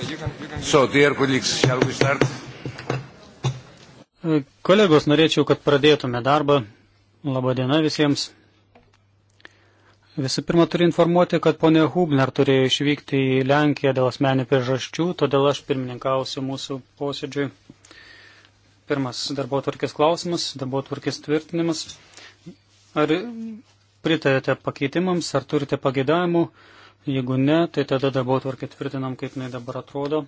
Okay, you can, you can... So, dear colleagues, shall we start? Kolegos, norėčiau, kad pradėtume darbą. Labadiena visiems. Visų pirma, turiu informuoti, kad ponė Hubner turėjo išvykti į Lenkiją dėl asmenių priežasčių, todėl aš pirmininkausiu mūsų posėdžiui. Pirmas darbo tvarkės klausimas, darbo tvarkės tvirtinimas. Ar pritarėte pakeitimams, ar turite pagėdavimų? Jeigu ne, tai tada darbo tvarkė tvirtinam, kaip jinai dabar atrodo.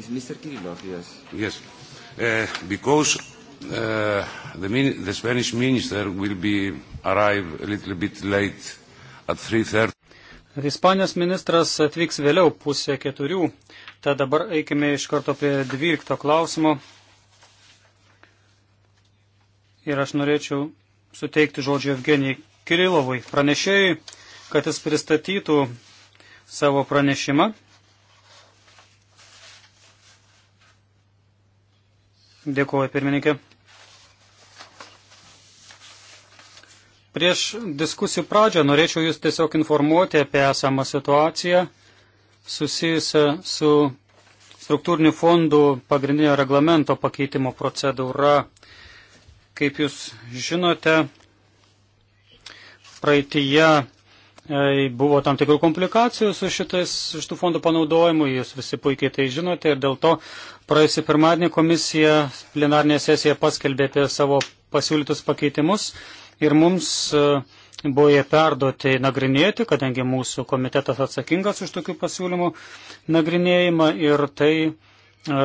Is Mr. Kirillov, yes? Yes. Uh, because uh, the, min the Spanish minister will be arrive a little bit late at 3.30. Ispanijos ministras atvyks vėliau pusė keturių, tad dabar eikime iš karto prie dvylikto klausimo. Ir aš norėčiau suteikti žodžiu Evgenijai Kirilovui, pranešėjui, kad jis pristatytų savo pranešimą Dėkuoju, pirmininkė. Prieš diskusijų pradžią norėčiau Jūs tiesiog informuoti apie esamą situaciją susijusią su struktūrinių fondų pagrindinio reglamento pakeitimo procedūra. Kaip Jūs žinote, praeitįje e, buvo tam tikrų komplikacijų su šitais, šitų fondų panaudojimu, jūs visi puikiai tai žinote ir dėl to praėjusį pirmadienį komisija plenarnė sesija paskelbė apie savo pasiūlytus pakeitimus ir mums buvo jie perduoti nagrinėti, kadangi mūsų komitetas atsakingas už tokių pasiūlymų nagrinėjimą ir tai e,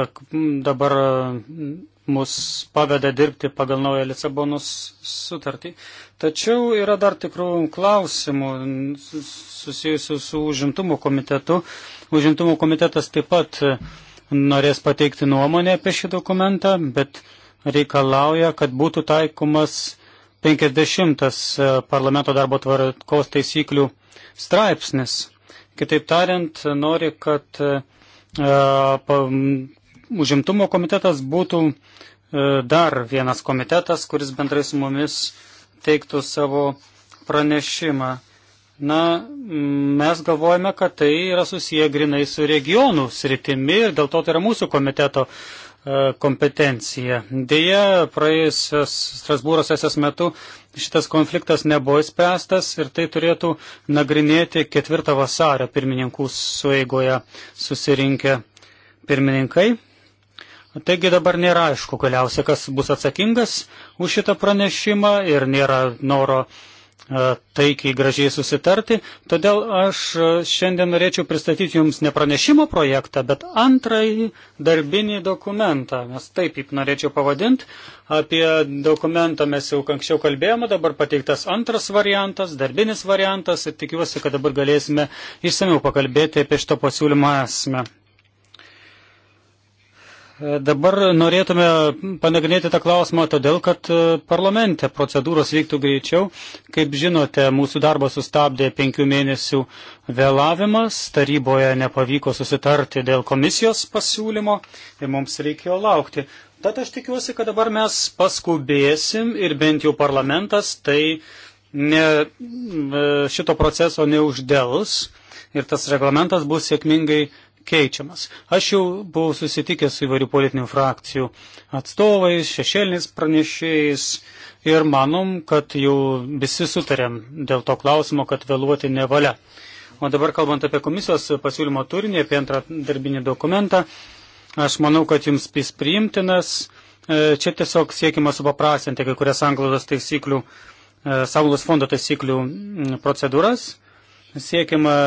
dabar e, mus paveda dirbti pagal naują Lisabonos sutartį. Tačiau yra dar tikrų klausimų susijusių su užimtumo komitetu. Užimtumo komitetas taip pat e, norės pateikti nuomonę apie šį dokumentą, bet reikalauja, kad būtų taikomas 50 e, parlamento darbo tvarkos taisyklių straipsnis. Kitaip tariant, nori, kad e, e, užimtumo komitetas būtų dar vienas komitetas, kuris bendrai su mumis teiktų savo pranešimą. Na, mes galvojame, kad tai yra susiję grinai su regionų sritimi ir dėl to tai yra mūsų komiteto uh, E, kompetencija. Deja, praėjusios Strasbūro sesijos metu šitas konfliktas nebuvo įspręstas ir tai turėtų nagrinėti 4 vasario pirmininkų sueigoje susirinkę pirmininkai. Taigi dabar nėra aišku galiausiai, kas bus atsakingas už šitą pranešimą ir nėra noro uh, taikiai gražiai susitarti. Todėl aš šiandien norėčiau pristatyti Jums ne pranešimo projektą, bet antrąjį darbinį dokumentą, nes taip jį norėčiau pavadinti. Apie dokumentą mes jau anksčiau kalbėjome, dabar pateiktas antras variantas, darbinis variantas ir tikiuosi, kad dabar galėsime išsameu pakalbėti apie šito pasiūlymo esmę. Dabar norėtume panagrinėti tą klausimą todėl, kad e, parlamente procedūros vyktų greičiau. Kaip žinote, mūsų darbą sustabdė penkių mėnesių vėlavimas, taryboje nepavyko susitarti dėl komisijos pasiūlymo ir mums reikėjo laukti. Tad aš tikiuosi, kad dabar mes paskubėsim ir bent jau parlamentas tai ne, e, šito proceso neuždėls ir tas reglamentas bus sėkmingai keičiamas. Aš jau buvau susitikęs su įvairių politinių frakcijų atstovais, šešėliniais pranešėjais ir manom, kad jau visi sutarėm dėl to klausimo, kad vėluoti nevalia. O dabar kalbant apie komisijos pasiūlymo turinį, apie antrą darbinį dokumentą, aš manau, kad jums jis priimtinas. E, čia tiesiog siekima supaprastinti kai kurias anglodos taisyklių, e, sąlygos fondo taisyklių procedūras. Siekima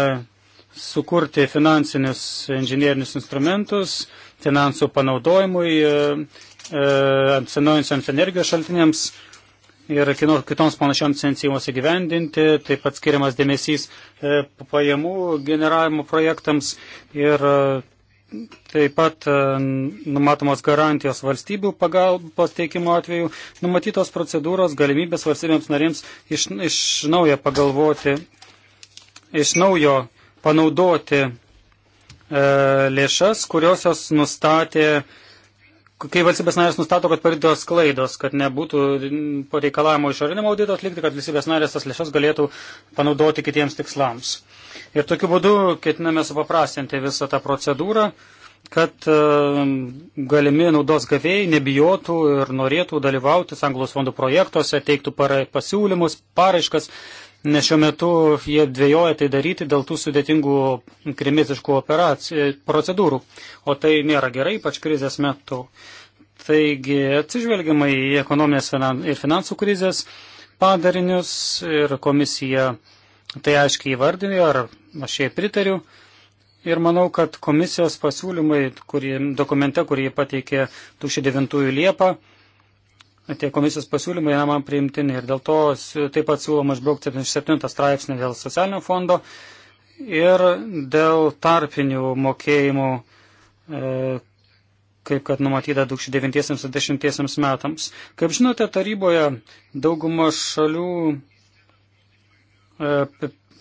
sukurti finansinius inžinierinius instrumentus finansų panaudojimui, e, e, atsinaujančiams energijos šaltiniams ir kitoms panašioms iniciatyvos įgyvendinti, taip pat skiriamas dėmesys e, pajamų generavimo projektams ir taip pat numatomos garantijos valstybių pagalbos teikimo atveju, numatytos procedūros, galimybės valstybėms narėms iš, iš naujo pagalvoti, iš naujo panaudoti e, lėšas, kurios jos nustatė, kai valstybės narės nustato, kad padarytos klaidos, kad nebūtų pareikalavimo išorinimo audito atlikti, kad valstybės narės tas lėšas galėtų panaudoti kitiems tikslams. Ir tokiu būdu ketiname supaprastinti visą tą procedūrą kad e, galimi naudos gavėjai nebijotų ir norėtų dalyvauti Sanglos fondų projektuose, teiktų pasiūlymus, paraiškas nes šiuo metu jie dvėjoja tai daryti dėl tų sudėtingų kremėziškų procedūrų, o tai nėra gerai, ypač krizės metu. Taigi atsižvelgiamai į ekonominės ir finansų krizės padarinius ir komisija tai aiškiai įvardinė, ar aš jai pritariu. Ir manau, kad komisijos pasiūlymai kurį, dokumente, kurį pateikė 2009 Liepą, tie komisijos pasiūlymai yra man priimtini ir dėl to taip pat siūloma išbraukti 77 straipsnį dėl socialinio fondo ir dėl tarpinių mokėjimų, e, kaip kad numatyta 2009-2010 metams. Kaip žinote, taryboje dauguma šalių e,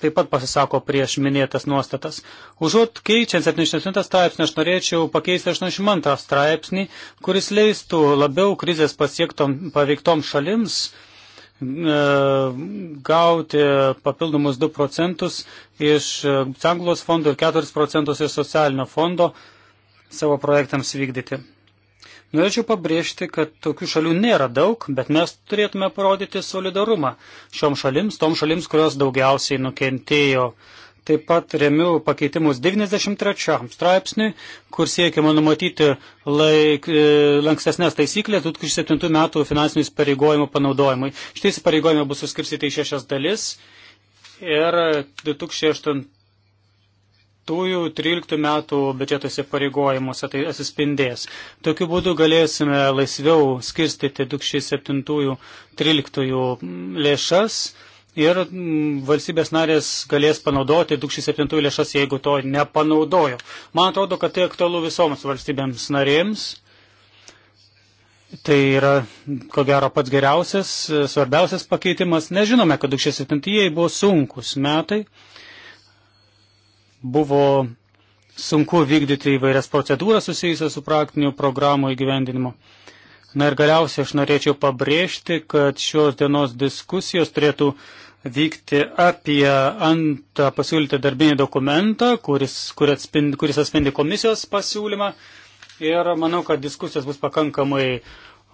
taip pat pasisako prieš minėtas nuostatas. Užuot keičiant 77 straipsnį, aš norėčiau pakeisti 82 straipsnį, kuris leistų labiau krizės pasiektom paveiktom šalims e, gauti papildomus 2 procentus iš Anglos fondo ir 4 procentus iš socialinio fondo savo projektams vykdyti. Norėčiau pabrėžti, kad tokių šalių nėra daug, bet mes turėtume parodyti solidarumą šioms šalims, toms šalims, kurios daugiausiai nukentėjo. Taip pat remiu pakeitimus 93 straipsniui, kur siekiama numatyti laik, e, lankstesnės taisyklės 2007 metų finansinių įsipareigojimų panaudojimui. Šitie įsipareigojimai bus suskirstyti į šešias dalis ir 2008 13 metų biudžeto įsipareigojimuose tai atsispindės. Tokiu būdu galėsime laisviau skirstyti 2007-2013 mm, lėšas ir mm, valstybės narės galės panaudoti 2007 lėšas, jeigu to nepanaudojo. Man atrodo, kad tai aktualu visoms valstybėms narėms. Tai yra, ko gero, pats geriausias, e, svarbiausias pakeitimas. Nežinome, kad 2007 buvo sunkus metai buvo sunku vykdyti įvairias procedūras susijusias su praktiniu programų įgyvendinimu. Na ir galiausiai aš norėčiau pabrėžti, kad šios dienos diskusijos turėtų vykti apie antrą pasiūlytą darbinį dokumentą, kuris, kur atspindi, kuris atspindi komisijos pasiūlymą. Ir manau, kad diskusijos bus pakankamai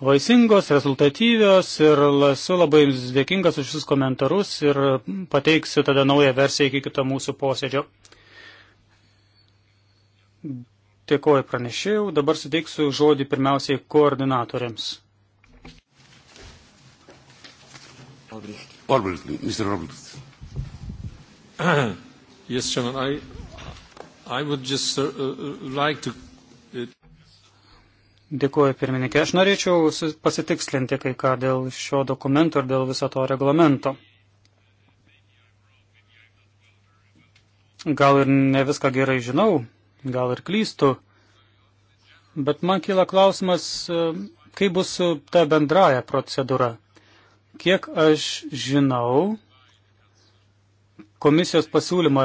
vaisingos, rezultatyvios ir esu labai jums dėkingas už visus komentarus ir pateiksiu tada naują versiją iki kito mūsų posėdžio. Dėkoju pranešėjau, dabar suteiksiu žodį pirmiausiai koordinatoriams. Albrecht, Mr. Albrecht. yes, Chairman, I, I would just uh, uh like to... Dėkuoju pirmininkė. Aš norėčiau pasitikslinti kai ką dėl šio dokumento ir dėl viso to reglamento. Gal ir ne viską gerai žinau, gal ir klystu, bet man kyla klausimas, e, kaip bus su ta bendraja procedūra. Kiek aš žinau, komisijos pasiūlymą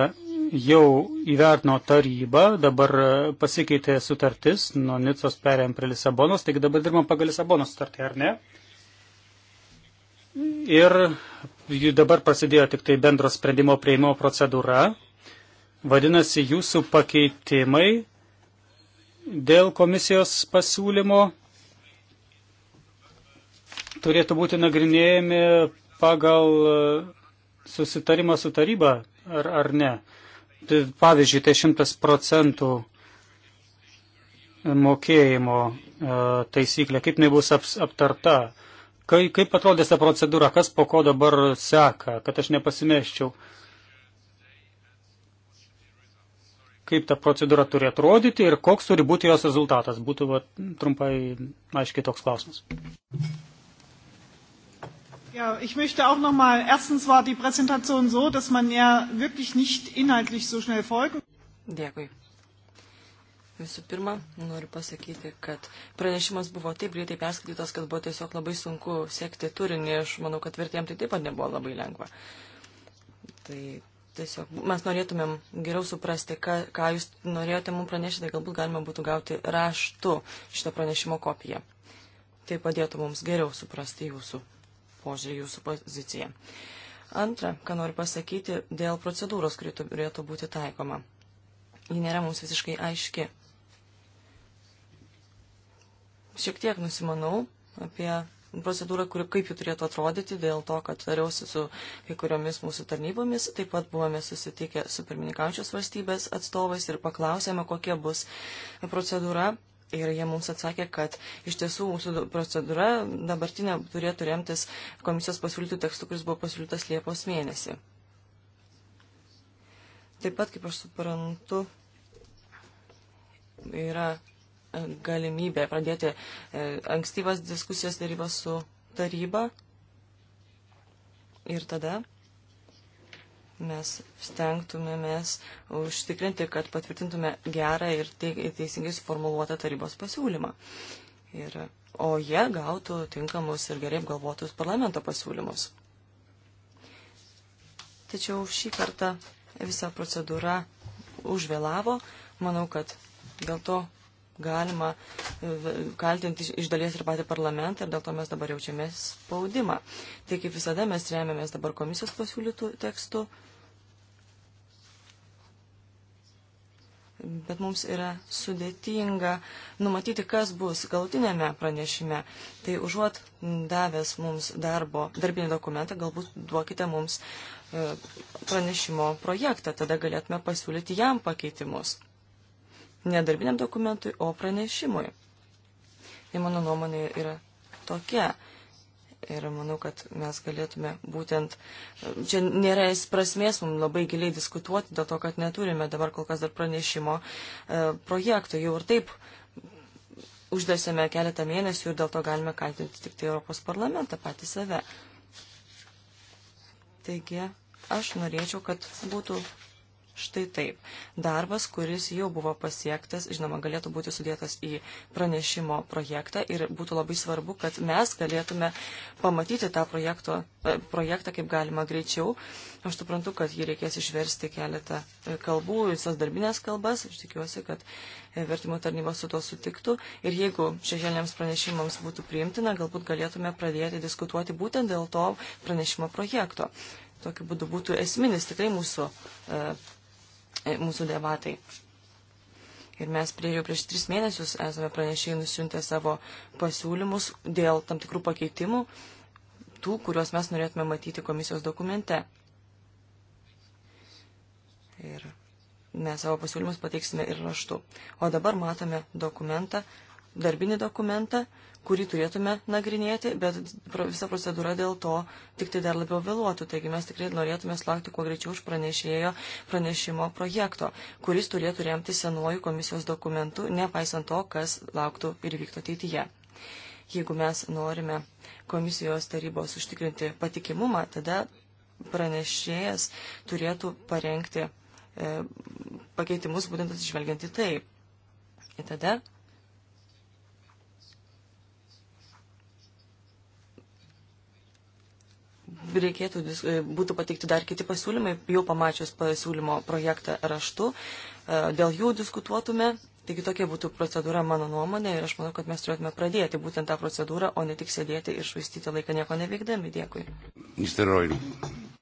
jau įvertino taryba, dabar e, pasikeitė sutartis, nuo Nicos perėm prie Lisabonos, taigi dabar dirbam pagal Lisabonos sutartį, ar ne? Ir dabar prasidėjo tik tai bendro sprendimo prieimimo procedūra, Vadinasi, jūsų pakeitimai dėl komisijos pasiūlymo turėtų būti nagrinėjami pagal e, susitarimą su taryba, ar, ar ne. Tai pavyzdžiui, tai 100 procentų mokėjimo e, taisyklė, kaip jinai bus aps, aptarta, kaip, kaip atrodys ta procedūra, kas po ko dabar seka, kad aš nepasimeščiau. Uh, kaip ta procedūra turi atrodyti ir koks turi būti jos rezultatas. Būtų va, trumpai aiškiai toks klausimas. Ja, ich möchte auch noch mal, erstens war die Präsentation so, dass man ja wirklich nicht inhaltlich so schnell folgen. Dėkui. Visų pirma, noriu pasakyti, kad pranešimas buvo taip greitai perskaitytas, kad buvo tiesiog labai sunku sekti turinį. Aš manau, kad vertėjams tai taip pat nebuvo labai lengva. Tai Tiesiog mes norėtumėm geriau suprasti, ką, ką jūs norėjote mums pranešti, tai galbūt galima būtų gauti raštu šito pranešimo kopiją. Tai padėtų mums geriau suprasti jūsų požiūrį, jūsų poziciją. Antra, ką noriu pasakyti dėl procedūros, kuri turėtų būti taikoma. Ji nėra mums visiškai aiški. Šiek tiek nusimanau apie procedūrą, kuri kaip ji turėtų atrodyti, dėl to, kad tariausi su kai kuriomis mūsų tarnybomis. Taip pat buvome susitikę su pirmininkaujančios valstybės atstovais ir paklausėme, kokia bus procedūra. Ir jie mums atsakė, kad iš tiesų mūsų procedūra dabartinė turėtų remtis komisijos pasiūlytų tekstų, kuris buvo pasiūlytas Liepos mėnesį. Taip pat, kaip aš suprantu, yra galimybė pradėti e, ankstyvas diskusijas darybas su taryba. Ir tada mes stengtumėmės užtikrinti, kad patvirtintume gerą ir teisingai suformuluotą tarybos pasiūlymą. Ir, o jie gautų tinkamus ir gerai apgalvotus parlamento pasiūlymus. Tačiau šį kartą visa procedūra užvėlavo. Manau, kad dėl to galima kaltinti iš dalies ir patį parlamentą ir dėl to mes dabar jaučiame spaudimą. Tai kaip visada mes remiamės dabar komisijos pasiūlytų tekstų, bet mums yra sudėtinga numatyti, kas bus galutinėme pranešime. Tai užuot davęs mums darbo, darbinį dokumentą, galbūt duokite mums e, pranešimo projektą, tada galėtume pasiūlyti jam pakeitimus nedarbiniam dokumentui, o pranešimui. Tai mano nuomonė yra tokia. Ir manau, kad mes galėtume būtent, čia nėra prasmės mums labai giliai diskutuoti, dėl to, kad neturime dabar kol kas dar pranešimo e, projektų. Jau ir taip uždėsime keletą mėnesių ir dėl to galime kaltinti tik tai Europos parlamentą patį save. Taigi, aš norėčiau, kad būtų štai taip. Darbas, kuris jau buvo pasiektas, žinoma, galėtų būti sudėtas į pranešimo projektą ir būtų labai svarbu, kad mes galėtume pamatyti tą projekto, e, projektą kaip galima greičiau. Aš suprantu, kad jį reikės išversti keletą e, kalbų, visas darbinės kalbas. Aš tikiuosi, kad e, vertimo tarnybos su to sutiktų. Ir jeigu šešėlėms pranešimams būtų priimtina, galbūt galėtume pradėti diskutuoti būtent dėl to pranešimo projekto. Tokiu būdu būtų esminis tikrai mūsų E, mūsų debatai. Ir mes prie jų prieš tris mėnesius esame pranešėjai nusiuntę savo pasiūlymus dėl tam tikrų pakeitimų, tų, kuriuos mes norėtume matyti komisijos dokumente. Ir mes savo pasiūlymus pateiksime ir raštu. O dabar matome dokumentą, darbinį dokumentą, kurį turėtume nagrinėti, bet visa procedūra dėl to tik tai dar labiau vėluotų. Taigi mes tikrai norėtume slaukti kuo greičiau už pranešėjo pranešimo projekto, kuris turėtų remti senuoju komisijos dokumentu, nepaisant to, kas lauktų ir vyktų ateityje. Jeigu mes norime komisijos tarybos užtikrinti patikimumą, tada pranešėjas turėtų parengti e, pakeitimus būtent atsižvelgiant į tai. Ir tada reikėtų, e, būtų pateikti dar kiti pasiūlymai, jau pamačius pasiūlymo projektą raštu, e, dėl jų diskutuotume. Taigi tokia būtų procedūra mano nuomonė ir aš manau, kad mes turėtume pradėti būtent tą procedūrą, o ne tik sėdėti ir švaistyti laiką nieko neveikdami. Dėkui. Mr. Roy.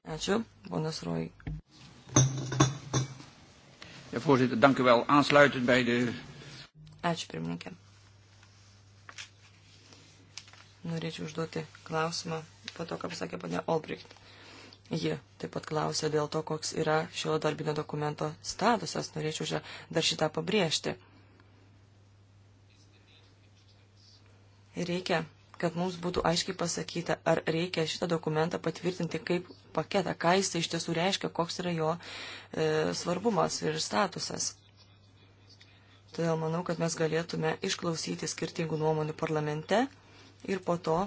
Ačiū, ponas Roy. Ja, voorzitter, dank u wel. Aansluitend bij de. Ačiū, pirmininkė. Norėčiau užduoti klausimą po to, ką pasakė ponia Olbricht. Ji taip pat klausė dėl to, koks yra šio darbinio dokumento statusas. Norėčiau dar šitą pabrėžti. Reikia, kad mums būtų aiškiai pasakyta, ar reikia šitą dokumentą patvirtinti kaip paketą, ką jis iš tiesų reiškia, koks yra jo e, svarbumas ir statusas. Todėl manau, kad mes galėtume išklausyti skirtingų nuomonių parlamente ir po to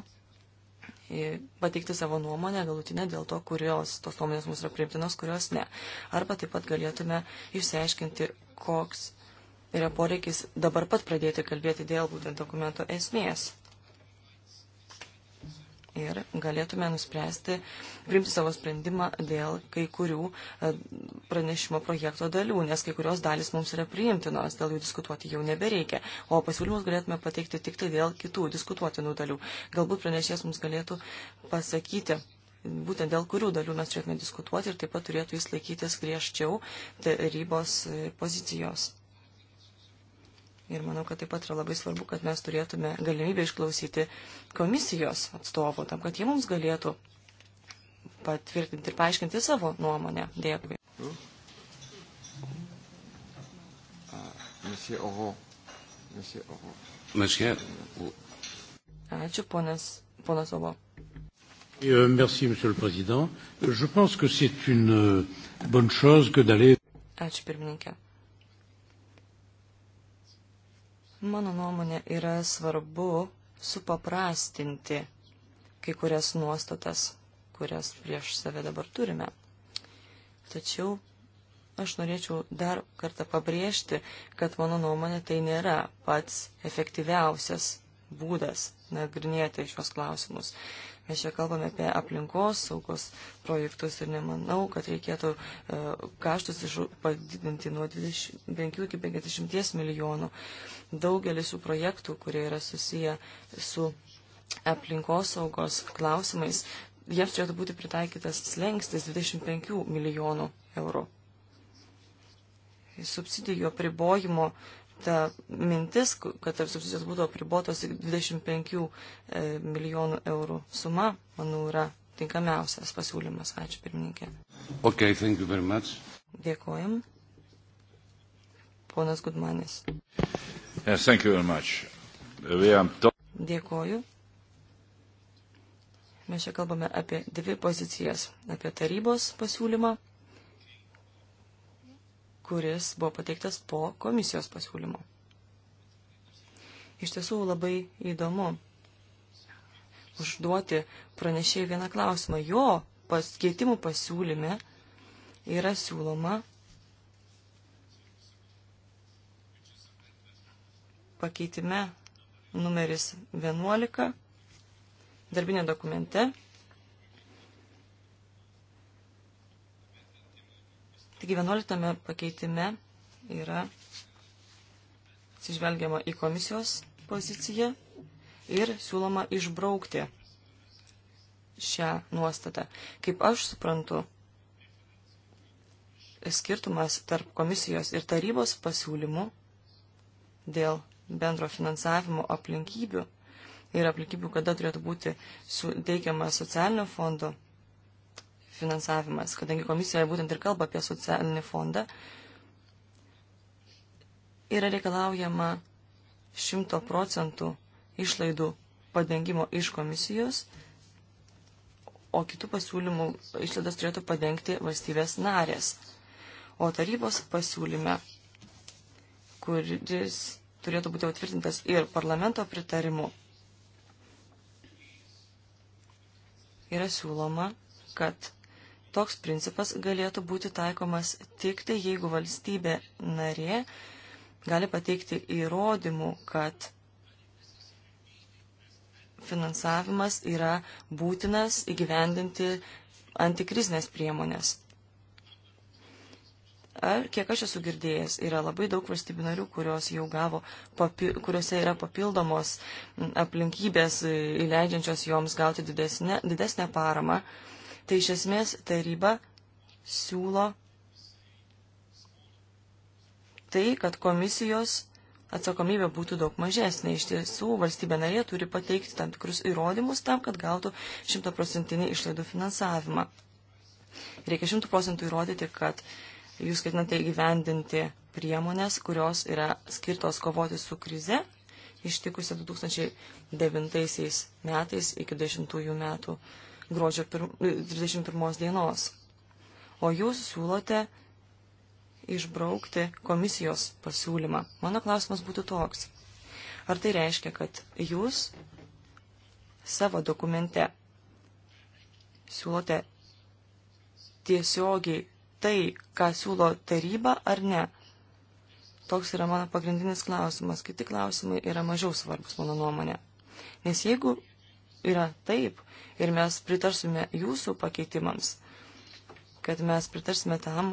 pateikti savo nuomonę galutinę dėl to, kurios tos nuomonės mums yra priimtinos, kurios ne. Arba taip pat galėtume išsiaiškinti, koks yra poreikis dabar pat pradėti kalbėti dėl būtent dokumento esmės ir galėtume nuspręsti, priimti savo sprendimą dėl kai kurių e, pranešimo projekto dalių, nes kai kurios dalis mums yra priimtinos, dėl jų diskutuoti jau nebereikia, o pasiūlymus galėtume pateikti tik tai dėl kitų diskutuotinų dalių. Galbūt pranešės mums galėtų pasakyti būtent dėl kurių dalių mes turėtume diskutuoti ir taip pat turėtų jis laikytis griežčiau tarybos e, pozicijos. Ir manau, kad taip pat yra labai svarbu, kad mes turėtume galimybę išklausyti komisijos atstovų, tam, kad jie mums galėtų patvirtinti ir paaiškinti savo nuomonę. Dėkui. Ačiū, ponas, ponas Ovo. Euh, merci, monsieur le président. Je pense que c'est une euh, bonne chose que d'aller. Ačiū, pirmininkė Mano nuomonė yra svarbu supaprastinti kai kurias nuostatas, kurias prieš save dabar turime. Tačiau aš norėčiau dar kartą pabrėžti, kad mano nuomonė tai nėra pats efektyviausias būdas nagrinėti šios klausimus. Mes čia kalbame apie aplinkos saugos projektus ir nemanau, kad reikėtų e, kaštus iš, padidinti nuo 25 iki 50 milijonų. Daugelis šių projektų, kurie yra susiję su aplinkos saugos klausimais, jiems turėtų būti pritaikytas slengstis 25 milijonų eurų subsidijų apribojimo ta mintis, kad ar subsidijos būtų apribotos 25 e, milijonų eurų suma, manau, yra tinkamiausias pasiūlymas. Ačiū, pirmininkė. Okay, thank you very much. Dėkojam. Ponas Gudmanis. Yes, thank you very much. We are... Dėkoju. Mes čia kalbame apie dvi pozicijas - apie tarybos pasiūlymą kuris buvo pateiktas po komisijos pasiūlymo. Iš tiesų labai įdomu užduoti pranešėjai vieną klausimą. Jo paskeitimų pasiūlyme yra siūloma pakeitime numeris 11 darbinė dokumente Taigi 11 pakeitime yra atsižvelgiama į komisijos poziciją ir siūloma išbraukti šią nuostatą. Kaip aš suprantu, skirtumas tarp komisijos ir tarybos pasiūlymų dėl bendro finansavimo aplinkybių ir aplinkybių, kada turėtų būti suteikiama socialinio fondo finansavimas, kadangi komisija būtent ir kalba apie socialinį fondą, yra reikalaujama 100 procentų išlaidų padengimo iš komisijos, o kitų pasiūlymų išlaidas turėtų padengti valstybės narės. O tarybos pasiūlyme, kuris turėtų būti atvirtintas ir parlamento pritarimu, yra siūloma, kad Toks principas galėtų būti taikomas tik tai, jeigu valstybė narė gali pateikti įrodymų, kad finansavimas yra būtinas įgyvendinti antikrizinės priemonės. Ar, kiek aš esu girdėjęs, yra labai daug valstybių narių, kurios jau gavo, papi, kuriuose yra papildomos aplinkybės, e, leidžiančios joms gauti didesnę, didesnę paramą. Uh, Tai iš esmės taryba siūlo tai, kad komisijos atsakomybė būtų daug mažesnė. Iš tiesų, valstybė narė turi pateikti tam tikrus įrodymus tam, kad gautų šimtaprocentinį išlaidų finansavimą. Reikia šimtų procentų įrodyti, kad jūs ketinate įgyvendinti priemonės, kurios yra skirtos kovoti su krize, ištikusią 2009 metais iki 2010 metų gruodžio 31 e, dienos. O jūs siūlote išbraukti komisijos pasiūlymą. Mano klausimas būtų toks. Ar tai reiškia, kad jūs savo dokumente siūlote tiesiogiai tai, ką siūlo taryba ar ne? Toks yra mano pagrindinis klausimas, kiti klausimai yra mažiau svarbus mano nuomonė. Nes jeigu yra taip ir mes pritarsime jūsų pakeitimams, kad mes pritarsime tam,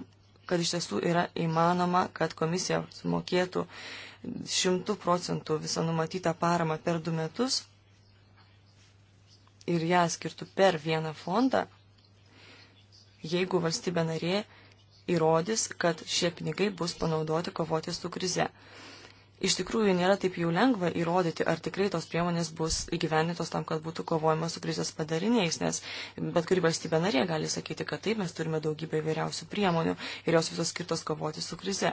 kad iš tiesų yra įmanoma, kad komisija sumokėtų šimtų procentų visą numatytą paramą per du metus ir ją skirtų per vieną fondą, jeigu valstybė narė įrodys, kad šie pinigai bus panaudoti kovoti su krize. Iš tikrųjų, nėra taip jau lengva įrodyti, ar tikrai tos priemonės bus įgyvenintos tam, kad būtų kovojama su krizės padariniais, nes bet kuri valstybė narė gali sakyti, kad taip, mes turime daugybę įvairiausių priemonių ir jos visos skirtos kovoti su krize.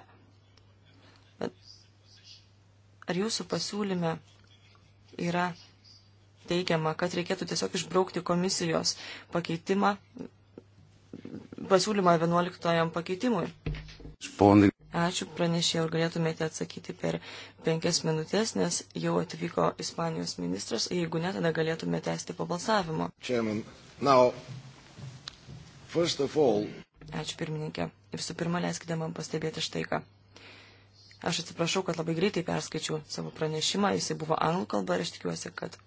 Bet ar jūsų pasiūlyme yra teigiama, kad reikėtų tiesiog išbraukti komisijos pakeitimą, pasiūlymą 11 pakeitimui? Sponding. Ačiū pranešė, ar galėtumėte atsakyti per penkias minutės, nes jau atvyko Ispanijos ministras, jeigu ne, tada galėtume tęsti po balsavimo. Chairman, now, first of all... Ačiū pirmininkė. Visų pirma, leiskite man pastebėti štai ką. Aš atsiprašau, kad labai greitai perskaičiau savo pranešimą, jisai buvo anglų kalba ir aš tikiuosi, kad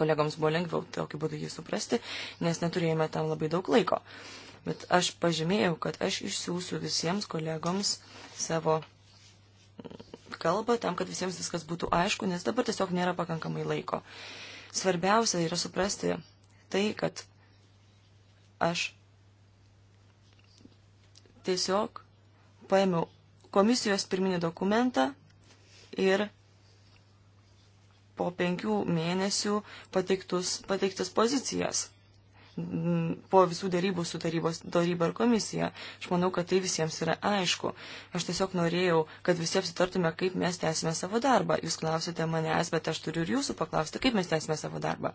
kolegoms buvo lengviau tokiu būdu jį suprasti, nes neturėjome tam labai daug laiko. Uh, bet aš pažymėjau, kad aš išsiųsiu visiems kolegoms savo kalbą, tam, kad visiems viskas būtų aišku, nes dabar tiesiog nėra pakankamai laiko. Svarbiausia yra suprasti tai, kad aš tiesiog paėmiau komisijos pirminį dokumentą ir po penkių mėnesių pateiktus, pateiktas pozicijas po visų darybų su tarybos, taryba ir komisija. Aš manau, kad tai visiems yra aišku. Aš tiesiog norėjau, kad visi apsitartume, kaip mes tęsime savo darbą. Jūs klausite manęs, bet aš turiu ir jūsų paklausti, kaip mes tęsime savo darbą.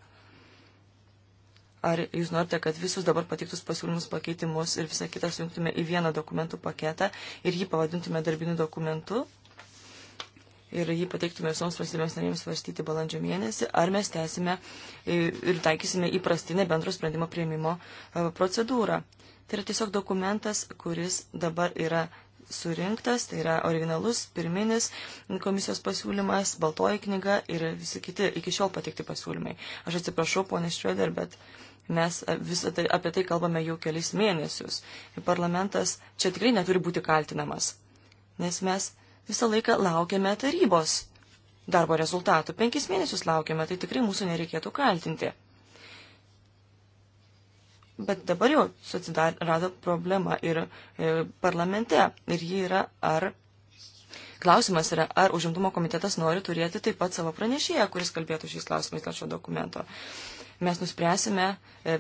Ar jūs norite, kad visus dabar patiktus pasiūlymus, pakeitimus ir visą kitą sujungtume į vieną dokumentų paketą ir jį pavadintume darbiniu dokumentu? ir jį pateiktume visoms valstybėms narėms svarstyti balandžio mėnesį, ar mes tęsime ir taikysime įprastinę bendro sprendimo prieimimo e, procedūrą. Tai yra tiesiog dokumentas, kuris dabar yra surinktas, tai yra originalus, pirminis komisijos pasiūlymas, baltoji knyga ir visi kiti iki šiol pateikti pasiūlymai. Aš atsiprašau, ponė Šreder, bet mes visą tai, apie tai kalbame jau kelis mėnesius. Ir parlamentas čia tikrai neturi būti kaltinamas, nes mes visą laiką laukiame tarybos darbo rezultatų. Penkis mėnesius laukiame, tai tikrai mūsų nereikėtų kaltinti. Bet dabar jau susidarado problema ir e, parlamente. Ir ji yra, ar. Klausimas yra, ar užimtumo komitetas nori turėti taip pat savo pranešėją, kuris kalbėtų šiais klausimais dėl šio dokumento mes nuspręsime e,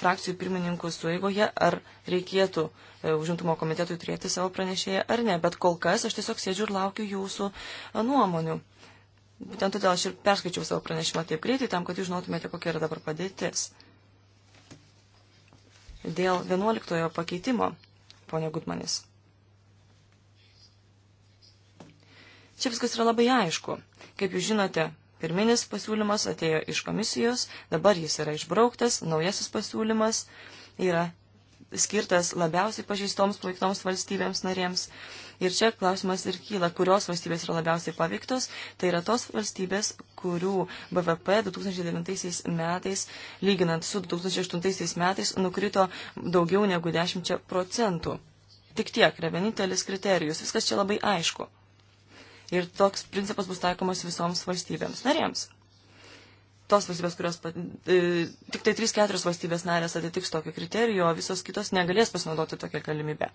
frakcijų pirmininkų sueigoje, ar reikėtų e, užimtumo komitetui turėti savo pranešėją ar ne. Bet kol kas aš tiesiog sėdžiu ir laukiu jūsų e, nuomonių. Būtent todėl aš ir perskaičiau savo pranešimą taip greitai, tam, kad jūs žinotumėte, kokia yra dabar padėtis. Dėl 11 pakeitimo, ponia Gutmanis. Čia viskas yra labai aišku. Kaip jūs žinote, Pirminis pasiūlymas atėjo iš komisijos, dabar jis yra išbrauktas, naujasis pasiūlymas yra skirtas labiausiai pažeistoms paveiktoms valstybėms narėms. Ir čia klausimas ir kyla, kurios valstybės yra labiausiai paveiktos. Tai yra tos valstybės, kurių BVP 2009 metais, lyginant su 2008 metais, nukrito daugiau negu 10 procentų. Tik tiek yra vienintelis kriterijus. Viskas čia labai aišku. Ir toks principas bus taikomas visoms valstybėms narėms. Tos valstybės, kurios pat, e, tik tai 3-4 valstybės narės atitiks tokį kriterijų, o visos kitos negalės pasinaudoti tokią galimybę.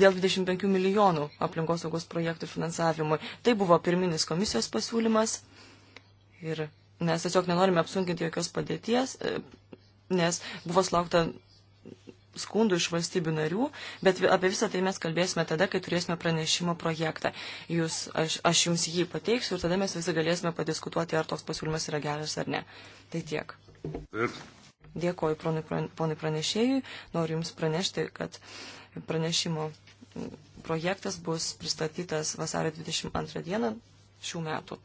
dėl 25 milijonų aplinkosaugos projektų finansavimui. Tai buvo pirminis komisijos pasiūlymas ir mes tiesiog nenorime apsunkinti jokios padėties, e, nes buvo slaukta skundų iš valstybių narių, bet apie visą tai mes kalbėsime tada, kai turėsime pranešimo projektą. Jūs, aš, aš jums jį pateiksiu ir tada mes visi galėsime padiskutuoti, ar toks pasiūlymas yra geras ar ne. Tai tiek. Dėkoju ponui pranešėjui. Noriu Jums pranešti, kad pranešimo projektas bus pristatytas vasario 22 dieną šių metų.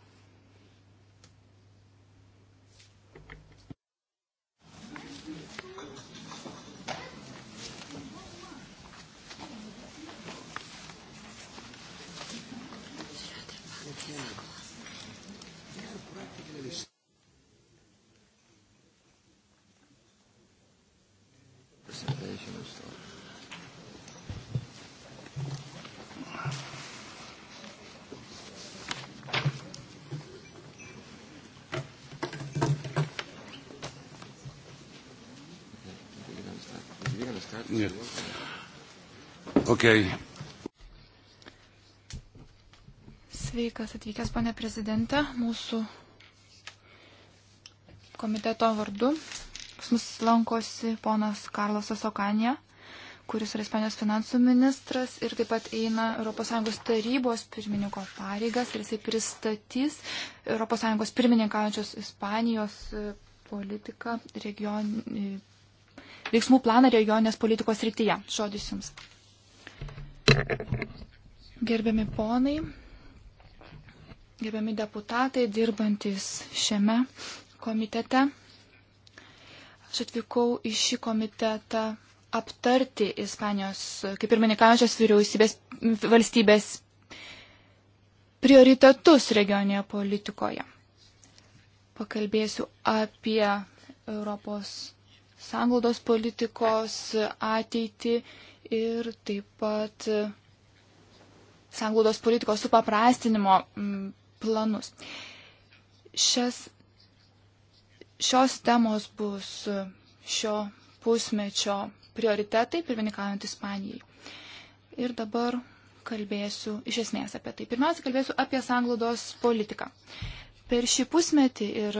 Okay. Sveikas atvykęs, pane prezidente, mūsų komiteto vardu. Pas mus lankosi ponas Karlosas Okanė, kuris yra Ispanijos finansų ministras ir taip pat eina ES tarybos pirmininko pareigas ir jisai pristatys ES pirmininkaujančios Ispanijos e, politiką region, e, veiksmų planą regionės politikos rytyje. Žodis jums. Gerbiami ponai, gerbiami deputatai dirbantis šiame komitete, aš atvykau į šį komitetą aptarti Ispanijos, kaip ir minikaujančios vyriausybės valstybės prioritetus regioninėje politikoje. Pakalbėsiu apie Europos sanglaudos politikos ateitį ir taip pat sanglaudos politikos supaprastinimo mm, planus. Šias, šios temos bus šio pusmečio prioritetai pirmininkaujant Ispanijai. Ir dabar kalbėsiu iš esmės apie tai. Pirmiausia, kalbėsiu apie sanglaudos politiką. Per šį pusmetį ir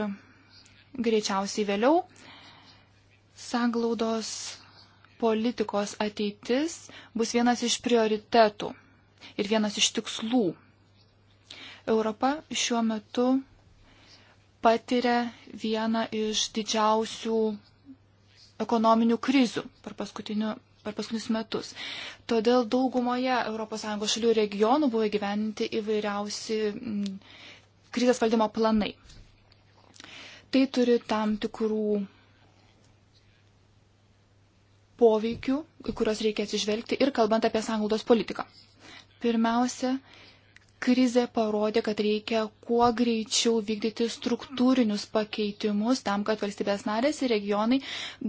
greičiausiai vėliau sanglaudos politikos ateitis bus vienas iš prioritetų ir vienas iš tikslų. Europa šiuo metu patiria vieną iš didžiausių ekonominių krizių per, per paskutinius metus. Todėl daugumoje ES šalių regionų buvo įgyveninti įvairiausi krizės valdymo planai. Tai turi tam tikrų poveikių, į kuriuos reikia atsižvelgti ir kalbant apie sąnaudos politiką. Pirmiausia, krizė parodė, kad reikia kuo greičiau vykdyti struktūrinius pakeitimus tam, kad valstybės narės ir regionai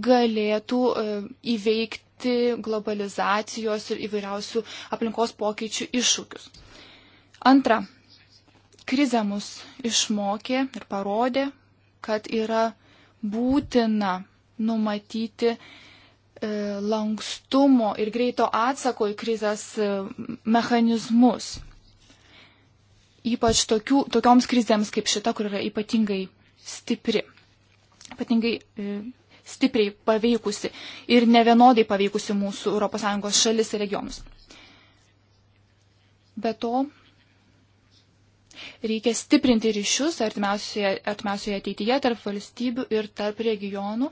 galėtų e, įveikti globalizacijos ir įvairiausių aplinkos pokyčių iššūkius. Antra, krizė mus išmokė ir parodė, kad yra būtina numatyti E, lankstumo ir greito atsako į krizės e, mechanizmus. Ypač tokių, tokioms krizėms kaip šita, kur yra ypatingai stipri, ypatingai e, stipriai paveikusi ir nevienodai paveikusi mūsų ES šalis ir regionus. Be to, Reikia stiprinti ryšius artimiausioje, artimiausioje ateityje tarp valstybių ir tarp regionų,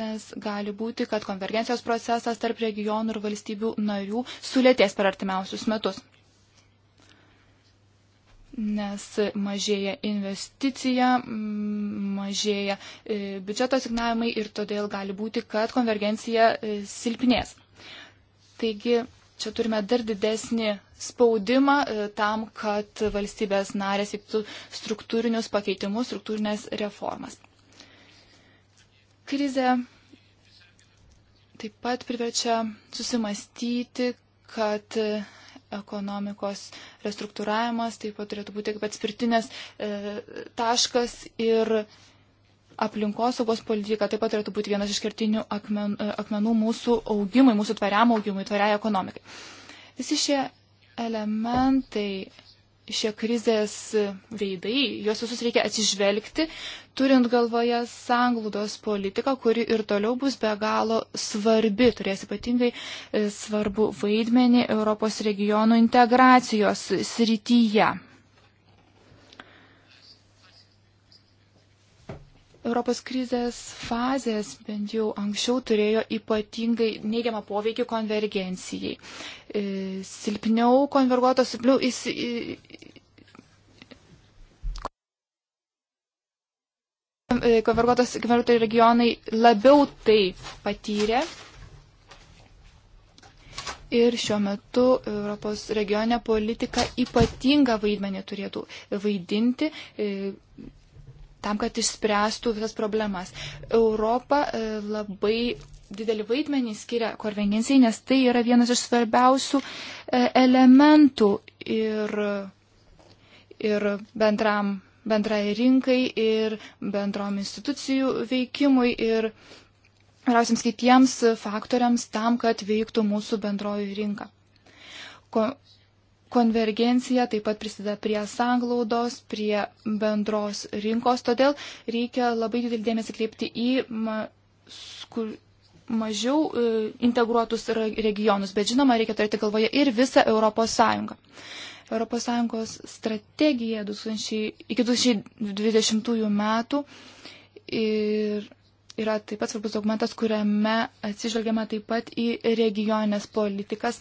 nes gali būti, kad konvergencijos procesas tarp regionų ir valstybių narių sulėtės per artimiausius metus. Nes mažėja investicija, mm, mažėja e, biudžeto signavimai ir todėl gali būti, kad konvergencija e, silpnės. Taigi čia turime dar didesnį spaudimą e, tam, kad valstybės narės įptų struktūrinius pakeitimus, struktūrinės reformas. Krize taip pat priverčia susimastyti, kad e, ekonomikos restruktūravimas taip pat turėtų būti kaip atspirtinės e, taškas ir aplinkosaugos politika taip pat turėtų būti vienas iš kertinių akmen, e, akmenų mūsų augimui, mūsų tvariam augimui, tvariai ekonomikai. Visi šie elementai, šie krizės veidai, juos visus reikia atsižvelgti, turint galvoje sanglūdos politiką, kuri ir toliau bus be galo svarbi, turės ypatingai e, svarbu vaidmenį Europos regionų integracijos srityje. Europos krizės fazės bent jau anksčiau turėjo ypatingai neigiamą poveikį konvergencijai. E, silpniau e, konverguotos, silpniau įs. Konverguotos konverguotojų regionai labiau tai patyrė. Ir šiuo metu Europos regioninė politika ypatingą vaidmenį turėtų vaidinti, e, tam, kad išspręstų visas problemas. Europa e, labai didelį vaidmenį skiria konvencijai, nes tai yra vienas iš svarbiausių e, elementų ir, ir bendram, bendrai rinkai, ir bendrom institucijų veikimui, ir rausiams kitiems faktoriams tam, kad veiktų mūsų bendroji rinka. Ko, Konvergencija taip pat prisideda prie sanglaudos, prie bendros rinkos, todėl reikia labai didelį dėmesį kreipti į ma, skur, mažiau e, integruotus regionus, bet žinoma, reikia turėti galvoje ir visą Europos Sąjungą. Europos Sąjungos strategija 2000, iki 2020 metų ir yra taip pat svarbus dokumentas, kuriame atsižvelgiama taip pat į regioninės politikas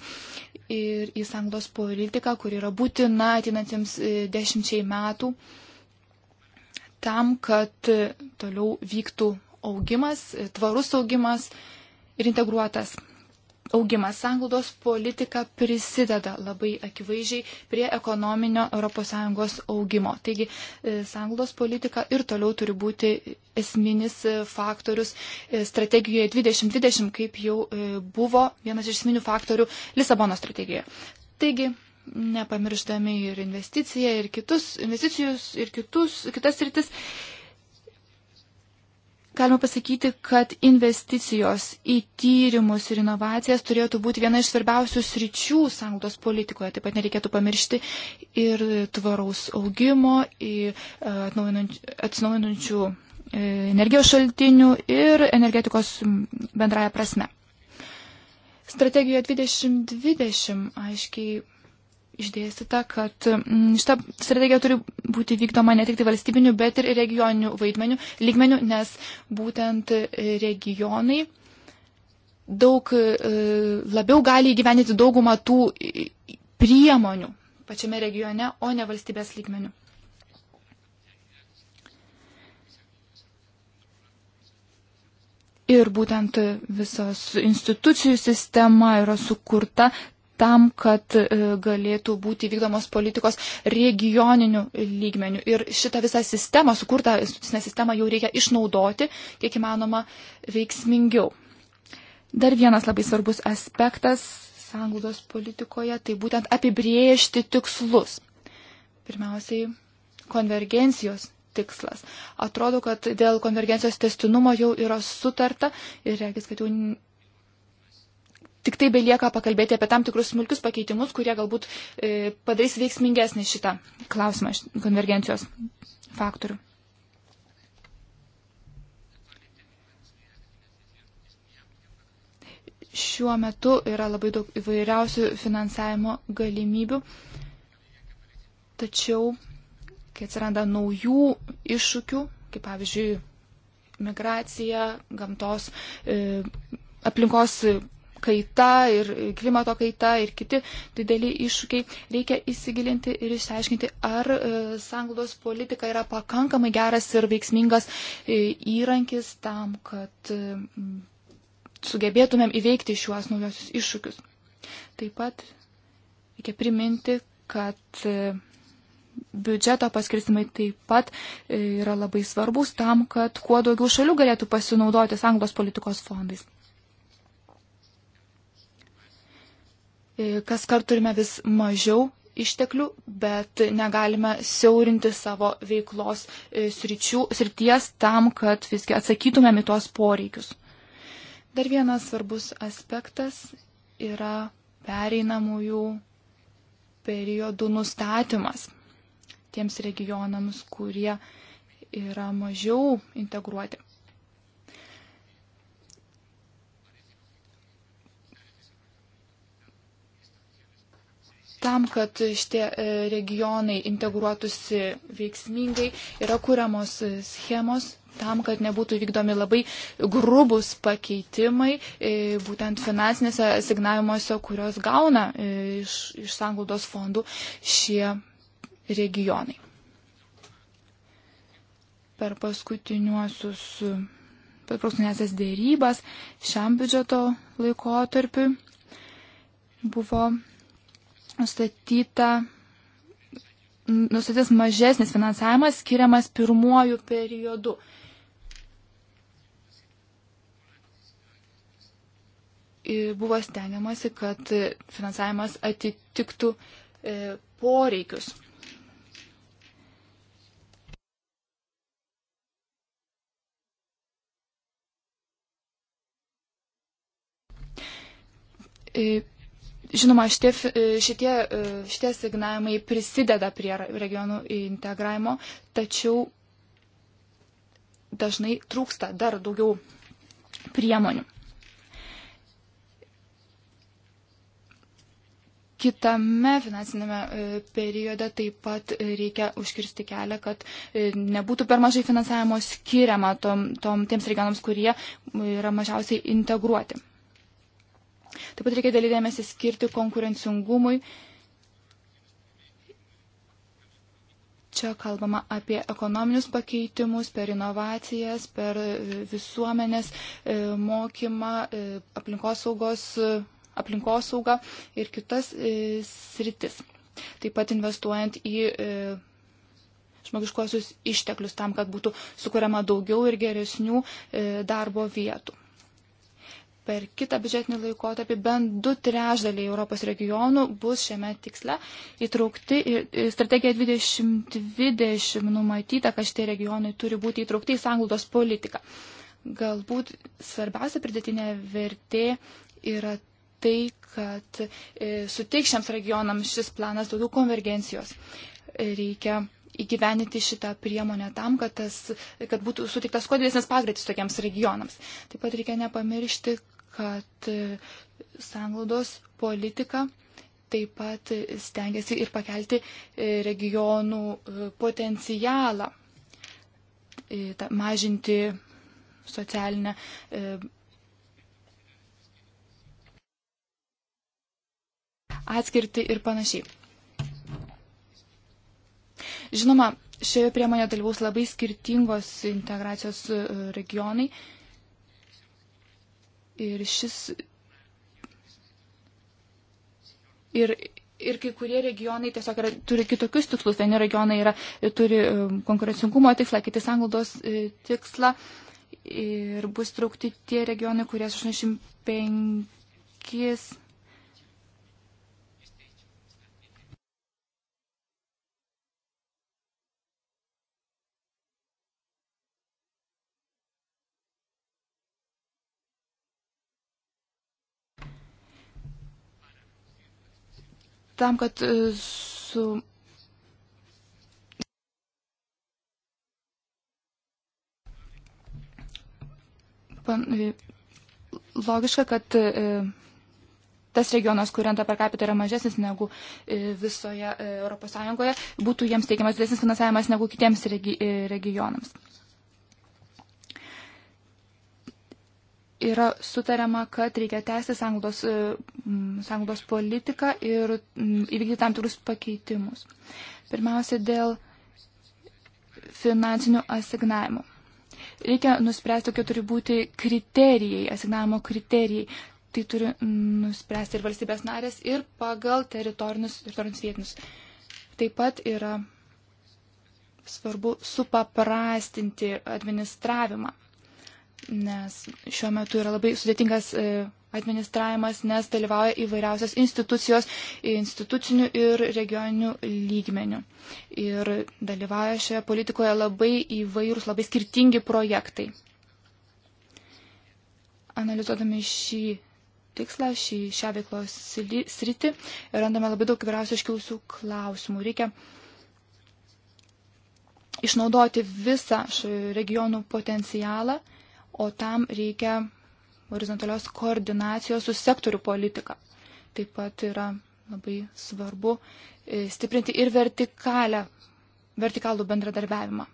ir į sanglos politiką, kur yra būtina atinantiems e, dešimčiai metų tam, kad toliau vyktų augimas, e, tvarus augimas ir integruotas augimas. Sanglaudos politika prisideda labai akivaizdžiai prie ekonominio ES augimo. Taigi, e, sanglaudos politika ir toliau turi būti esminis e, faktorius e, strategijoje 2020, kaip jau buvo vienas iš esminių faktorių Lisabono strategijoje. Taigi, nepamirštami ir investiciją, ir kitus, investicijus, ir kitus, kitas rytis, Galima pasakyti, kad investicijos į tyrimus ir inovacijas turėtų būti viena iš svarbiausių sričių sąnaudos politikoje. Taip pat nereikėtų pamiršti ir tvaraus augimo, e, atsinaujinančių e, energijos šaltinių ir energetikos bendraja prasme. Strategijoje 2020 aiškiai išdėstyta, kad mm, šita strategija turi būti vykdoma ne tik tai valstybinių, bet ir regioninių vaidmenių, lygmenių, nes būtent regionai daug e, labiau gali įgyveninti daugumą tų priemonių pačiame regione, o ne valstybės lygmenių. Ir būtent visos institucijų sistema yra sukurta tam, kad e, galėtų būti vykdomos politikos regioninių lygmenių. Ir šitą visą sistemą, sukurtą institucinę sistemą jau reikia išnaudoti, kiek įmanoma, veiksmingiau. Dar vienas labai svarbus aspektas sanglaudos politikoje, tai būtent apibriežti tikslus. Pirmiausiai, konvergencijos tikslas. Atrodo, kad dėl konvergencijos testinumo jau yra sutarta ir reikės, kad jau tik tai belieka pakalbėti apie tam tikrus smulkius pakeitimus, kurie galbūt e, padarys veiksmingesnį šitą klausimą konvergencijos faktorių. Šiuo metu yra labai daug įvairiausių finansavimo galimybių, tačiau, kai atsiranda naujų iššūkių, kaip pavyzdžiui, migracija, gamtos e, aplinkos kaita ir klimato kaita ir kiti dideli iššūkiai, reikia įsigilinti ir išsiaiškinti, ar e, sanglaudos politika yra pakankamai geras ir veiksmingas e, įrankis tam, kad e, sugebėtumėm įveikti šiuos naujosius iššūkius. Taip pat reikia priminti, kad biudžeto paskirstimai taip pat yra labai svarbus tam, kad kuo daugiau šalių galėtų pasinaudoti sąjungos politikos fondais. E, kas kart turime vis mažiau išteklių, bet negalime siaurinti savo veiklos e, sričių, srities tam, kad visgi atsakytumėm į tuos poreikius. Dar vienas svarbus aspektas yra pereinamųjų periodų nustatymas tiems regionams, kurie yra mažiau integruoti. Tam, kad šitie e, regionai integruotųsi veiksmingai, yra kuriamos schemos tam, kad nebūtų vykdomi labai grubus pakeitimai e, būtent finansinėse asignavimuose, kurios gauna e, iš, iš sanglaudos fondų šie regionai. Per paskutiniuosius, per paskutinėsias dėrybas šiam biudžeto laikotarpiu buvo nustatyta nustatys mažesnis finansavimas skiriamas pirmuoju periodu. Ir buvo stengiamasi, kad finansavimas atitiktų e, poreikius. E, Žinoma, šitie, e, šitie, e, šitie signavimai prisideda prie regionų integravimo, tačiau dažnai trūksta dar daugiau priemonių. Kitame finansinėme e, periode taip pat reikia užkirsti kelią, kad nebūtų per mažai finansavimo skiriama tom, tom tiems regionams, kurie yra mažiausiai integruoti. Taip pat reikia dalydėmėsi skirti konkurencingumui. Čia kalbama apie ekonominius pakeitimus, per inovacijas, per e, visuomenės e, mokymą, e, aplinkosaugos, aplinkosaugą ir kitas sritis. Taip pat investuojant į žmogiškuosius išteklius tam, kad būtų sukuriama daugiau ir geresnių darbo vietų per kitą biudžetinį laikotarpį bent du trešdaliai Europos regionų bus šiame tiksle įtraukti. Ir strategija 2020 numatyta, kad šitie regionai turi būti įtraukti į sanglaudos politiką. Galbūt svarbiausia pridėtinė vertė yra tai, kad e, suteiks šiems regionams šis planas daugiau konvergencijos. Reikia įgyveninti šitą priemonę tam, kad, tas, kad būtų sutiktas kuo didesnis pagreitis tokiems regionams. Taip pat reikia nepamiršti, kad e, sanglaudos politika taip pat stengiasi ir pakelti e, regionų e, potencialą, mažinti socialinę. Atskirti ir panašiai. Žinoma, šioje priemonėje dalyvaus labai skirtingos integracijos regionai, Ir šis. Ir, ir kai kurie regionai tiesiog yra, turi kitokius tikslus. Vieni regionai yra, turi um, konkurencingumo tikslą, kiti sanglaudos e, tikslą. Ir bus traukti tie regionai, kurie 85 tam, kad e, su. Pan, e, logiška, kad e, tas regionas, kur renta per capita yra mažesnis negu visoje ES, būtų jiems teikiamas didesnis finansavimas negu kitiems regi regionams. yra sutariama, kad reikia tęsti sanglos, e, sanglos politiką ir įvykdyti tam tikrus pakeitimus. Pirmiausia, dėl finansinių asignavimų. Reikia nuspręsti, kokie turi būti kriterijai, asignavimo kriterijai. Tai turi nuspręsti ir valstybės narės, ir pagal teritorinius, teritorinius vietinius. Taip pat yra svarbu supaprastinti administravimą nes šiuo metu yra labai sudėtingas e, administravimas, nes dalyvauja įvairiausios institucijos institucinių ir regioninių lygmenių. Ir dalyvauja šioje politikoje labai įvairūs, labai skirtingi projektai. Analizuodami šį tikslą, šį, šią veiklos sritį, randame labai daug įvairiausių iškiausių klausimų. Reikia išnaudoti visą regionų potencialą o tam reikia horizontalios koordinacijos su sektorių politika. Taip pat yra labai svarbu e, stiprinti ir vertikalę, vertikalų bendradarbiavimą.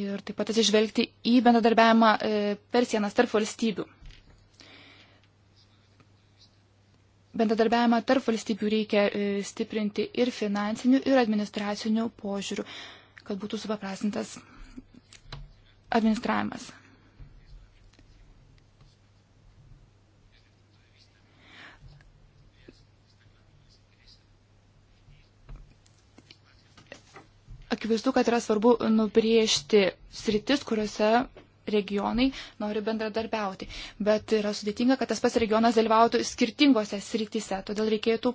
Ir taip pat atsižvelgti į bendradarbiavimą e, per sienas tarp valstybių. bendradarbiavimą tarp valstybių reikia e, stiprinti ir finansinių, ir administracinių požiūrių, kad būtų supaprastintas administravimas. Akivaizdu, kad yra svarbu nubriežti sritis, kuriuose regionai nori bendradarbiauti. Bet yra sudėtinga, kad tas pats regionas dalyvautų skirtingose srityse. Todėl reikėtų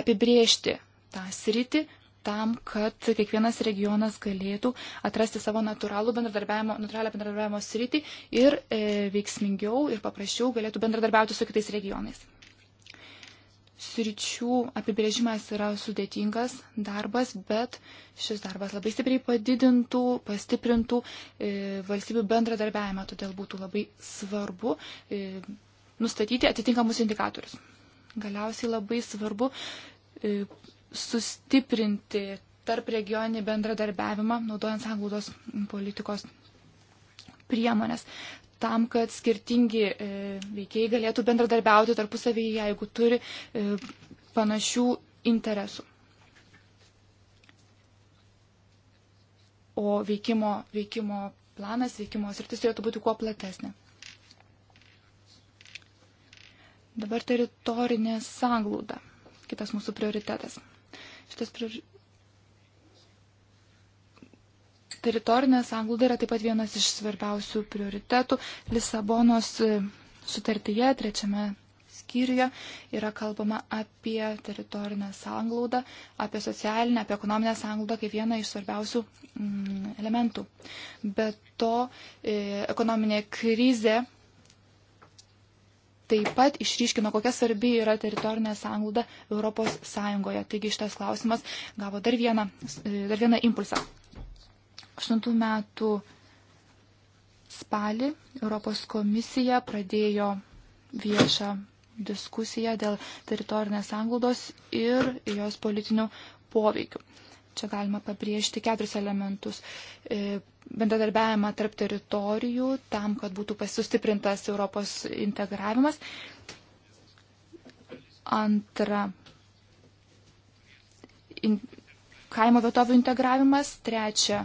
apibriežti tą sritį, tam, kad kiekvienas regionas galėtų atrasti savo natūralų bendradarbiavimo, natūralią bendradarbiavimo sritį ir e, veiksmingiau ir paprasčiau galėtų bendradarbiauti su kitais regionais. Sričių apibrėžimas yra sudėtingas darbas, bet šis darbas labai stipriai padidintų, pastiprintų e, valstybių bendradarbiavimą, todėl būtų labai svarbu e, nustatyti atitinkamus indikatorius. Galiausiai labai svarbu e, sustiprinti tarp regioninį bendradarbiavimą, naudojant sanglaudos politikos priemonės, tam, kad skirtingi e, veikiai galėtų bendradarbiauti tarpusavyje, jeigu turi e, panašių interesų. O veikimo, veikimo planas, veikimo sritis turėtų būti kuo platesnė. Dabar teritorinė sanglauda, kitas mūsų prioritetas. Šitas prior... teritorinė sanglauda yra taip pat vienas iš svarbiausių prioritetų. Lisabonos e, sutartyje, trečiame skyriuje, yra kalbama apie teritorinę sanglaudą, apie socialinę, apie ekonominę sanglaudą kaip vieną iš svarbiausių mm, elementų. Be to, e, ekonominė krizė taip pat išryškino, kokia svarbi yra teritorinė sąnglauda Europos Sąjungoje. Taigi šitas klausimas gavo dar vieną, dar vieną impulsą. 8 metų spalį Europos komisija pradėjo viešą diskusiją dėl teritorinės sąnglaudos ir jos politinių poveikių. Čia galima pabrėžti keturis elementus. E, bendradarbiavimą tarp teritorijų, tam, kad būtų pasustiprintas Europos integravimas. Antra, in, kaimo vietovių integravimas. Trečia,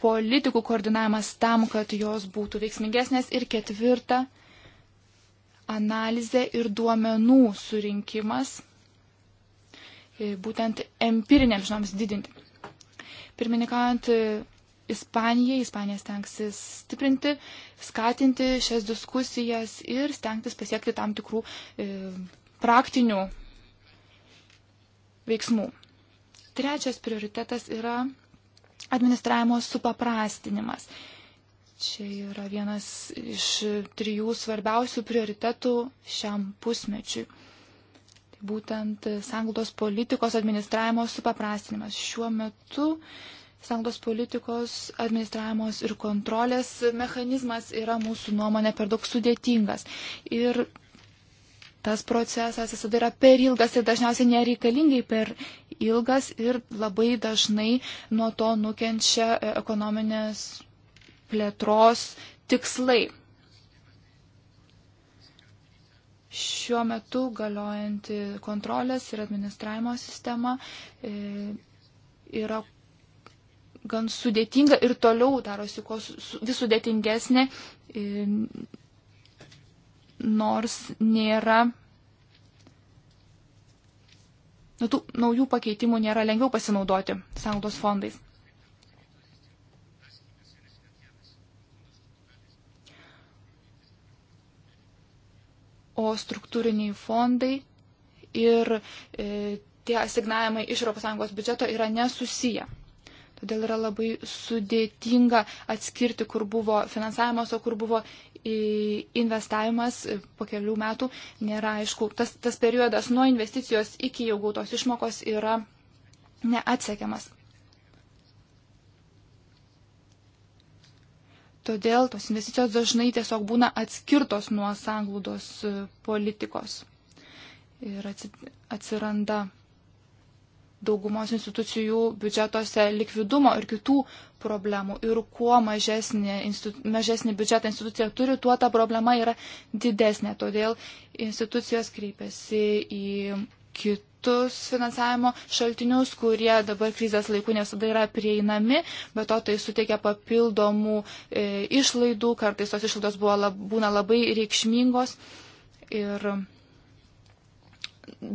politikų koordinavimas tam, kad jos būtų veiksmingesnės. Ir ketvirta, analizė ir duomenų surinkimas E, būtent empiriniams žinoms didinti. Pirmininkaujant e, Ispanijai, Ispanija stengsis stiprinti, skatinti šias diskusijas ir stengtis pasiekti tam tikrų e, praktinių veiksmų. Trečias prioritetas yra administravimo supaprastinimas. Čia yra vienas iš trijų svarbiausių prioritetų šiam pusmečiui būtent sanglaudos politikos administravimo supaprastinimas. Šiuo metu sanglaudos politikos administravimos ir kontrolės mechanizmas yra mūsų nuomonė per daug sudėtingas. Ir tas procesas visada yra per ilgas ir dažniausiai nereikalingai per ilgas ir labai dažnai nuo to nukenčia e, ekonominės plėtros tikslai. šiuo metu galiojanti kontrolės ir administravimo sistema e, yra gan sudėtinga ir toliau darosi vis sudėtingesnė, e, nors nėra. Nu, tų naujų pakeitimų nėra lengviau pasinaudoti sąnaudos fondais. o struktūriniai fondai ir e, tie asignavimai iš ES biudžeto yra nesusiję. Todėl yra labai sudėtinga atskirti, kur buvo finansavimas, o kur buvo e, investavimas e, po kelių metų. Nėra aišku, tas, tas periodas nuo investicijos iki jau gautos išmokos yra neatsiekiamas. Todėl tos investicijos dažnai tiesiog būna atskirtos nuo sanglūdos e, politikos. Ir atsiranda daugumos institucijų biudžetuose likvidumo ir kitų problemų. Ir kuo mažesnį, mažesnį biudžetą institucija turi, tuo ta problema yra didesnė. Todėl institucijos kreipiasi į kitus finansavimo šaltinius, kurie dabar krizės laikų nesada yra prieinami, bet to tai suteikia papildomų e, išlaidų, kartais tos išlaidos lab, būna labai reikšmingos ir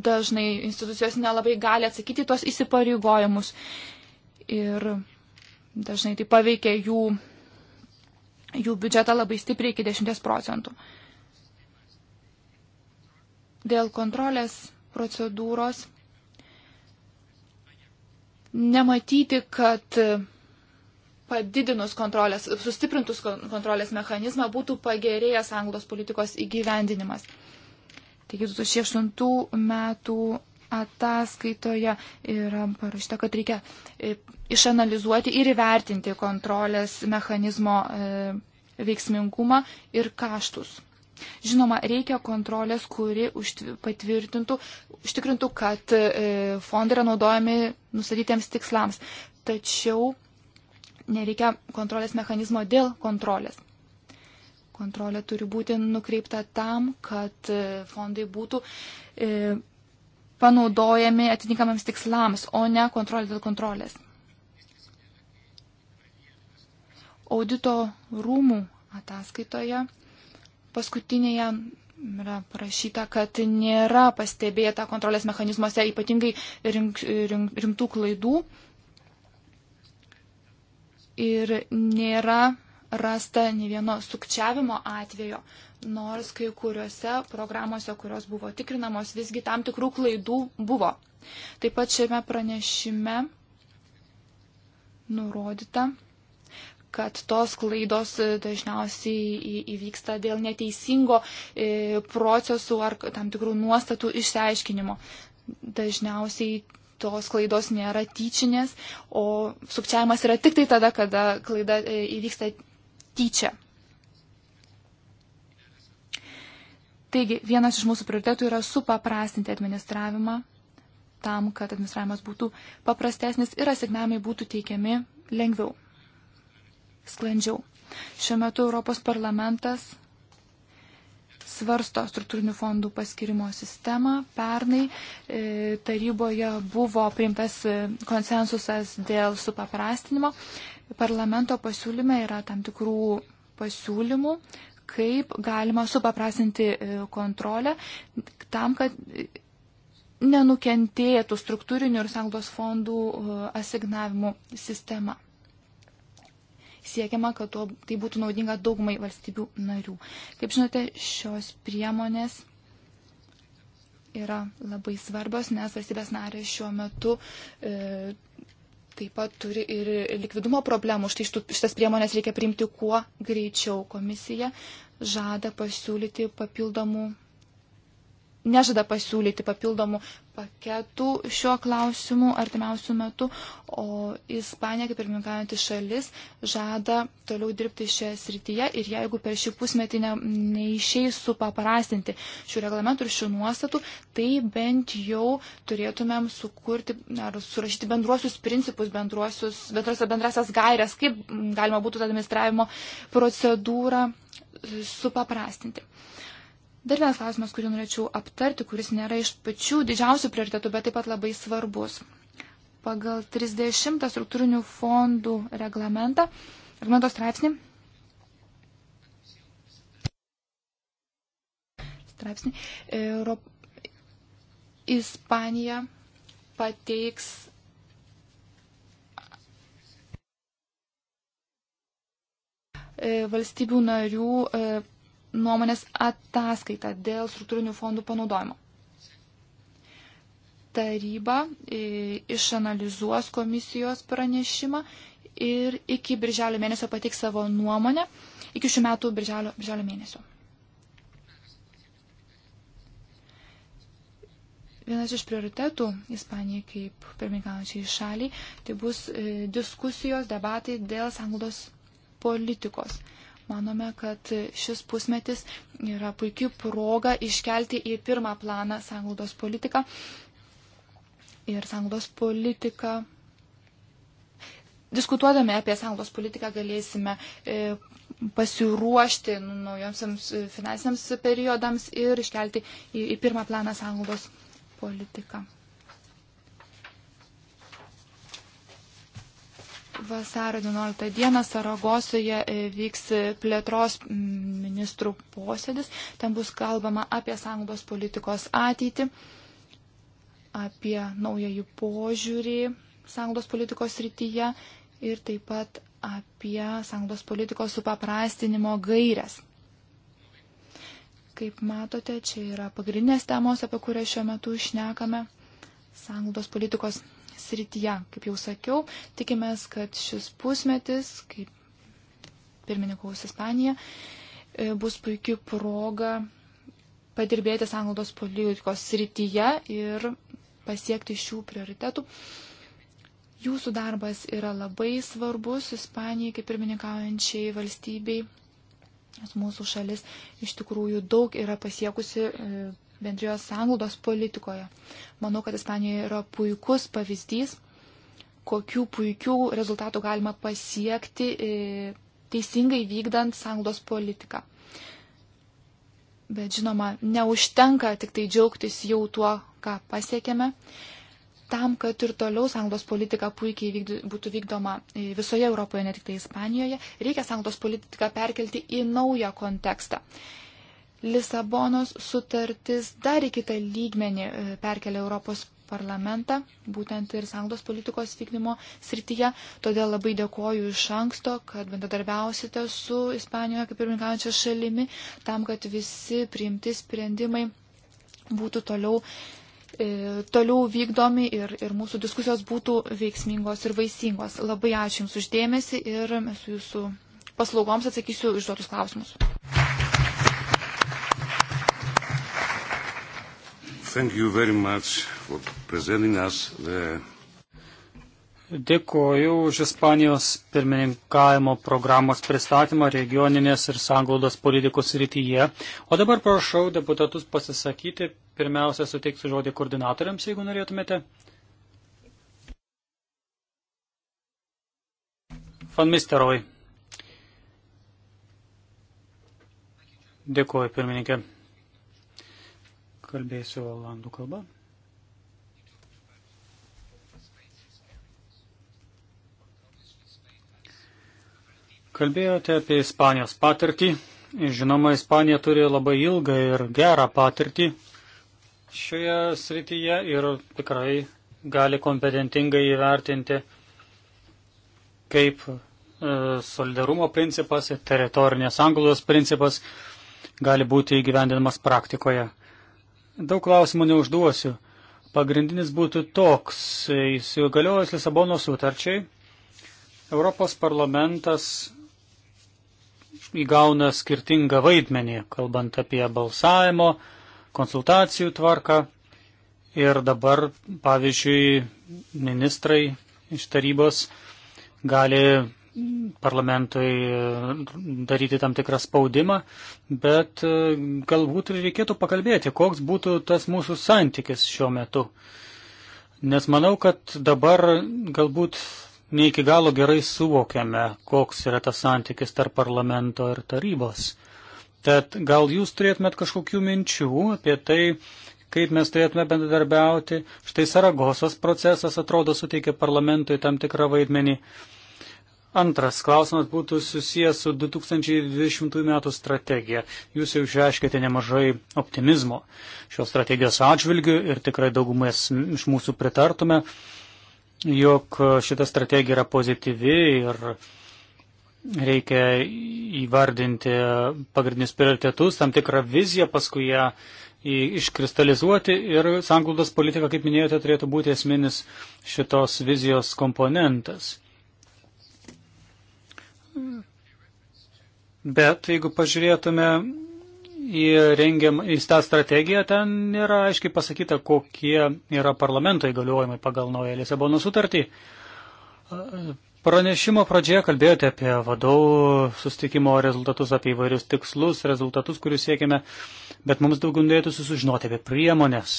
dažnai institucijos nelabai gali atsakyti tos įsipareigojimus ir dažnai tai paveikia jų, jų biudžetą labai stipriai iki 10 procentų. Dėl kontrolės procedūros. Nematyti, kad padidinus kontrolės, sustiprintus kontrolės mechanizmą būtų pagerėjęs anglos politikos įgyvendinimas. Taigi 2008 metų ataskaitoje yra parašyta, kad reikia e, išanalizuoti ir įvertinti kontrolės mechanizmo e, veiksmingumą ir kaštus. Žinoma, reikia kontrolės, kuri patvirtintų, užtikrintų, kad e, fondai yra naudojami nustatytiems tikslams. Tačiau nereikia kontrolės mechanizmo dėl kontrolės. Kontrolė turi būti nukreipta tam, kad e, fondai būtų e, panaudojami atitinkamams tikslams, o ne kontrolė dėl kontrolės. Audito rūmų ataskaitoje paskutinėje yra parašyta, kad nėra pastebėta kontrolės mechanizmuose ypatingai rink, rink, rimtų klaidų ir nėra rasta ne vieno sukčiavimo atvejo, nors kai kuriuose programuose, kurios buvo tikrinamos, visgi tam tikrų klaidų buvo. Taip pat šiame pranešime nurodyta, kad tos klaidos e, dažniausiai įvyksta dėl neteisingo e, procesų ar tam tikrų nuostatų išsiaiškinimo. Dažniausiai tos klaidos nėra tyčinės, o sukčiavimas yra tik tai tada, kada klaida e, įvyksta tyčia. Taigi, vienas iš mūsų prioritetų yra supaprastinti administravimą tam, kad administravimas būtų paprastesnis ir asignavimai būtų teikiami lengviau sklandžiau. Šiuo metu Europos parlamentas svarsto struktūrinių fondų paskirimo sistemą. Pernai e, taryboje buvo priimtas e, konsensusas dėl supaprastinimo. Parlamento pasiūlyme yra tam tikrų pasiūlymų, kaip galima supaprastinti e, kontrolę tam, kad nenukentėtų struktūrinių ir sanglos fondų e, asignavimų sistema siekiama, kad to, tai būtų naudinga daugumai valstybių narių. Kaip žinote, šios priemonės yra labai svarbios, nes valstybės narės šiuo metu e, taip pat turi ir likvidumo problemų. Štai šitas priemonės reikia priimti kuo greičiau. Komisija žada pasiūlyti papildomų nežada pasiūlyti papildomų paketų šiuo klausimu artimiausių metų, o Ispanija, kaip ir minkaujantį šalis, žada toliau dirbti šioje srityje ir jeigu per šį pusmetį ne, neišeis supaprastinti šių reglamentų ir šių nuostatų, tai bent jau turėtumėm sukurti ar surašyti bendruosius principus, bendruosius, bendruosios bendrasias gairias, kaip galima būtų tą administravimo procedūrą supaprastinti. Uh, Dar vienas klausimas, kurį norėčiau aptarti, kuris nėra iš pačių didžiausių prioritetų, bet taip pat labai svarbus. Pagal 30 struktūrinių fondų reglamentą, reglamento straipsnį, straipsnį, Europ... Ispanija pateiks valstybių narių e, nuomonės ataskaitą dėl struktūrinių fondų panaudojimo. Taryba e, išanalizuos komisijos pranešimą ir iki birželio mėnesio pateiks savo nuomonę, iki šių metų birželio, birželio mėnesio. Vienas iš prioritetų Ispanijai kaip pirmininkaujančiai šaliai tai bus e, diskusijos, debatai dėl sanglaudos politikos. Manome, kad šis pusmetis yra puikia proga iškelti į pirmą planą sanglaudos politiką. Ir sanglaudos politika. Diskutuodami apie sanglaudos politiką galėsime e, pasiruošti naujosiams finansiniams periodams ir iškelti į, į pirmą planą sanglaudos politiką. Vasaro 19 dieną Saragosoje e, vyks plėtros ministrų posėdis. Ten bus kalbama apie sąjungos politikos ateitį, apie naująjį požiūrį sąjungos politikos rytyje ir taip pat apie sąjungos politikos supaprastinimo gairias. Kaip matote, čia yra pagrindinės temos, apie kurias šiuo metu išnekame. Sąjungos politikos srityje. Kaip jau sakiau, tikimės, kad šis pusmetis, kaip pirmininkaus Ispanija, e, bus puikia proga padirbėti sąnaudos politikos srityje ir pasiekti šių prioritetų. Jūsų darbas yra labai svarbus Ispanijai kaip pirmininkaujančiai valstybei, nes mūsų šalis iš tikrųjų daug yra pasiekusi e, bendrijos sąnaudos politikoje. Manau, kad Ispanijoje yra puikus pavyzdys, kokių puikių rezultatų galima pasiekti e, teisingai vykdant sąnaudos politiką. Bet žinoma, neužtenka tik tai džiaugtis jau tuo, ką pasiekėme. Tam, kad ir toliau sąnaudos politika puikiai vykdy, būtų vykdoma e, visoje Europoje, ne tik tai Ispanijoje, reikia sąnaudos politiką perkelti į naują kontekstą. Lisabonos sutartis dar į kitą lygmenį e, perkelia Europos parlamentą, būtent ir sąjungos politikos vykdymo srityje. Todėl labai dėkoju iš anksto, kad bendradarbiausite su Ispanijoje kaip pirmininkaujančia šalimi, tam, kad visi priimti sprendimai būtų toliau, e, toliau vykdomi ir, ir mūsų diskusijos būtų veiksmingos ir vaisingos. Labai ačiū Jums uždėmesi ir esu Jūsų paslaugoms atsakysiu išduotus klausimus. Thank you very much for presenting us the Dėkoju už Ispanijos pirmininkavimo programos pristatymą regioninės ir sanglaudos politikos rytyje. O dabar prašau deputatus pasisakyti. Pirmiausia, suteiksiu žodį koordinatoriams, jeigu norėtumėte. Van Misteroj. Dėkoju, pirmininkė kalbėsiu olandų kalbą. Kalbėjote apie Ispanijos patirtį. Žinoma, Ispanija turi labai ilgą ir gerą patirtį šioje srityje ir tikrai gali kompetentingai įvertinti, kaip e, solidarumo principas ir teritorinės anglos principas gali būti įgyvendinamas praktikoje. Daug klausimų neužduosiu. Pagrindinis būtų toks, įsigaliojus Lisabono sutarčiai, Europos parlamentas įgauna skirtingą vaidmenį, kalbant apie balsavimo, konsultacijų tvarką. Ir dabar, pavyzdžiui, ministrai iš tarybos gali parlamentui e, daryti tam tikrą spaudimą, bet e, galbūt ir reikėtų pakalbėti, koks būtų tas mūsų santykis šiuo metu. Nes manau, kad dabar galbūt ne iki galo gerai suvokiame, koks yra tas santykis tarp parlamento ir tarybos. Tad gal jūs turėtumėt kažkokių minčių apie tai, kaip mes turėtume bendradarbiauti. Štai Saragosos procesas atrodo suteikia parlamentui tam tikrą vaidmenį. Antras klausimas būtų susijęs su 2020 m. strategija. Jūs jau išreiškėte nemažai optimizmo šios strategijos atžvilgių ir tikrai daugumės iš mūsų pritartume, jog šita strategija yra pozityvi ir reikia įvardinti pagrindinius prioritetus, tam tikrą viziją, paskui ją iškristalizuoti ir sanglaudos politika, kaip minėjote, turėtų būti esminis šitos vizijos komponentas. Bet jeigu pažiūrėtume į, rengiam, į tą strategiją, ten nėra aiškiai pasakyta, kokie yra parlamento įgaliojimai pagal naują Lisabono sutartį. Pranešimo pradžioje kalbėjote apie vadovų sustikimo rezultatus, apie įvairius tikslus, rezultatus, kurių siekime, bet mums daugiau norėtųsi sužinoti apie priemonės,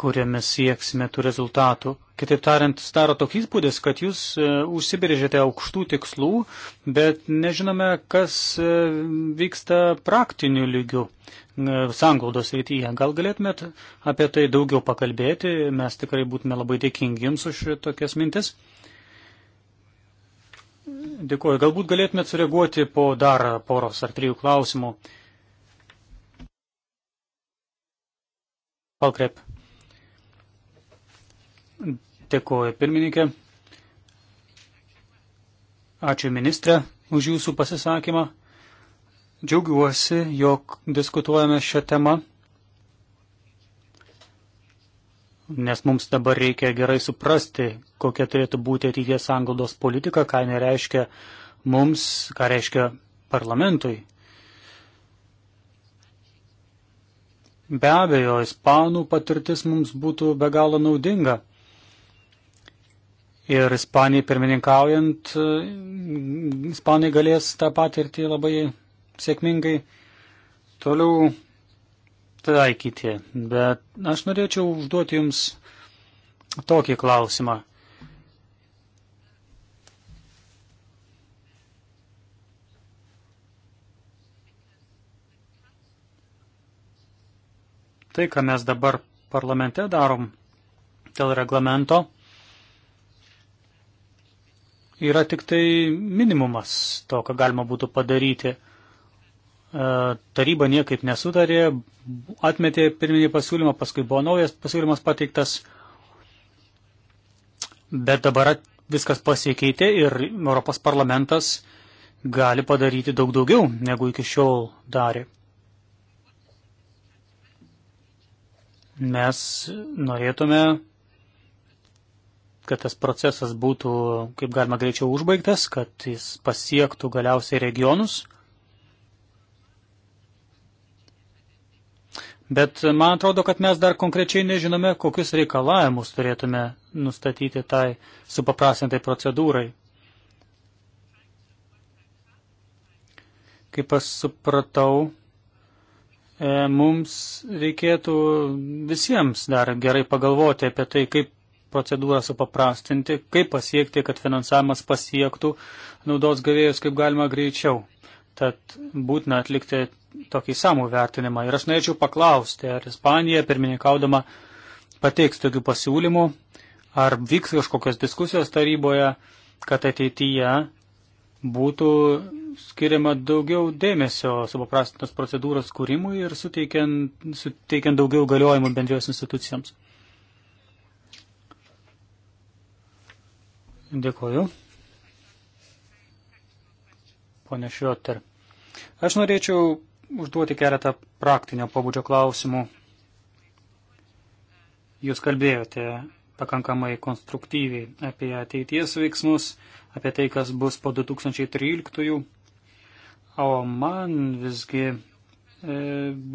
kuriamis sieksime tų rezultatų. Kitaip tariant, staro tokį įspūdis, kad jūs e, užsibrėžėte aukštų tikslų, bet nežinome, kas e, vyksta praktiniu lygiu e, sanglaudos rytyje. Gal galėtumėt apie tai daugiau pakalbėti, mes tikrai būtume labai dėkingi jums už tokias mintis. Dėkuoju. Galbūt galėtumėt sureaguoti po dar poros ar trijų klausimų. Palkrep. Dėkuoju pirmininkė. Ačiū ministrė už jūsų pasisakymą. Džiaugiuosi, jog diskutuojame šią temą, nes mums dabar reikia gerai suprasti, kokia turėtų būti ateities anglodos politika, ką nereiškia mums, ką reiškia parlamentui. Be abejo, ispanų patirtis mums būtų be galo naudinga ir Ispanijai pirmininkaujant, Ispanai galės tą patirtį labai sėkmingai toliau taikyti. Bet aš norėčiau užduoti Jums tokį klausimą. Tai, ką mes dabar parlamente darom dėl reglamento, yra tik tai minimumas to, ką galima būtų padaryti. E, taryba niekaip nesutarė, atmetė pirminį pasiūlymą, paskui buvo naujas pasiūlymas pateiktas, bet dabar viskas pasikeitė ir Europos parlamentas gali padaryti daug daugiau, negu iki šiol darė. Mes norėtume kad tas procesas būtų kaip galima greičiau užbaigtas, kad jis pasiektų galiausiai regionus. Bet man atrodo, kad mes dar konkrečiai nežinome, kokius reikalavimus turėtume nustatyti tai supaprastintai procedūrai. Kaip aš supratau, e, mums reikėtų visiems dar gerai pagalvoti apie tai, kaip procedūrą supaprastinti, kaip pasiekti, kad finansavimas pasiektų naudos gavėjus kaip galima greičiau. Tad būtina atlikti tokį samų vertinimą. Ir aš norėčiau paklausti, ar Ispanija, pirmininkaudama, pateiks tokių pasiūlymų, ar vyks kažkokios diskusijos taryboje, kad ateityje būtų skiriama daugiau dėmesio supaprastintos procedūros kūrimui ir suteikiant, suteikiant daugiau galiojimų bendrijos institucijoms. Dėkuoju. Pone Šioter. Aš norėčiau užduoti keletą praktinio pobūdžio klausimų. Jūs kalbėjote pakankamai konstruktyviai apie ateities veiksmus, apie tai, kas bus po 2013. O man visgi e,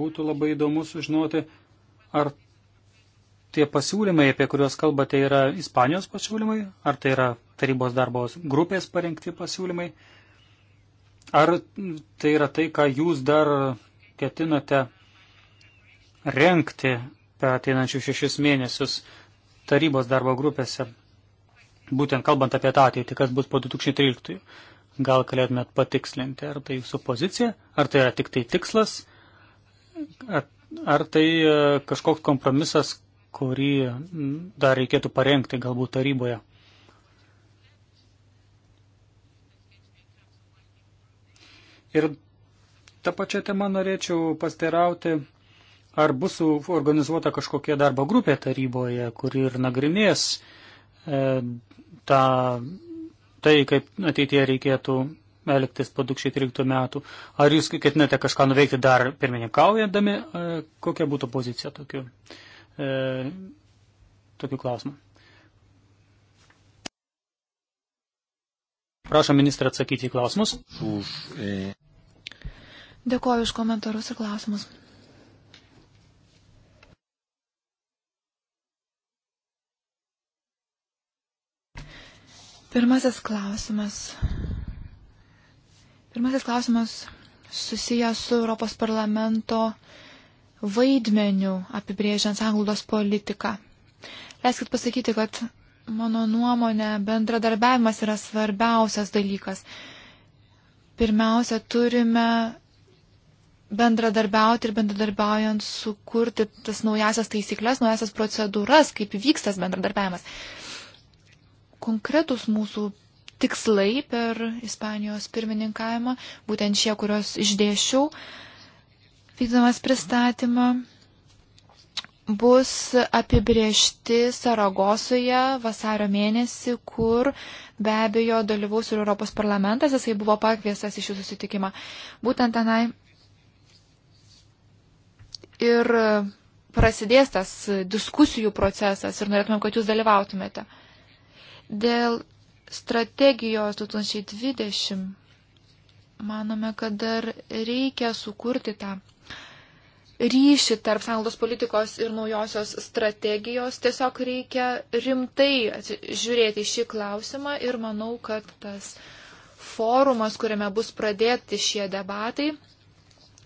būtų labai įdomu sužinoti, ar tie pasiūlymai, apie kuriuos kalbate, yra Ispanijos pasiūlymai, ar tai yra tarybos darbo grupės parengti pasiūlymai, ar tai yra tai, ką jūs dar ketinate renkti per ateinančius šešis mėnesius tarybos darbo grupėse, būtent kalbant apie tą ateitį, kas bus po 2013. Gal galėtumėt patikslinti, ar tai jūsų pozicija, ar tai yra tik tai tikslas, ar, ar tai e, kažkoks kompromisas, kurį dar reikėtų parengti galbūt taryboje. Ir tą pačią temą norėčiau pasterauti, ar bus organizuota kažkokia darbo grupė taryboje, kuri ir nagrinės e, tą, tai, kaip ateitie reikėtų elgtis po 2013 metų. Ar jūs ketinate kažką nuveikti dar pirmininkaujantami, e, kokia būtų pozicija tokiu e, tokių klausimų. Prašom ministrą atsakyti į klausimus. Už, e... Dėkoju už komentarus ir klausimus. Pirmasis klausimas. Pirmasis klausimas susijęs su Europos parlamento vaidmeniu apibrėžiant sanglaudos politiką. Leiskit pasakyti, kad mano nuomonė bendradarbiavimas yra svarbiausias dalykas. Pirmiausia, turime bendradarbiauti ir bendradarbiaujant sukurti tas naujasias taisyklės, naujasias procedūras, kaip vyks tas bendradarbiavimas. Konkretus mūsų tikslai per Ispanijos pirmininkavimą, būtent šie, kuriuos išdėšiau, uh, vykdamas pristatymą bus apibriežti Saragosoje vasario mėnesį, kur be abejo dalyvaus ir Europos parlamentas, jisai buvo pakviestas į šį susitikimą. Būtent tenai ir prasidės tas diskusijų procesas ir norėtumėm, kad jūs dalyvautumėte. Dėl strategijos 2020 manome, kad dar reikia sukurti tą ryšį tarp sąnaudos politikos ir naujosios strategijos. Tiesiog reikia rimtai žiūrėti šį klausimą ir manau, kad tas forumas, kuriame bus pradėti šie debatai,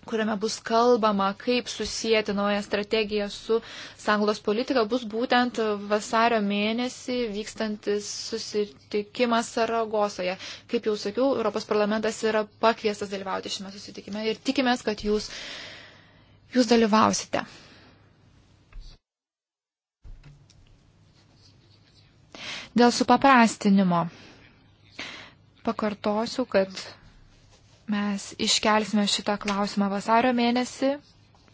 kuriame bus kalbama, kaip susijęti naują strategiją su sąnaudos politika, bus būtent vasario mėnesį vykstantis susitikimas Saragosoje. Kaip jau sakiau, Europos parlamentas yra pakviestas dalyvauti šiame susitikime ir tikimės, kad jūs jūs dalyvausite. Dėl supaprastinimo. Pakartosiu, kad mes iškelsime šitą klausimą vasario mėnesį,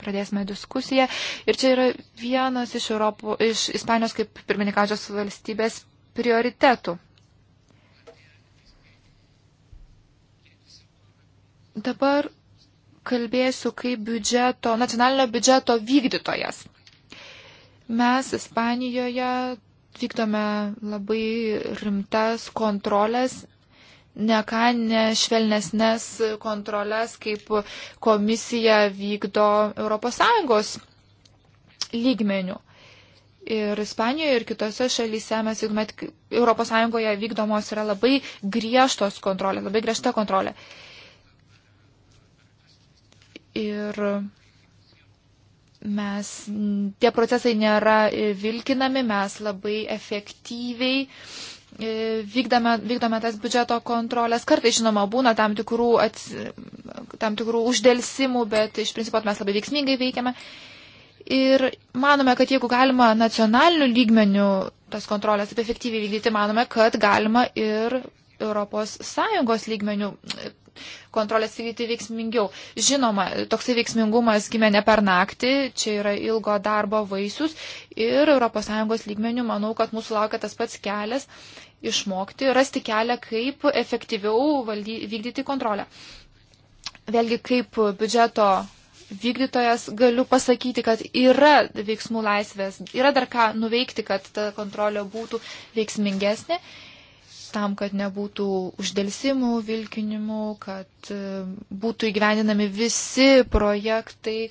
pradėsime diskusiją. Ir čia yra vienas iš, Europo, iš Ispanijos kaip pirmininkaujančios valstybės prioritetų. Dabar kalbėsiu kaip biudžeto, nacionalinio biudžeto vykdytojas. Mes Ispanijoje vykdome labai rimtas kontrolės, neką nešvelnesnės kontrolės, kaip komisija vykdo ES lygmenių. Ir Ispanijoje, ir kitose šalyse mes vykdome, ES vykdomos yra labai griežtos kontrolės, labai griežta kontrolė. Ir mes, tie procesai nėra vilkinami, mes labai efektyviai e, vykdame, vykdome tas biudžeto kontrolės. Kartai, žinoma, būna tam tikrų, ats, tam tikrų uždėlsimų, bet iš principo mes labai veiksmingai veikiame. Ir manome, kad jeigu galima nacionalinių lygmenių tas kontrolės taip efektyviai vykdyti, manome, kad galima ir Europos Sąjungos lygmenių kontrolės įvykti veiksmingiau. Žinoma, toksai veiksmingumas gimė ne per naktį, čia yra ilgo darbo vaisius ir ES lygmenių manau, kad mūsų laukia tas pats kelias išmokti, rasti kelią, kaip efektyviau valdy, vykdyti kontrolę. Vėlgi, kaip biudžeto vykdytojas galiu pasakyti, kad yra veiksmų laisvės, yra dar ką nuveikti, kad ta kontrolė būtų veiksmingesnė tam, kad nebūtų uždelsimų, vilkinimų, kad e, būtų įgyvendinami visi projektai.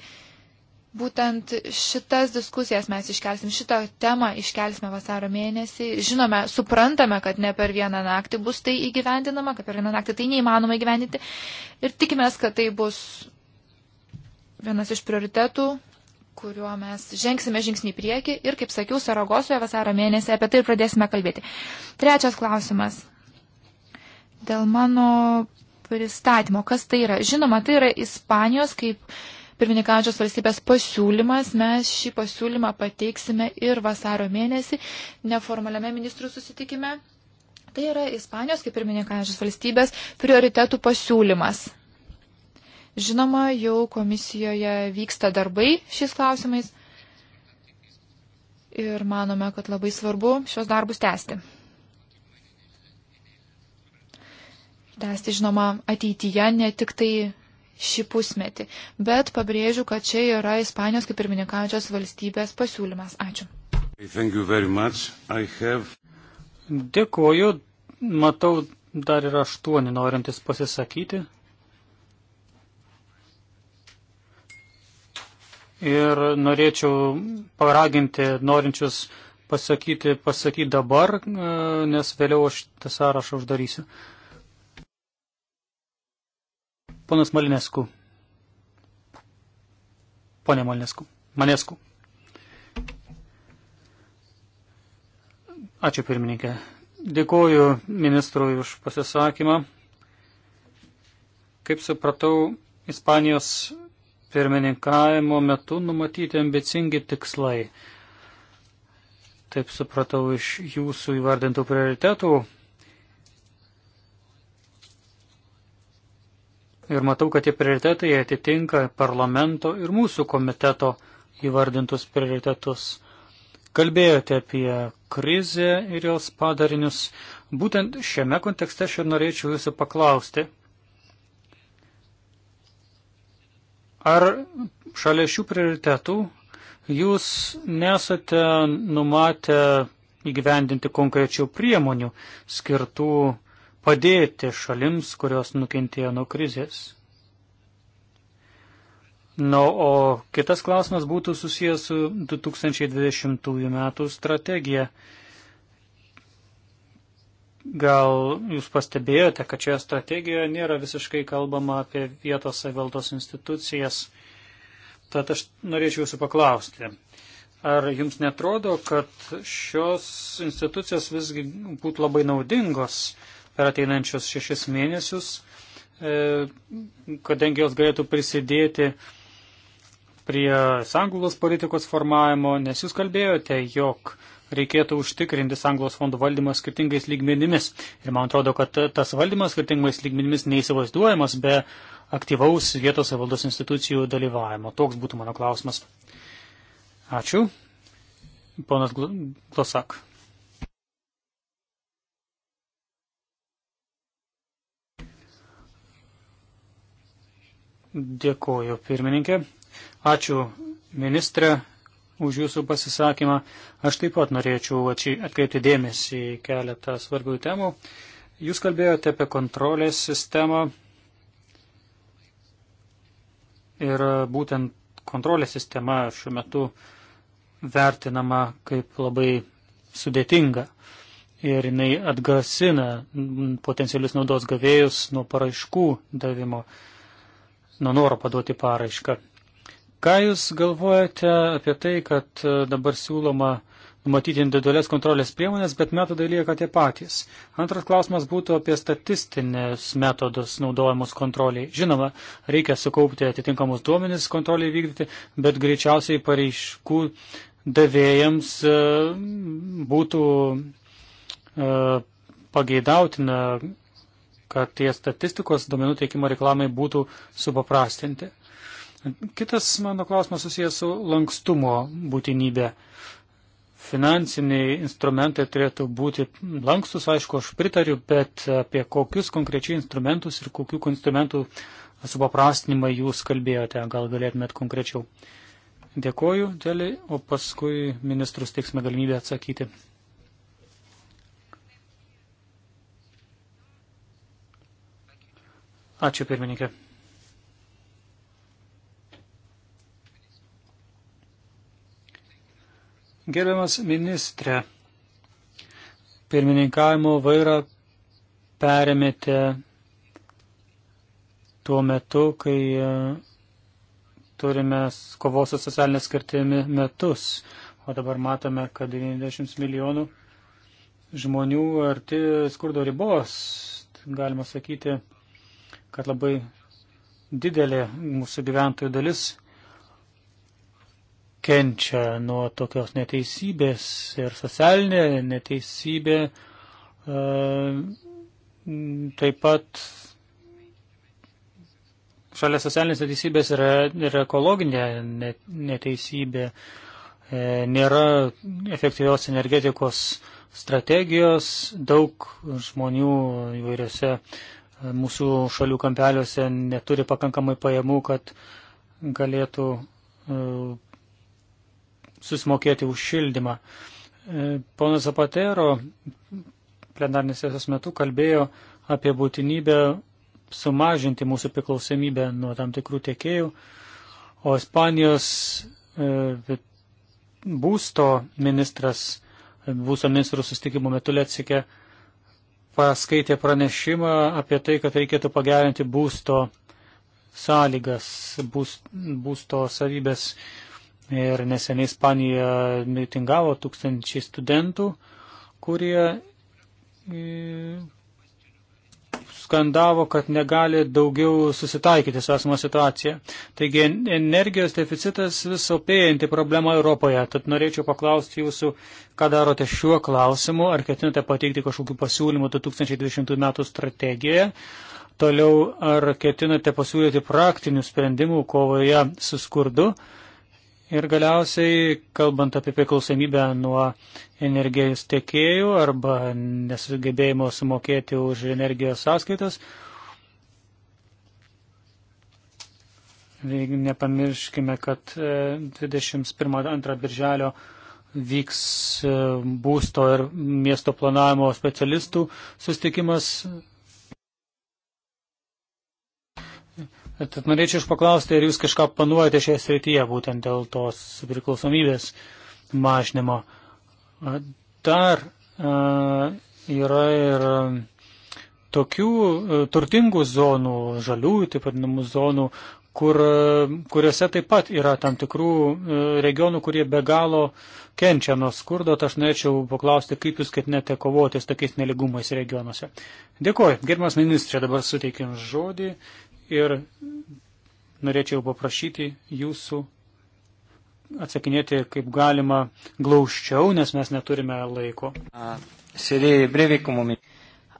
Būtent šitas diskusijas mes iškelsim, šitą temą iškelsime vasaro mėnesį. Žinome, suprantame, kad ne per vieną naktį bus tai įgyvendinama, kad per vieną naktį tai neįmanoma įgyvendinti. Ir tikimės, kad tai bus vienas iš prioritetų kuriuo mes žengsime žingsnį į priekį ir, kaip sakiau, Saragosoje vasaro mėnesį apie tai ir pradėsime kalbėti. Trečias klausimas. Dėl mano pristatymo, kas tai yra? Žinoma, tai yra Ispanijos kaip pirmininkaujančios valstybės pasiūlymas. Mes šį pasiūlymą pateiksime ir vasaro mėnesį neformaliame ministrų susitikime. Tai yra Ispanijos kaip pirmininkaujančios valstybės prioritetų pasiūlymas. Žinoma, jau komisijoje vyksta darbai šiais klausimais ir manome, kad labai svarbu šios darbus tęsti. Tęsti, žinoma, ateityje, ne tik tai šį pusmetį, bet pabrėžiu, kad čia yra Ispanijos kaip pirmininkaujančios valstybės pasiūlymas. Ačiū. Have... Dėkuoju. Matau, dar yra aštuoni norintis pasisakyti. ir norėčiau paraginti norinčius pasakyti, pasakyti dabar, e, nes vėliau aš tą sąrašą uždarysiu. Ponas Malinesku. Pone Malinesku. Manesku. Ačiū pirmininkė. Dėkuoju ministrui už pasisakymą. Kaip supratau, Ispanijos pirmininkavimo metu numatyti ambicingi tikslai. Taip supratau iš jūsų įvardintų prioritetų. Ir matau, kad tie prioritetai atitinka parlamento ir mūsų komiteto įvardintus prioritetus. Kalbėjote apie krizę ir jos padarinius. Būtent šiame kontekste aš ir norėčiau jūsų paklausti, Ar šalia šių prioritetų jūs nesate numatę įgyvendinti konkrečių priemonių skirtų padėti šalims, kurios nukentėjo nuo krizės? Na, o kitas klausimas būtų susijęs su 2020 m. strategija. Gal jūs pastebėjote, kad šioje strategijoje nėra visiškai kalbama apie vietos savivaldos institucijas. Tad aš norėčiau jūsų paklausti, ar jums netrodo, kad šios institucijos visgi būtų labai naudingos per ateinančius šešis mėnesius, e, kadangi jos galėtų prisidėti prie sanglos politikos formavimo, nes jūs kalbėjote, jog reikėtų užtikrinti sanglos fondų valdymą skirtingais lygmenimis. Ir man atrodo, kad tas valdymas skirtingais lygmenimis neįsivaizduojamas be aktyvaus vietos savivaldos institucijų dalyvavimo. Toks būtų mano klausimas. Ačiū. Ponas Glosak. Dėkuoju, pirmininkė. Ačiū ministrė už jūsų pasisakymą. Aš taip pat norėčiau atkreipti dėmesį į keletą svarbių temų. Jūs kalbėjote apie kontrolės sistemą ir būtent kontrolės sistema šiuo metu vertinama kaip labai sudėtinga ir jinai atgrasina potencialius naudos gavėjus nuo paraiškų davimo, nuo noro paduoti paraišką. Ką Jūs galvojate apie tai, kad e, dabar siūloma numatyti individualias kontrolės priemonės, bet metodai lieka tie patys? Antras klausimas būtų apie statistinės metodus naudojamus kontroliai. Žinoma, reikia sukaupti atitinkamus duomenis kontroliai vykdyti, bet greičiausiai pareiškų davėjams e, būtų e, pageidautina, kad tie statistikos duomenų teikimo reklamai būtų supaprastinti. Kitas mano klausimas susijęs su lankstumo būtinybė. Finansiniai instrumentai turėtų būti lankstus, aišku, aš pritariu, bet apie kokius konkrečiai instrumentus ir kokių instrumentų supaprastinimą jūs kalbėjote, gal galėtumėt konkrečiau. Dėkoju, Dėlį, o paskui ministrus teiksime galimybę atsakyti. Ačiū, pirmininkė. Gerbiamas ministre, pirmininkavimo vairą perėmėte tuo metu, kai e, turime kovos su socialinė skirtimi metus, o dabar matome, kad 90 milijonų žmonių arti skurdo ribos, galima sakyti, kad labai didelė mūsų gyventojų dalis kenčia nuo tokios neteisybės ir socialinė neteisybė e, taip pat šalia socialinės neteisybės yra ir ekologinė neteisybė. E, nėra efektyvios energetikos strategijos, daug žmonių įvairiose mūsų šalių kampeliuose neturi pakankamai pajamų, kad galėtų e, susimokėti už šildymą. E, ponas Zapatero plenarnės sesijos metu kalbėjo apie būtinybę sumažinti mūsų priklausomybę nuo tam tikrų tiekėjų, o Ispanijos e, būsto ministras būsto ministrų sustikimo metu Letsikė paskaitė pranešimą apie tai, kad reikėtų pagerinti būsto sąlygas, būst, būsto savybės Ir neseniai Ispanija mitingavo tūkstančiai studentų, kurie e, skandavo, kad negali daugiau susitaikyti su esama situacija. Taigi energijos deficitas vis opėjanti problema Europoje. Tad norėčiau paklausti jūsų, ką darote šiuo klausimu, ar ketinate pateikti kažkokių pasiūlymų 2020 m. strategijoje. Toliau, ar ketinate pasiūlyti praktinių sprendimų kovoje su skurdu Ir galiausiai, kalbant apie priklausomybę nuo energijos tiekėjų arba nesugebėjimo sumokėti už energijos sąskaitas, nepamirškime, kad 21-2 e, birželio vyks e, būsto ir miesto planavimo specialistų sustikimas Tad norėčiau iš paklausti, ar jūs kažką planuojate šioje srityje būtent dėl tos priklausomybės mažnimo. Dar a, yra ir tokių a, turtingų zonų, žaliųjų, taip vadinamų zonų, kur, kuriuose taip pat yra tam tikrų regionų, kurie be galo kenčia nuo skurdo, tai aš norėčiau paklausti, kaip jūs ketinate kovoti su tokiais neligumais regionuose. Dėkuoju, gerbiamas ministrė, dabar suteikim žodį ir norėčiau paprašyti jūsų atsakinėti kaip galima glaučiau, nes mes neturime laiko.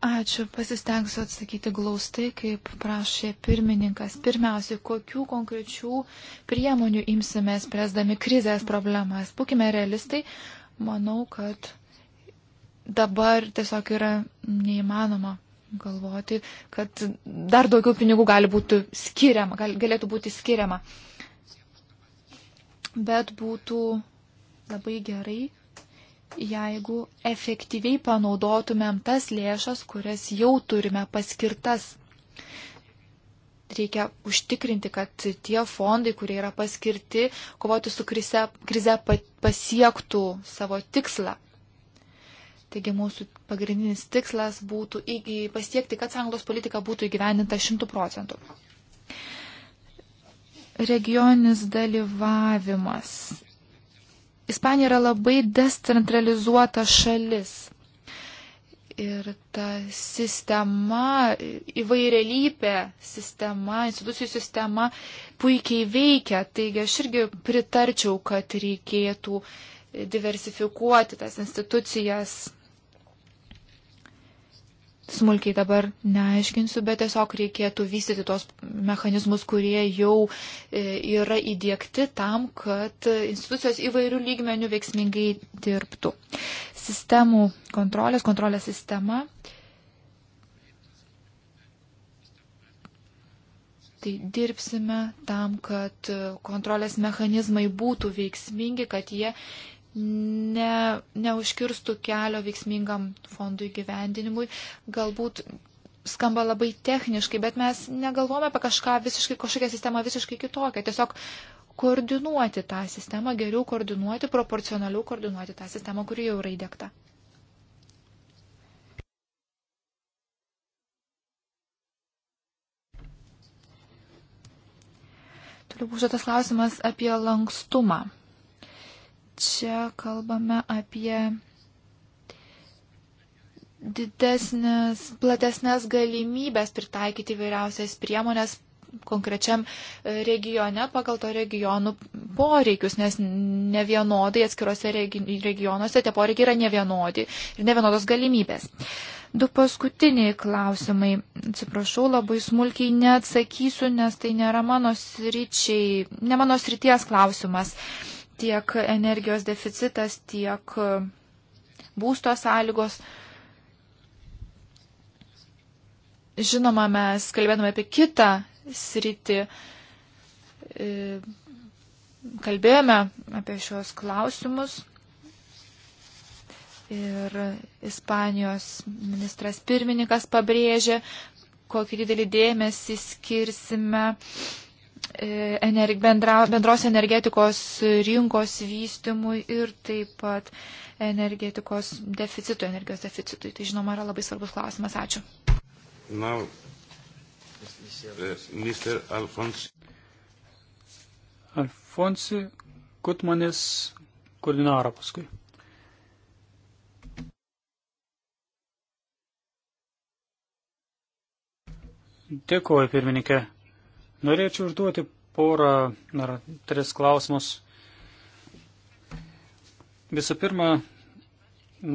Ačiū, pasistengsiu atsakyti glaustai, kaip prašė pirmininkas. Pirmiausia, kokių konkrečių priemonių imsimės, presdami krizės problemas. Būkime realistai, manau, kad dabar tiesiog yra neįmanoma galvoti, kad dar daugiau pinigų gali būti skiriama, gal, galėtų būti skiriama. Bet būtų labai gerai, jeigu efektyviai panaudotumėm tas lėšas, kurias jau turime paskirtas. Reikia užtikrinti, kad tie fondai, kurie yra paskirti kovoti su krize, krize pasiektų savo tikslą. Taigi mūsų pagrindinis tikslas būtų įgy, pasiekti, kad sąjungos politika būtų įgyveninta šimtų procentų. Regioninis dalyvavimas. Ispanija yra labai decentralizuota šalis. Ir ta sistema, įvairialypė sistema, institucijų sistema puikiai veikia. Taigi aš irgi pritarčiau, kad reikėtų diversifikuoti tas institucijas, smulkiai dabar neaiškinsiu, bet tiesiog reikėtų vystyti tos mechanizmus, kurie jau e, yra įdėkti tam, kad institucijos įvairių lygmenių veiksmingai dirbtų. Sistemų kontrolės, kontrolės sistema. Tai dirbsime tam, kad kontrolės mechanizmai būtų veiksmingi, kad jie ne, neužkirstų kelio veiksmingam fondų įgyvendinimui. Galbūt skamba labai techniškai, bet mes negalvome apie kažką visiškai, kažkokią sistemą visiškai kitokią. Tiesiog koordinuoti tą sistemą, geriau koordinuoti, proporcionaliau koordinuoti tą sistemą, kuri jau yra įdėkta. Toliau užduotas klausimas apie lankstumą čia kalbame apie didesnės, platesnės galimybės pritaikyti vairiausias priemonės konkrečiam e, regione pagal to regionų poreikius, nes ne vienodai atskiruose regionuose tie poreikiai yra ne vienodi ir ne vienodos galimybės. Du paskutiniai klausimai. Atsiprašau, labai smulkiai neatsakysiu, nes tai nėra mano sričiai, ne mano srities klausimas. Uh, tiek energijos deficitas, tiek e, būsto sąlygos. Žinoma, mes kalbėdami apie kitą sritį, e, kalbėjome apie šios klausimus. Ir Ispanijos ministras pirmininkas pabrėžė, kokį didelį dėmesį skirsime uh, E, energi, bendra, bendros energetikos rinkos vystimui ir taip pat energetikos deficitui, energijos deficitui. Tai žinoma yra labai svarbus klausimas. Ačiū. Now, Mr. Alfonsi. Alfonsi Kutmanis koordinaro paskui. Dėkuoju, pirmininkė. Norėčiau užduoti porą ar tris klausimus. Visų pirma,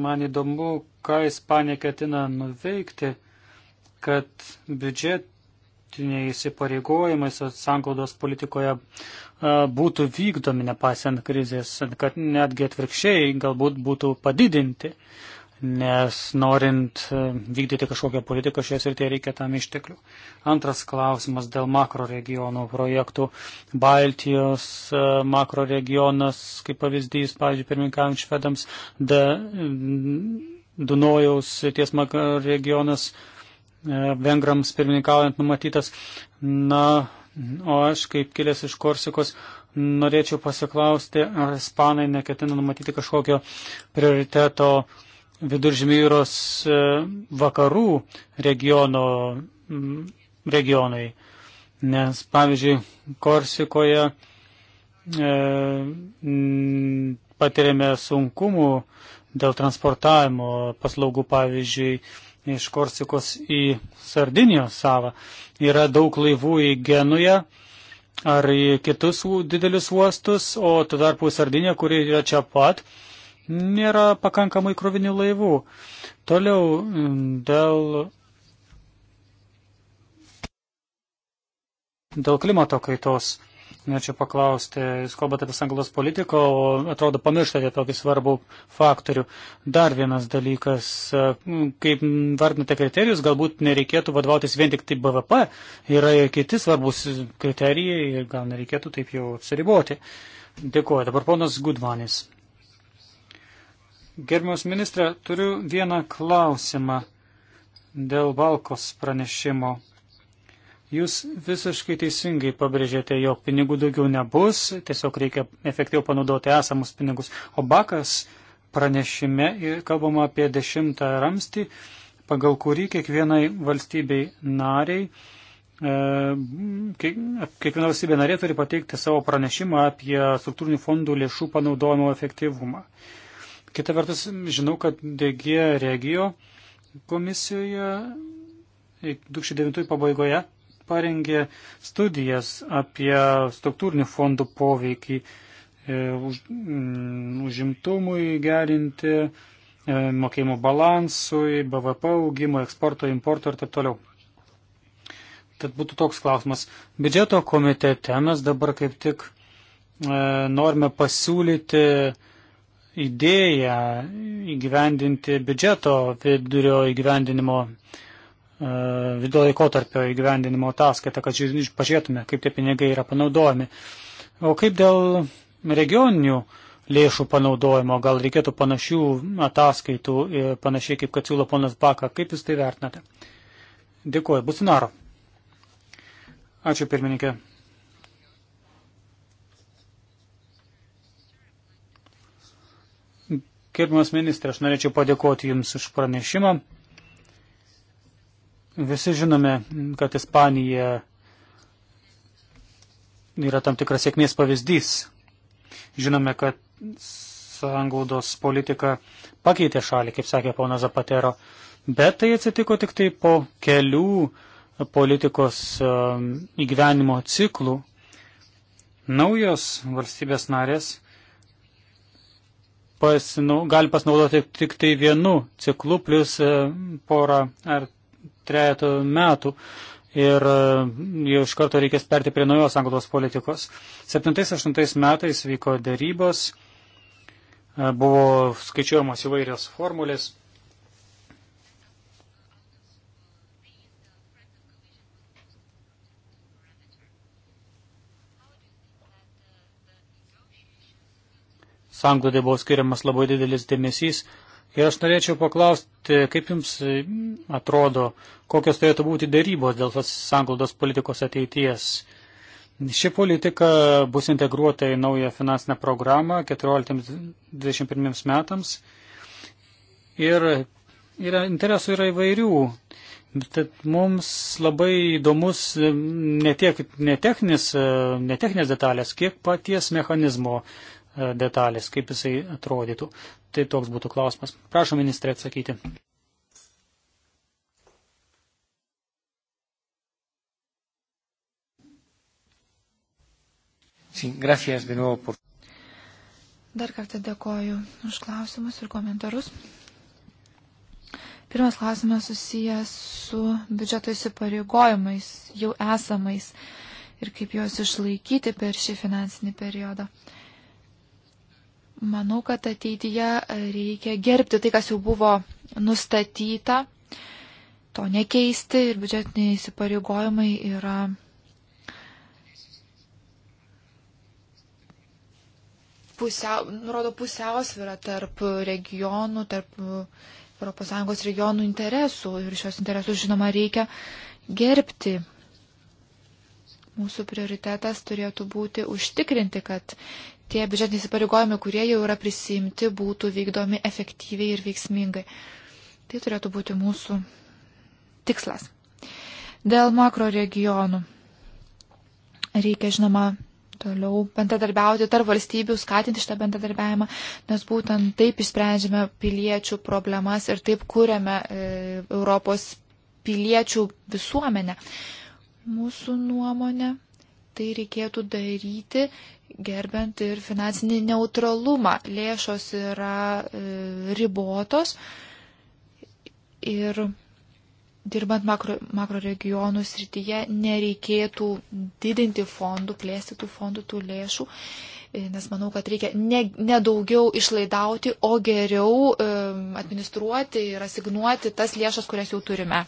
man įdomu, ką Ispanija ketina nuveikti, kad biudžetiniai įsipareigojimai sanklaudos politikoje būtų vykdomi nepaisant krizės, kad netgi atvirkščiai galbūt būtų padidinti. Uh, nes norint e, vykdyti kažkokią politiką šioje srityje reikia tam išteklių. Antras klausimas dėl makro regionų projektų. Baltijos e, makro regionas, kaip pavyzdys, pavyzdžiui, pirmininkavim švedams, Dunojaus ties makro regionas, e, vengrams pirmininkaujant numatytas. Na, o aš kaip kilęs iš Korsikos norėčiau pasiklausti, ar ispanai neketina numatyti kažkokio prioriteto viduržymį jūros e, vakarų regiono, regionai. Nes, pavyzdžiui, Korsikoje e, patiriame sunkumų dėl transportavimo paslaugų, pavyzdžiui, iš Korsikos į Sardinijos salą. Yra daug laivų į Genują ar į kitus didelius uostus, o tu tarpu Sardinija, kuri yra čia pat, e, nėra pakankamai krovinių laivų. Toliau mm, dėl, dėl klimato kaitos. Norėčiau paklausti, jūs kalbate apie sanglos politiką, o atrodo pamirštate tokį svarbų faktorių. Dar vienas dalykas, mm, kaip vardinate kriterijus, galbūt nereikėtų vadovautis vien tik tai BVP, yra ir kiti svarbus kriterijai ir gal nereikėtų taip jau atsiriboti. Dėkuoju. Dabar ponas Gudmanis. Gerbiamas ministrė, turiu vieną klausimą dėl Balkos pranešimo. Jūs visiškai teisingai pabrėžėte, jog pinigų daugiau nebus, tiesiog reikia efektyviau panaudoti esamus pinigus. O Bakas pranešime kalbama apie dešimtą ramstį, pagal kurį kiekvienai valstybei nariai, e, kiekviena valstybė narė turi pateikti savo pranešimą apie struktūrinių fondų lėšų panaudojimo efektyvumą. Kita vertus, žinau, kad DG regio komisijoje 2009 pabaigoje parengė studijas apie struktūrinių fondų poveikį e, už, mm, užimtumui gerinti, e, mokėjimo balansui, BVP augimui, eksporto, importo ir taip toliau. Tad būtų toks klausimas. Biudžeto komitete mes dabar kaip tik e, norime pasiūlyti e, idėją įgyvendinti biudžeto vidurio įgyvendinimo, e, vidurio laikotarpio įgyvendinimo ataskaitą, kad pažiūrėtume, kaip tie pinigai yra panaudojami. O kaip dėl regioninių lėšų panaudojimo, gal reikėtų panašių ataskaitų, panašiai kaip kad siūlo ponas Baka, kaip jūs tai vertinate? Dėkuoju, Businaro. Ačiū pirmininkė. Gerbiamas ministrė, aš norėčiau padėkoti Jums už pranešimą. Visi žinome, kad Ispanija yra tam tikras sėkmės pavyzdys. Žinome, kad sąnglaudos politika pakeitė šalį, kaip sakė ponas Zapatero, bet tai atsitiko tik tai po kelių politikos um, įgyvenimo ciklų. Naujos valstybės narės pasinau, gali pasinaudoti tik tai vienu ciklu plus e, porą ar trejato metų. Ir e, jau iš karto reikės perti prie naujos anglos politikos. 7-8 metais vyko dėrybos, e, buvo skaičiuojamos įvairios formulės. sanglodai buvo skiriamas labai didelis dėmesys. Ir aš norėčiau paklausti, kaip Jums mm, atrodo, kokios turėtų būti dėrybos dėl sanglaudos politikos ateities. Ši politika bus integruota į naują finansinę programą 14-21 metams. Ir yra, interesų yra įvairių. Tad mums labai įdomus mm, ne, tiek, ne, techninis, mm, ne techninės detalės, kiek paties mechanizmo E, detalės, kaip jisai atrodytų. Tai toks būtų klausimas. Prašau ministrė atsakyti. Dar kartą dėkoju už klausimus ir komentarus. Pirmas klausimas susijęs su biudžeto įsipareigojimais, jau esamais ir kaip juos išlaikyti per šį finansinį periodą. Uh, Manau, kad ateityje reikia gerbti tai, kas jau buvo nustatyta, to nekeisti ir biudžetiniai įsipareigojimai yra. Pusiau, nurodo pusiausvyrą tarp regionų, tarp ES regionų interesų ir šios interesus, žinoma, reikia gerbti. Mūsų prioritetas turėtų būti užtikrinti, kad tie biudžetiniai įsipareigojimai, kurie jau yra prisimti, būtų vykdomi efektyviai ir veiksmingai. Tai turėtų būti mūsų tikslas. Dėl makro regionų. Reikia, žinoma, toliau bendradarbiauti tarp valstybių, skatinti šitą bendradarbiavimą, nes būtent taip išsprendžiame piliečių problemas ir taip kūrėme e, Europos piliečių visuomenę. Mūsų nuomonė tai reikėtų daryti gerbent ir finansinį neutralumą. Lėšos yra e, ribotos ir dirbant makro, makro regionų srityje nereikėtų didinti fondų, plėsti tų fondų, tų lėšų, e, nes manau, kad reikia nedaugiau ne, ne išlaidauti, o geriau um, administruoti ir asignuoti tas lėšas, kurias jau turime.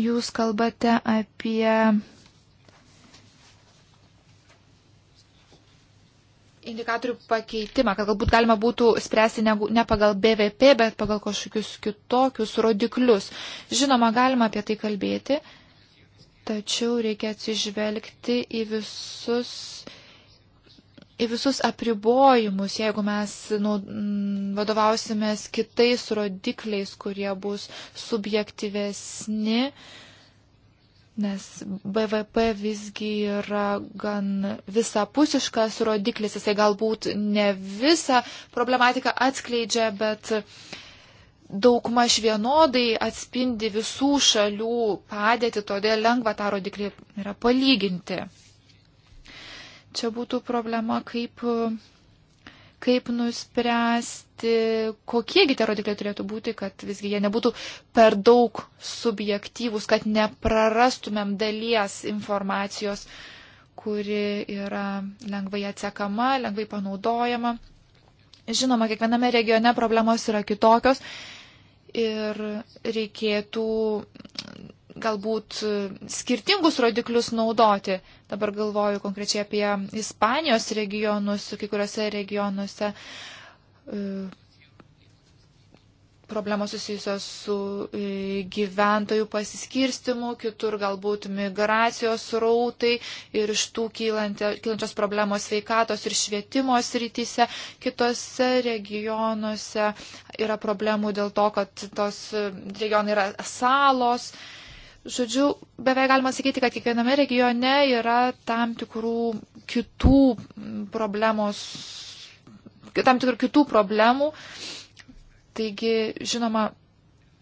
Jūs kalbate apie indikatorių pakeitimą, kad galbūt galima būtų spręsti ne, ne pagal BVP, bet pagal kažkokius kitokius rodiklius. Žinoma, galima apie tai kalbėti, tačiau reikia atsižvelgti į visus į visus apribojimus, jeigu mes nu, vadovausimės kitais rodikliais, kurie bus subjektyvesni, nes BVP visgi yra gan visapusiškas rodiklis, jisai galbūt ne visą problematiką atskleidžia, bet daugmaž vienodai atspindi visų šalių padėtį, todėl lengva tą rodiklį yra palyginti. Čia būtų problema, kaip, kaip nuspręsti, kokiegi tie rodikliai turėtų būti, kad visgi jie nebūtų per daug subjektyvūs, kad neprarastumėm dalies informacijos, kuri yra lengvai atsekama, lengvai panaudojama. Žinoma, kiekviename regione problemos yra kitokios ir reikėtų galbūt e, skirtingus rodiklius naudoti. Dabar galvoju konkrečiai apie Ispanijos regionus, kai kuriuose regionuose e, problemos susijusios su e, gyventojų pasiskirstimu, kitur galbūt migracijos rautai ir iš tų kylančios problemos sveikatos ir švietimo srityse. Kitose regionuose yra problemų dėl to, kad tos regionai yra salos. Uh, Žodžiu, beveik galima sakyti, kad kiekviename regione yra tam tikrų kitų problemos, tam tikrų kitų problemų. Taigi, žinoma,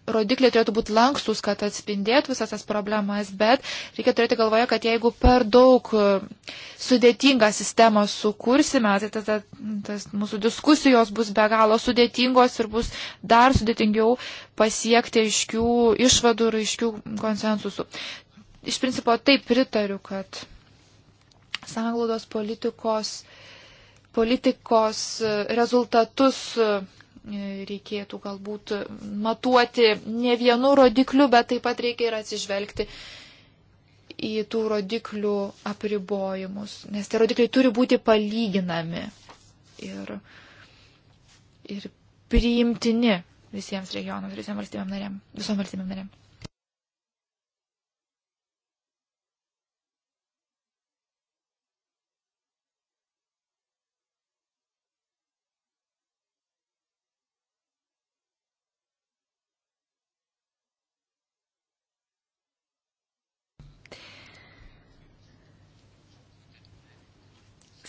rodikliai turėtų būti lankstus, kad atspindėtų visas tas problemas, bet reikia turėti galvoje, kad jeigu per daug e, sudėtingą sistemą sukursime, tai tada tas mūsų diskusijos bus be galo sudėtingos ir bus dar sudėtingiau pasiekti aiškių išvadų ir aiškių konsensusų. Iš principo taip pritariu, kad sanglaudos politikos, politikos e, rezultatus e, reikėtų galbūt matuoti ne vienu rodikliu, bet taip pat reikia ir atsižvelgti į tų rodiklių apribojimus, nes tie rodikliai turi būti palyginami ir, ir priimtini visiems regionams, visiems valstybėm narėm, visom valstybėm narėm.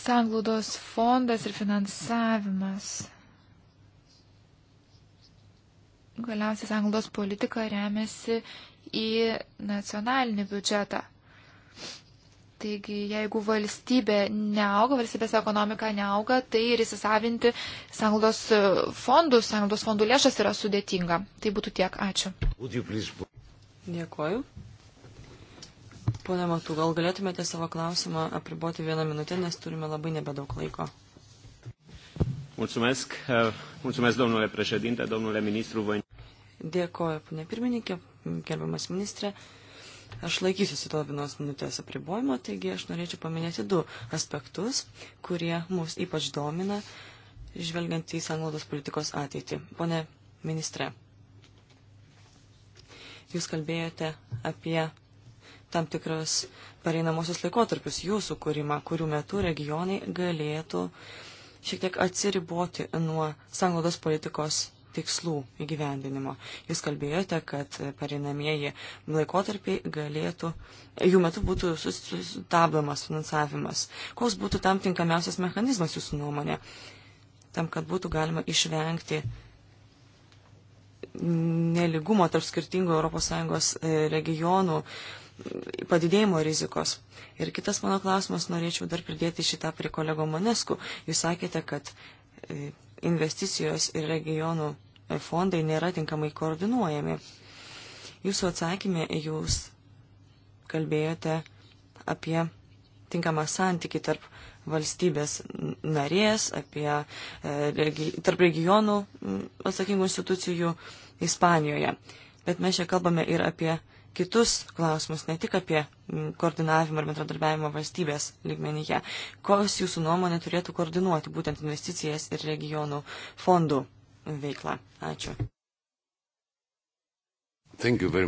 sanglaudos fondas ir finansavimas. Galiausiai sanglaudos politika remiasi į nacionalinį biudžetą. Taigi, jeigu valstybė neauga, valstybės ekonomika neauga, tai ir įsisavinti sanglaudos fondus, sanglaudos fondų lėšas yra sudėtinga. Tai būtų tiek. Ačiū. Dėkoju. Pone Matu, gal galėtumėte savo klausimą apriboti vieną minutę, nes turime labai nebedaug laiko. Mulțumesc, e, mulțumesc domnule președinte, domnule ministru. Vă... Dėkoju, ponė pirmininkė, gerbiamas ministrė. Aš laikysiuosi to vienos minutės apribojimo, taigi aš norėčiau paminėti du aspektus, kurie mus ypač domina, žvelgiant į sanglaudos politikos ateitį. Pone ministre, jūs kalbėjote apie tam tikras pereinamosius laikotarpius jūsų kūrimą, kurių metu regionai galėtų šiek tiek atsiriboti nuo sanglaudos politikos tikslų įgyvendinimo. Jūs kalbėjote, kad pareinamieji laikotarpiai galėtų, jų metu būtų sustabdomas finansavimas. Koks būtų tam tinkamiausias mechanizmas jūsų nuomonė, tam, kad būtų galima išvengti neligumo tarp skirtingų ES e, regionų padidėjimo rizikos. Ir kitas mano klausimas, norėčiau dar pridėti šitą prie kolego Manesku. Jūs sakėte, kad e, investicijos ir regionų e, fondai nėra tinkamai koordinuojami. Jūsų atsakymė jūs kalbėjote apie tinkamą santyki tarp valstybės narės, apie e, regi, tarp regionų atsakingų institucijų Ispanijoje. Bet mes čia kalbame ir apie kitus klausimus, ne tik apie mm, koordinavimą ir bendradarbiavimą valstybės lygmenyje. Kokios jūsų nuomonė turėtų koordinuoti būtent investicijas ir regionų fondų veiklą? Ačiū.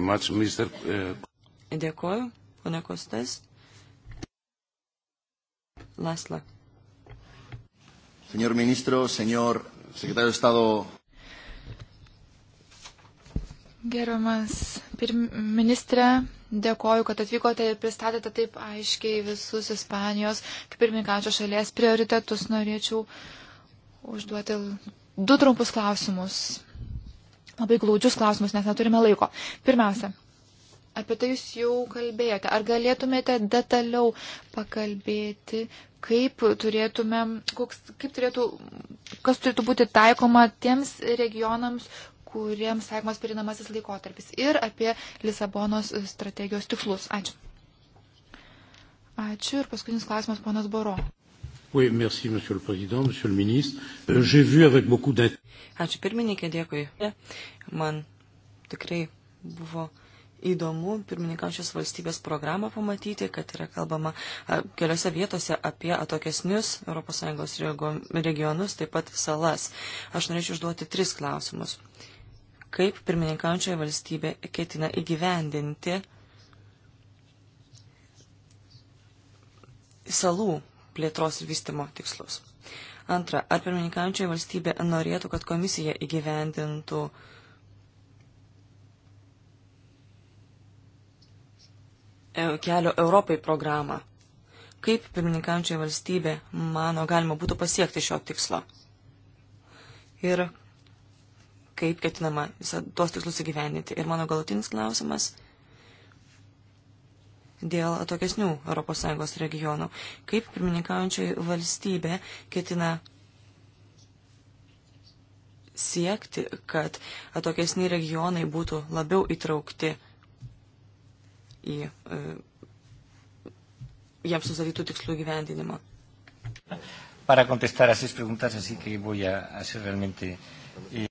Much, Mr. Eh, Dėkuoju, pone Kostas. Lasla. Señor ministro, señor secretario de Estado. Gerbiamas ministrė, dėkoju, kad atvykote ir pristatėte taip aiškiai visus Ispanijos, kaip pirmininkančio šalies prioritetus. Norėčiau užduoti du trumpus klausimus, labai glaudžius klausimus, nes neturime laiko. Pirmiausia, apie tai jūs jau kalbėjote. Ar galėtumėte detaliau pakalbėti, kaip turėtumėm, koks, kaip turėtų, kas turėtų būti taikoma tiems regionams, kuriems taikomas perinamasis laikotarpis ir apie Lisabonos strategijos tikslus. Ačiū. Ačiū ir paskutinis klausimas, ponas Boro. Oui, merci, monsieur le président, monsieur le ministre. Euh, j'ai vu avec beaucoup d'intérêt. Ačiū pirmininkė, dėkui. Man tikrai buvo įdomu pirmininkaučios valstybės programą pamatyti, kad yra kalbama keliose vietose apie atokesnius ES regionus, taip pat salas. Aš norėčiau užduoti tris klausimus kaip pirmininkaujančioje valstybė ketina įgyvendinti salų plėtros ir vystimo tikslus. Antra, ar pirmininkaujančioje valstybė norėtų, kad komisija įgyvendintų e, kelio Europai programą? Kaip pirmininkaujančioje valstybė, mano, galima būtų pasiekti šio tikslo? Ir kaip ketinama tuos tikslus įgyvendinti. Ir mano galutinis klausimas dėl atokesnių ES regionų. Kaip pirmininkaujančiai valstybė ketina siekti, kad atokesni regionai būtų labiau įtraukti į e, jiems susarytų tikslų gyvendinimą. Para contestar a seis preguntas, así que voy a, a ser realmente. Eh...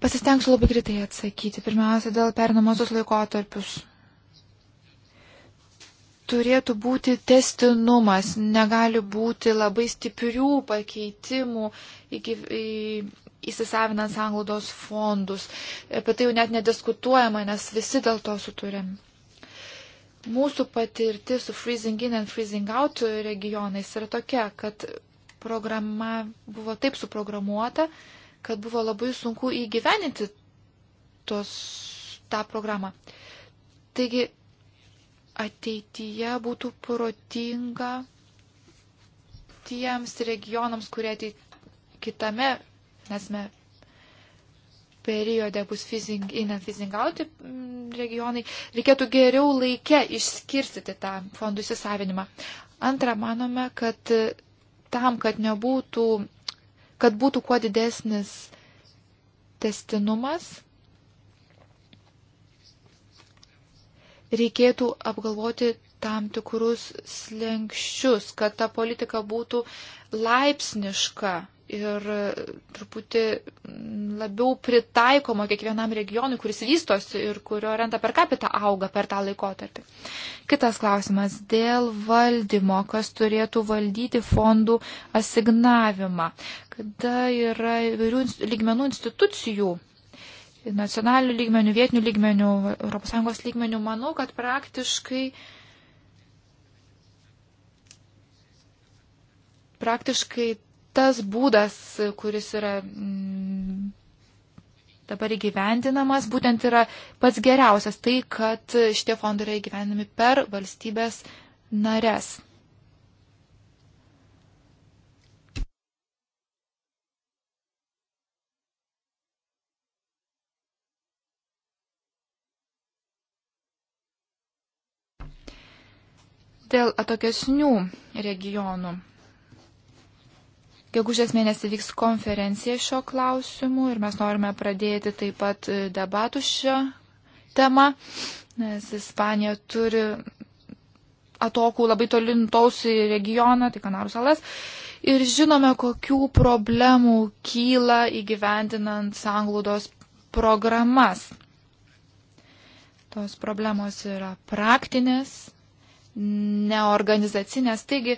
Pasistengsiu labai greitai atsakyti. Pirmiausia, dėl perinamosios laikotarpius. Turėtų būti testinumas, negali būti labai stiprių pakeitimų iki, į, įsisavinant sanglaudos fondus. Apie tai jau net nediskutuojama, nes visi dėl to suturėm. Mūsų patirtis su freezing in and freezing out regionais yra tokia, kad programa buvo taip suprogramuota, kad buvo labai sunku įgyveninti tos, tą programą. Taigi ateityje būtų protinga tiems regionams, kurie ateit, kitame, nes mes periode bus fizing, einant fizingauti mm, regionai, reikėtų geriau laikę išskirstyti tą fondų įsisavinimą. Antra, manome, kad tam, kad nebūtų kad būtų kuo didesnis testinumas, reikėtų apgalvoti tam tikrus slengščius, kad ta politika būtų laipsniška, ir e, truputį labiau pritaikoma kiekvienam regionui, kuris vystosi ir kurio renta per kapitą auga per tą laikotarpį. Kitas klausimas - dėl valdymo, kas turėtų valdyti fondų asignavimą, kada yra įvairių lygmenų institucijų. Nacionalinių lygmenių, vietinių lygmenių, ES lygmenių, manau, kad praktiškai praktiškai tas būdas, kuris yra mm, dabar įgyvendinamas, būtent yra pats geriausias tai, kad šitie fondai yra įgyvendinami per valstybės nares. Dėl atokesnių regionų Gegužės mėnesį vyks konferencija šio klausimu ir mes norime pradėti taip pat e, debatų šią temą, nes Ispanija turi atokų labai tolintausi regioną, tai Kanarų salas. Ir žinome, kokių problemų kyla įgyvendinant sanglaudos programas. Tos problemos yra praktinės, neorganizacinės. Taigi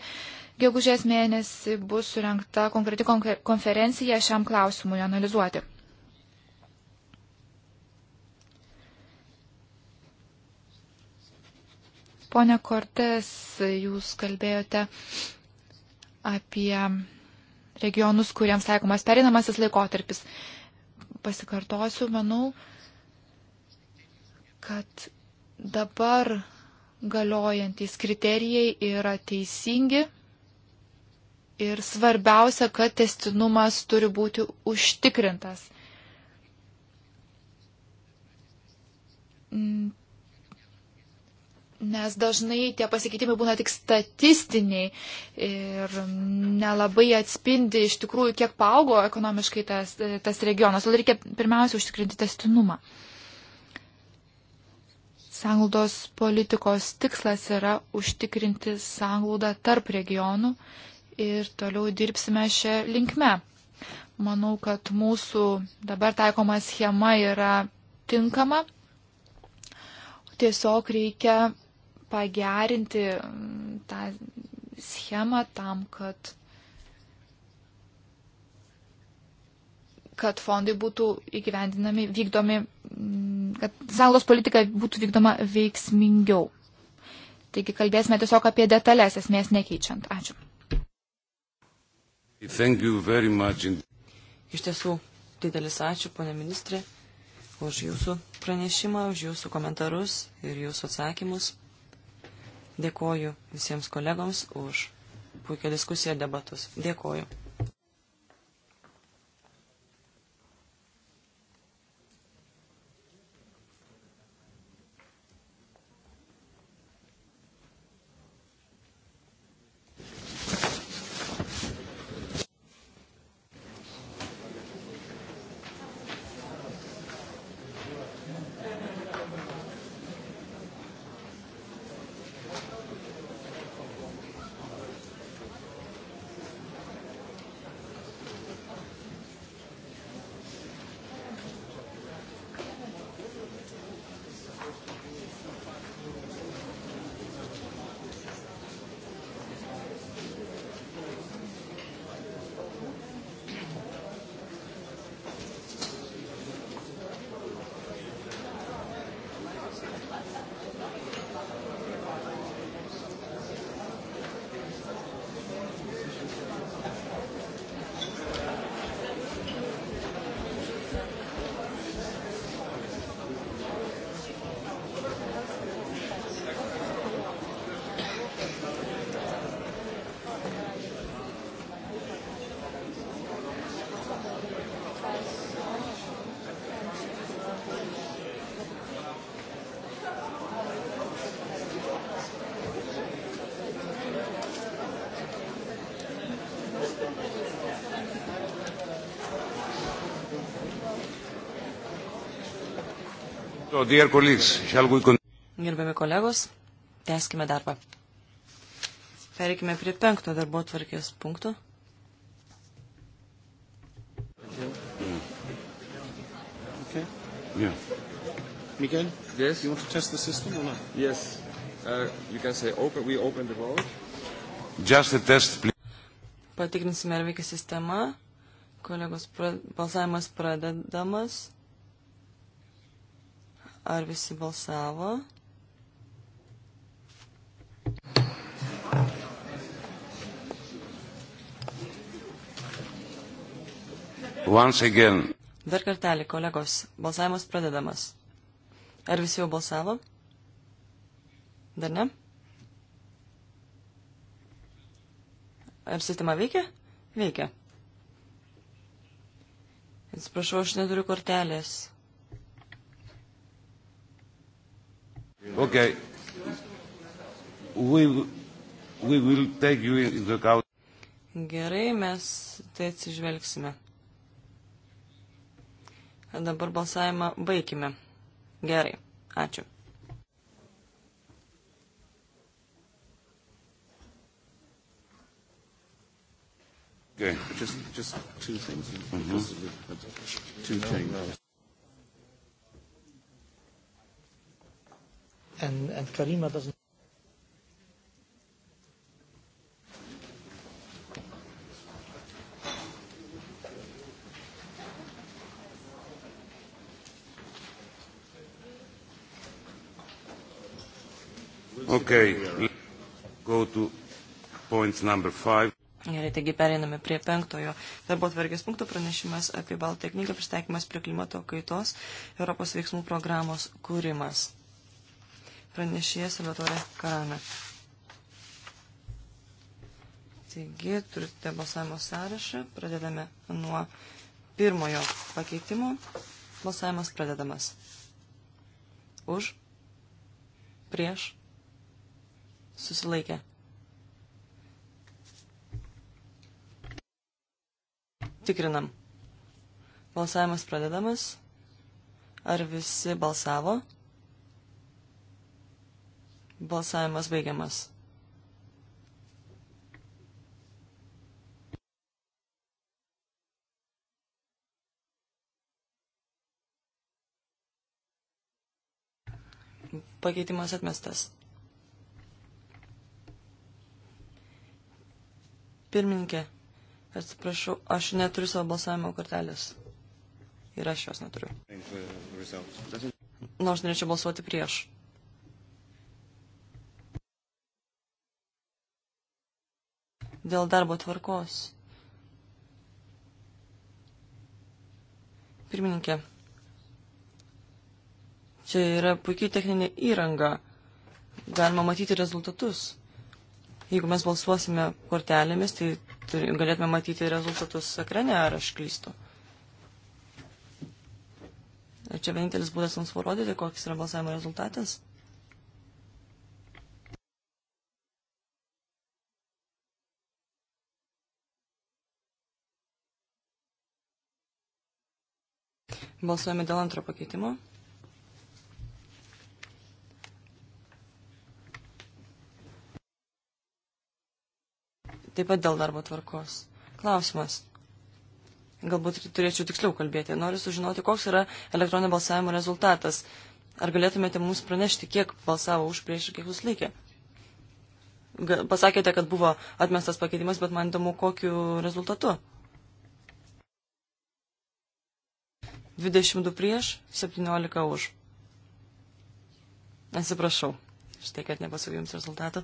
Gegužės mėnesį bus surinkta konkreti konferencija šiam klausimui analizuoti. Pone Kortes, jūs kalbėjote apie regionus, kuriems taikomas perinamasis laikotarpis. Pasikartosiu, manau, kad dabar galiojantys kriterijai yra teisingi Ir svarbiausia, kad testinumas turi būti užtikrintas. Mm. Nes dažnai tie pasikeitimai būna tik statistiniai ir nelabai atspindi iš tikrųjų, kiek paaugo ekonomiškai tas, tas regionas. Todėl reikia pirmiausia užtikrinti testinumą. Sanglaudos politikos tikslas yra užtikrinti sanglaudą tarp regionų ir toliau dirbsime šią linkmę. Manau, kad mūsų dabar taikoma schema yra tinkama. Tiesiog reikia pagerinti mm, tą schemą tam, kad, kad fondai būtų įgyvendinami, vykdomi, mm, kad sąjungos politika būtų vykdoma veiksmingiau. Taigi kalbėsime tiesiog apie detalės, esmės nekeičiant. Ačiū. Iš tiesų, didelis ačiū, ponė ministrė, už jūsų pranešimą, už jūsų komentarus ir jūsų atsakymus. Dėkoju visiems kolegoms už puikią diskusiją ir debatus. Dėkoju. Oh, Gerbiami kolegos, tęskime darbą. Pereikime prie penkto darbo tvarkės punkto. Okay. Yeah. Miguel? Yes? You want to test the system or not? Yes. Uh, you can say open, we open the vote. Just a test, please. Patikrinsime, ar veikia sistema. Kolegos, pra balsavimas pradedamas. Ar visi balsavo? Once again. Dar kartelį, kolegos, balsavimas pradedamas. Ar visi jau balsavo? Dar ne? Ar sistema veikia? Veikia. Atsiprašau, aš neturiu kortelės. Okay. We, we will take you in the count. Gerai, mes tai atsižvelgsime. Dabar balsavimą baigime. Gerai, ačiū. Okay. Just, just two things. Mm-hmm. Two things. and, and Karima doesn't. Okay, go to point number five. Gerai, taigi pereiname prie penktojo darbo tvarkės punkto pranešimas apie Baltą knygą pristaikymas prie klimato kaitos Europos veiksmų programos kūrimas pranešėja Salvatore Karana. Taigi, turite balsavimo sąrašą. Pradedame nuo pirmojo pakeitimo. Balsavimas pradedamas. Už. Prieš. Susilaikė. Tikrinam. Balsavimas pradedamas. Ar visi balsavo? Balsavimas baigiamas. Pakeitimas atmestas. Pirmininkė, atsiprašau, aš neturiu savo balsavimo kortelės. Ir aš jos neturiu. Nors norėčiau balsuoti prieš. dėl darbo tvarkos. Pirmininkė, čia yra puikiai techninė įranga. Galima matyti rezultatus. Jeigu mes balsuosime kortelėmis, tai galėtume matyti rezultatus ekrane, ar aš klystu. Ar čia vienintelis būdas mums parodyti, koks yra balsavimo rezultatas? Balsuojame dėl antro pakeitimo. Taip pat dėl darbo tvarkos. Klausimas. Galbūt turėčiau tiksliau kalbėti. Noriu sužinoti, koks yra elektroninio balsavimo rezultatas. Ar galėtumėte mums pranešti, kiek balsavo už prieš ir kiek jūs laikė? Pasakėte, kad buvo atmestas pakeitimas, bet man įdomu, kokiu rezultatu. 22 prieš, 17 už. Atsiprašau, štai kad nepasakiau jums rezultatų.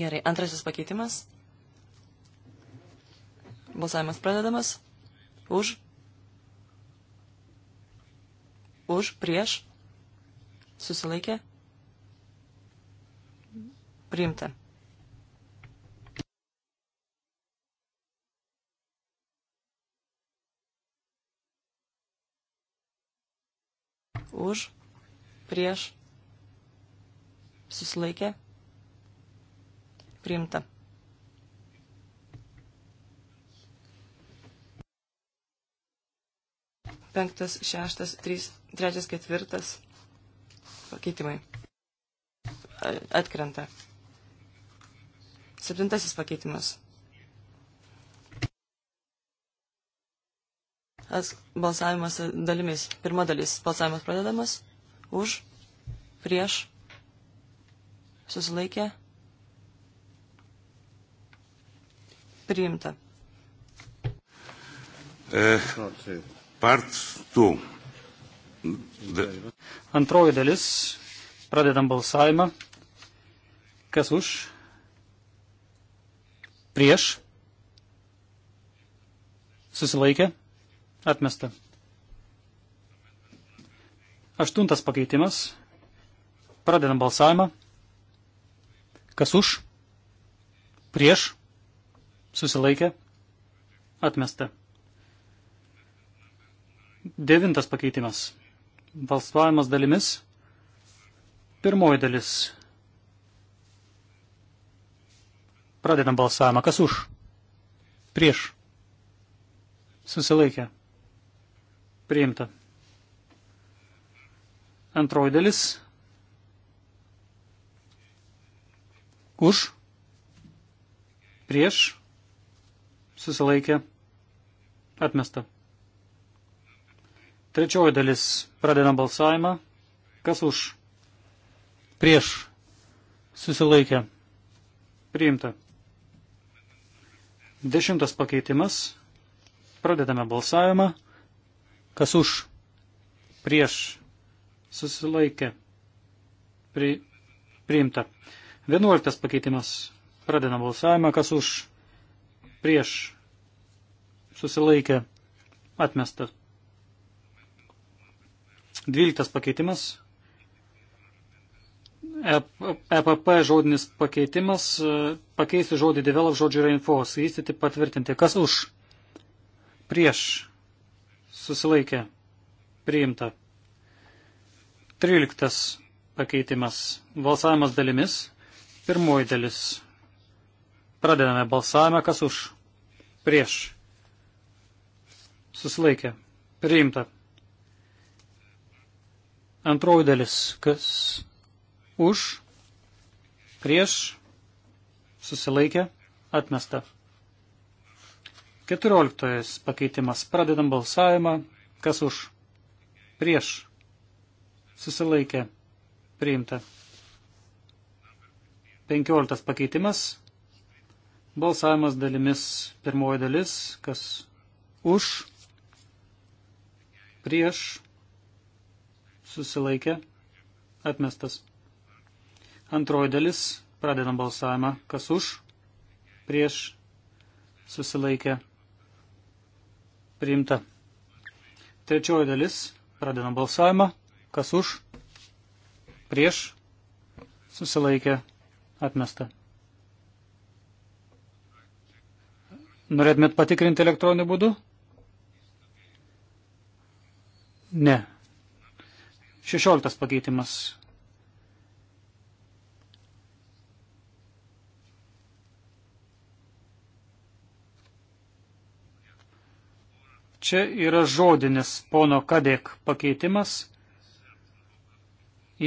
Gerai, antrasis pakeitimas. Balsavimas pradedamas. Už. Už, prieš. Susilaikė? Priimta. Už, prieš, susilaikė, priimta. Penktas, šeštas, trys, trečias, ketvirtas pakeitimai. Atkrenta. Septintasis pakeitimas. As, balsavimas dalimis. Pirma dalis. Balsavimas pradedamas. Už. Prieš. Susilaikė. Priimta. Eh, part 2. Antroji dalis. Pradedam balsavimą. Kas už? Prieš. Susilaikė. Atmesta. Aštuntas pakeitimas. Pradedam balsavimą. Kas už? Prieš. Susilaikė. Atmesta. Devintas pakeitimas balsavimas dalimis. Pirmoji dalis. Pradedam balsavimą. Kas už? Prieš. Susilaikė. Priimta. Antroji dalis. Už. Prieš. Susilaikė. Atmesta. Trečioji dalis. Pradedam balsavimą. Kas už? Prieš. Susilaikė. Priimta. Dešimtas pakeitimas. Pradedame balsavimą. Kas už? Prieš. Susilaikė. Pri, priimta. Vienuoliktas pakeitimas. Pradedam balsavimą. Kas už? Prieš. Susilaikė. Atmestas. Dvyliktas pakeitimas. EPP e žodinis pakeitimas. Pakeisti žodį develop žodžiu reinforce. Įstyti patvirtinti. Kas už? Prieš. Susilaikė. Priimta. Tryliktas pakeitimas. Balsavimas dalimis. Pirmoji dalis. Pradedame balsavimą. Kas už? Prieš. Susilaikė. Priimta. Antroji dalis, kas už, prieš, susilaikė, atmesta. Keturioliktojas pakeitimas. Pradedam balsavimą. Kas už, prieš, susilaikė, priimta. Penkioliktas pakeitimas. Balsavimas dalimis. Pirmoji dalis, kas už, prieš, susilaikė, atmestas. Antroji dalis, pradedam balsavimą, kas už, prieš, susilaikė, priimta. Trečioji dalis, pradedam balsavimą, kas už, prieš, susilaikė, atmesta. Norėtumėt patikrinti elektroniniu būdu? Ne. Šešioliktas pakeitimas. Čia yra žodinis pono Kadek pakeitimas.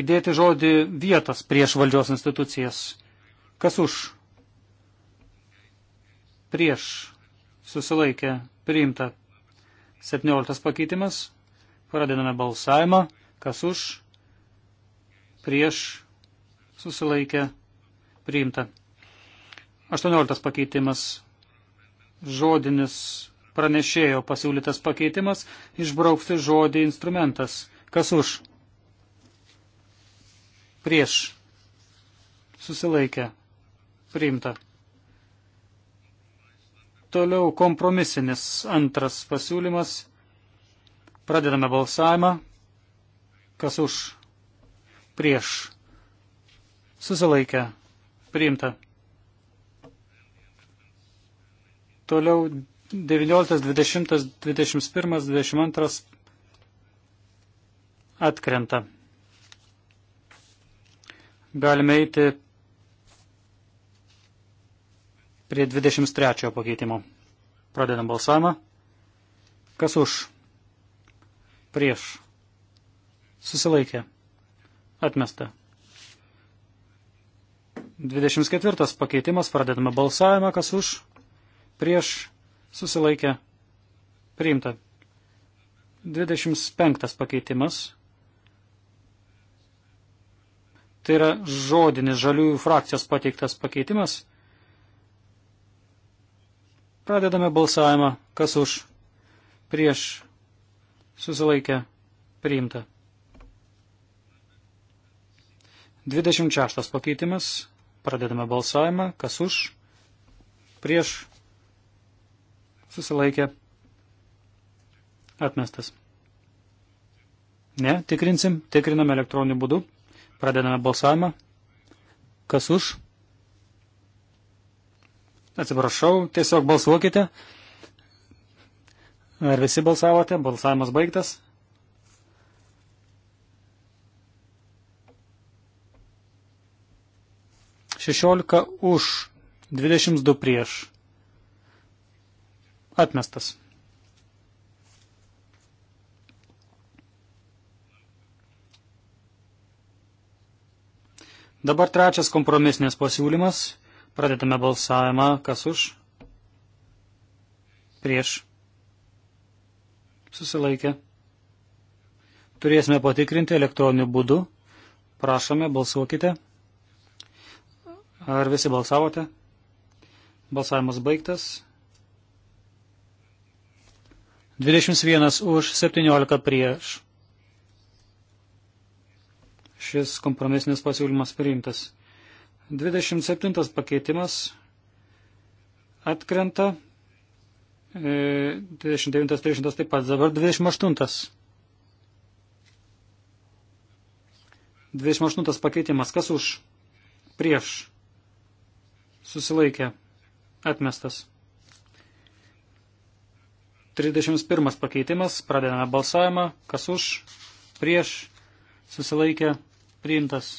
Įdėti žodį vietos prieš valdžios institucijas. Kas už? Prieš susilaikė priimta 17 pakeitimas. Pradedame balsavimą. Kas už, prieš, susilaikė, priimta. 18 pakeitimas. Žodinis pranešėjo pasiūlytas pakeitimas išbraukti žodį instrumentas. Kas už? Prieš. Susilaikė. Priimta. Toliau kompromisinis antras pasiūlymas. Pradedame balsavimą kas už, prieš, susilaikę, priimta. Toliau 19, 20, 21, 22 atkrenta. Galime eiti prie 23 pakeitimo. Pradedam balsavimą. Kas už? Prieš Susilaikė. Atmesta. 24 pakeitimas. Pradedame balsavimą. Kas už? Prieš. Susilaikė. Priimta. 25 pakeitimas. Tai yra žodinis žaliųjų frakcijos pateiktas pakeitimas. Pradedame balsavimą. Kas už? Prieš. Susilaikė. Priimta. 26 pakeitimas. Pradedame balsavimą. Kas už? Prieš. Susilaikė. Atmestas. Ne, tikrinsim. Tikriname elektroniniu būdu. Pradedame balsavimą. Kas už? Atsiprašau, tiesiog balsuokite. Ar visi balsavote? Balsavimas baigtas. 16 už, 22 prieš. Atmestas. Dabar trečias kompromisinės pasiūlymas. Pradedame balsavimą. Kas už? Prieš. Susilaikė. Turėsime patikrinti elektroniniu būdu. Prašome, balsuokite. Ar visi balsavote? Balsavimas baigtas. 21 už 17 prieš. Šis kompromisinis pasiūlymas priimtas. 27 pakeitimas atkrenta. 29-30 e, taip pat. Dabar 28. 28 pakeitimas. Kas už? Prieš Susilaikė. Atmestas. 31 pakeitimas. Pradedame balsavimą. Kas už? Prieš. Susilaikė. Priimtas.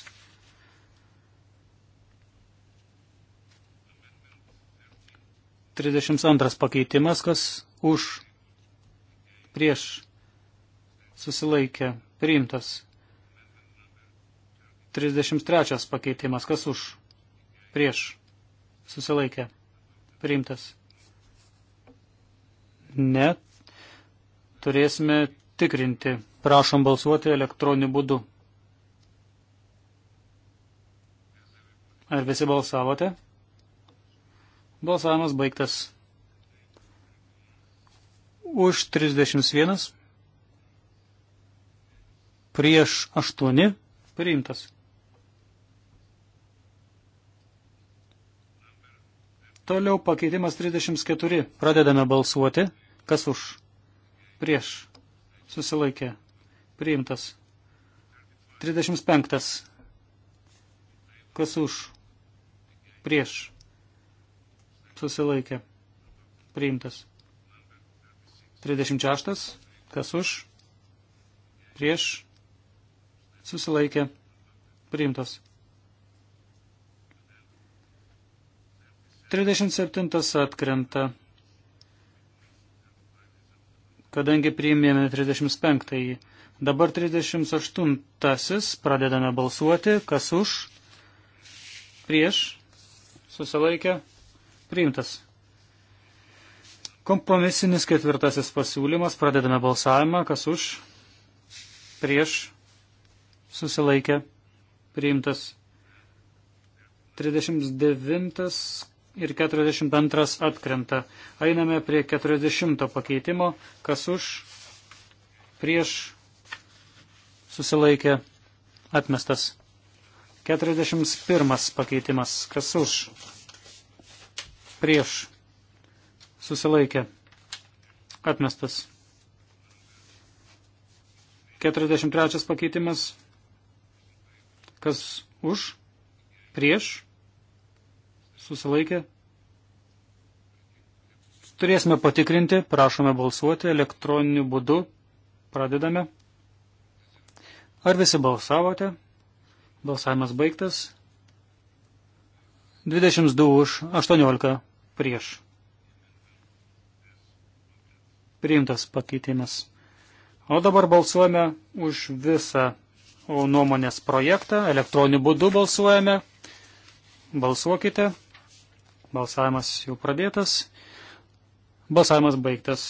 Trisdešimt antras pakeitimas, kas už, prieš, susilaikė, priimtas. 33 pakeitimas. Kas už? Prieš susilaikė, priimtas. Ne, turėsime tikrinti. Prašom balsuoti elektroniniu būdu. Ar visi balsavote? Balsavimas baigtas. Už 31, prieš 8, priimtas. Toliau pakeitimas 34. Pradedame balsuoti. Kas už? Prieš. Susilaikė. Priimtas. 35. Kas už? Prieš. Susilaikė. Priimtas. 36. Kas už? Prieš. Susilaikė. Priimtas. 37 atkrenta, kadangi priėmėme 35. Dabar 38. Pradedame balsuoti, kas už, prieš, susilaikė, priimtas. Kompromisinis ketvirtasis pasiūlymas, pradedame balsavimą, kas už, prieš, susilaikė, priimtas. 39 ir 42 atkrenta. Einame prie 40 pakeitimo, kas už, prieš, susilaikė, atmestas. 41 pakeitimas, kas už, prieš, susilaikė, atmestas. 43 pakeitimas, kas už, prieš, Susilaikė? Turėsime patikrinti, prašome balsuoti elektroniniu būdu. Pradedame. Ar visi balsavote? Balsavimas baigtas. 22 už, 18 prieš. Priimtas pakeitimas. O dabar balsuojame už visą nuomonės projektą. Elektroniniu būdu balsuojame. Balsuokite. Balsavimas jau pradėtas. Balsavimas baigtas.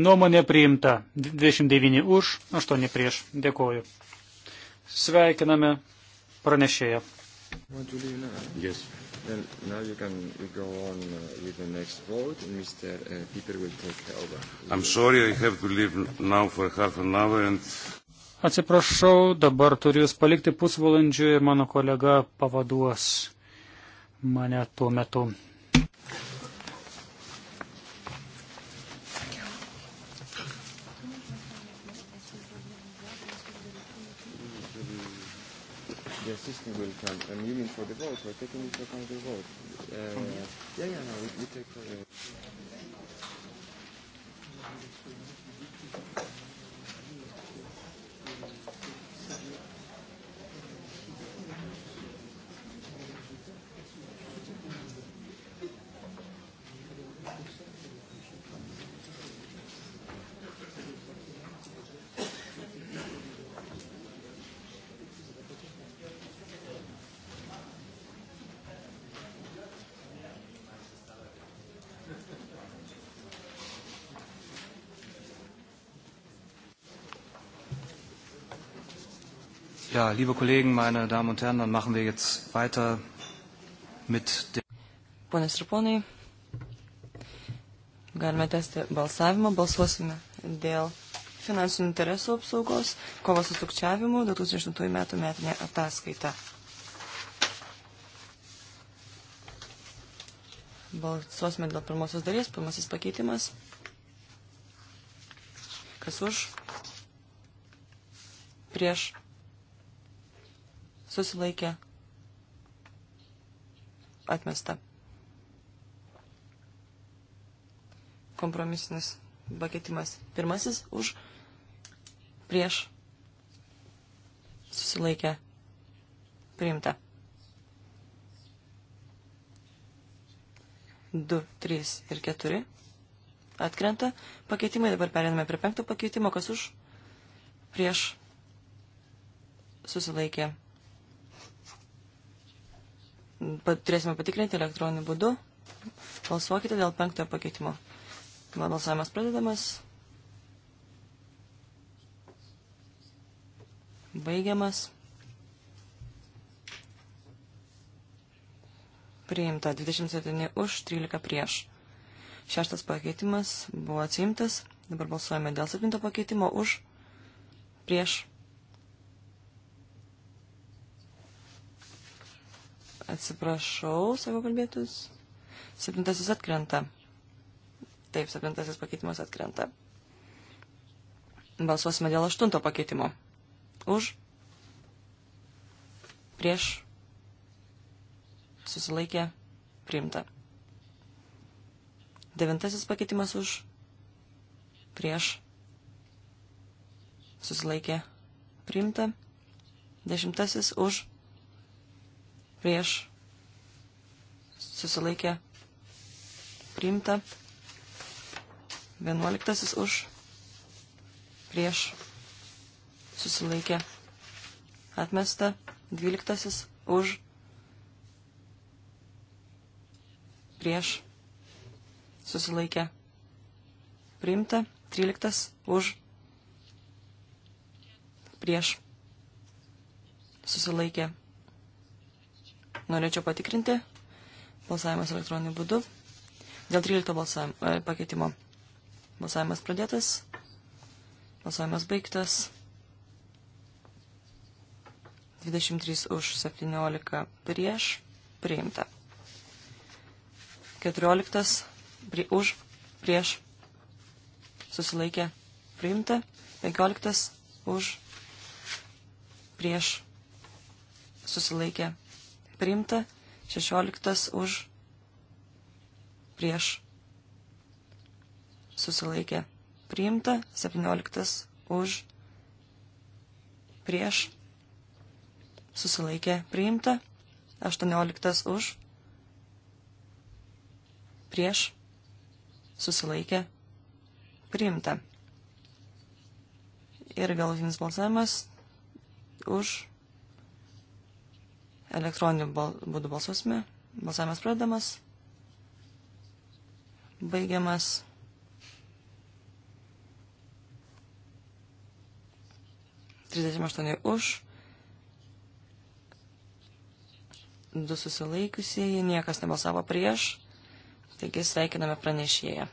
Nuomonė priimta. 29 už, 8 prieš. Dėkoju. Sveikiname pranešėją. Yes. Then now you can you go on uh, with the next vote. Mr. Piper uh, will take over. I'm sorry I have to leave now for half an hour and Atsiprašau, dabar turiu Jūs palikti pusvalandžių ir mano kolega pavaduos mane tuo metu. The assistant will come. I'm meaning for the vote. We're taking into account the vote. Uh, yeah, yeah, no, we, we take for the. Ja, liebe Kollegen, meine Damen und Herren, dann machen wir jetzt weiter mit dem. Ponas ir ponai, galime tęsti balsavimą, balsuosime dėl finansinių interesų apsaugos, kovos su sukčiavimu 2008 metų metinė ataskaita. Balsuosime dėl pirmosios dalies, pirmasis pakeitimas. Kas už? Prieš susilaikė, atmesta. Kompromisinis pakeitimas pirmasis už, prieš, susilaikė, priimta. 2, 3 ir 4 atkrenta. Pakeitimai dabar periname prie penkto pakeitimo, kas už prieš susilaikė turėsime patikrinti elektroniniu būdu. Balsuokite dėl penktojo pakeitimo. Balsavimas pradedamas. Baigiamas. Priimta 27 už, 13 prieš. Šeštas pakeitimas buvo atsiimtas. Dabar balsuojame dėl septinto pakeitimo už, prieš, Atsiprašau, sako kalbėtus. Septintasis atkrenta. Taip, septintasis pakeitimas atkrenta. Balsuosime dėl aštunto pakeitimo. Už. Prieš. Susilaikė. Priimta. Devintasis pakeitimas už. Prieš. Susilaikė. Priimta. Dešimtasis už prieš susilaikė priimta. Vienuoliktasis už prieš susilaikė atmesta. Dvyliktasis už prieš susilaikė priimta. Tryliktas už prieš susilaikė Norėčiau patikrinti. Balsavimas elektroniniu būdu. Dėl 13 balsavim, e, pakeitimo. Balsavimas pradėtas. Balsavimas baigtas. 23 už 17 prieš priimta. 14 prie, už prieš susilaikė priimta. 15 už prieš susilaikė priimta, 16 už, prieš, susilaikė, priimta, 17 už, prieš, susilaikė, priimta, 18 už, prieš, susilaikė, priimta. Ir galutinis balsavimas už Elektroniniu bal, būdu balsuosime. Balsavimas pradedamas. Baigiamas. Trisdešimt aštuoni už. Du susilaikusieji, niekas nebalsavo prieš. Taigi sveikiname pranešėją.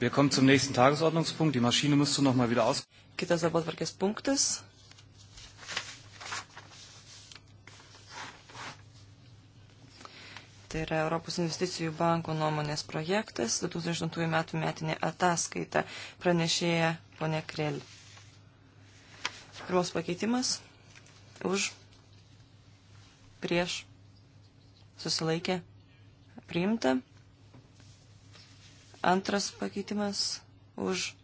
Wir kommen zum nächsten Tagesordnungspunkt. Die Maschine müsste noch mal wieder aus. Kitas darbotvarkės punktas. Tai yra Europos investicijų banko nuomonės projektas 2008 metų metinė ataskaita pranešėja ponė Krell. Pirmas pakeitimas už prieš susilaikė priimta. Antras pakeitimas už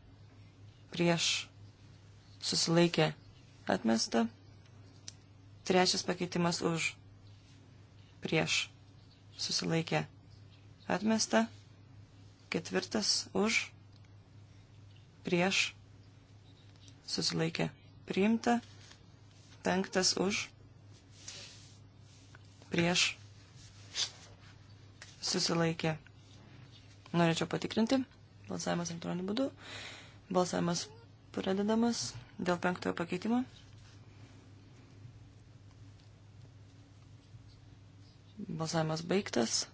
prieš susilaikė atmesta. Trečias pakeitimas už prieš susilaikė atmesta. Ketvirtas už prieš susilaikė priimta. Penktas už prieš susilaikė Norėčiau patikrinti. Balsavimas elektroniniu būdu. Balsavimas pradedamas dėl penktojo pakeitimo. Balsavimas baigtas.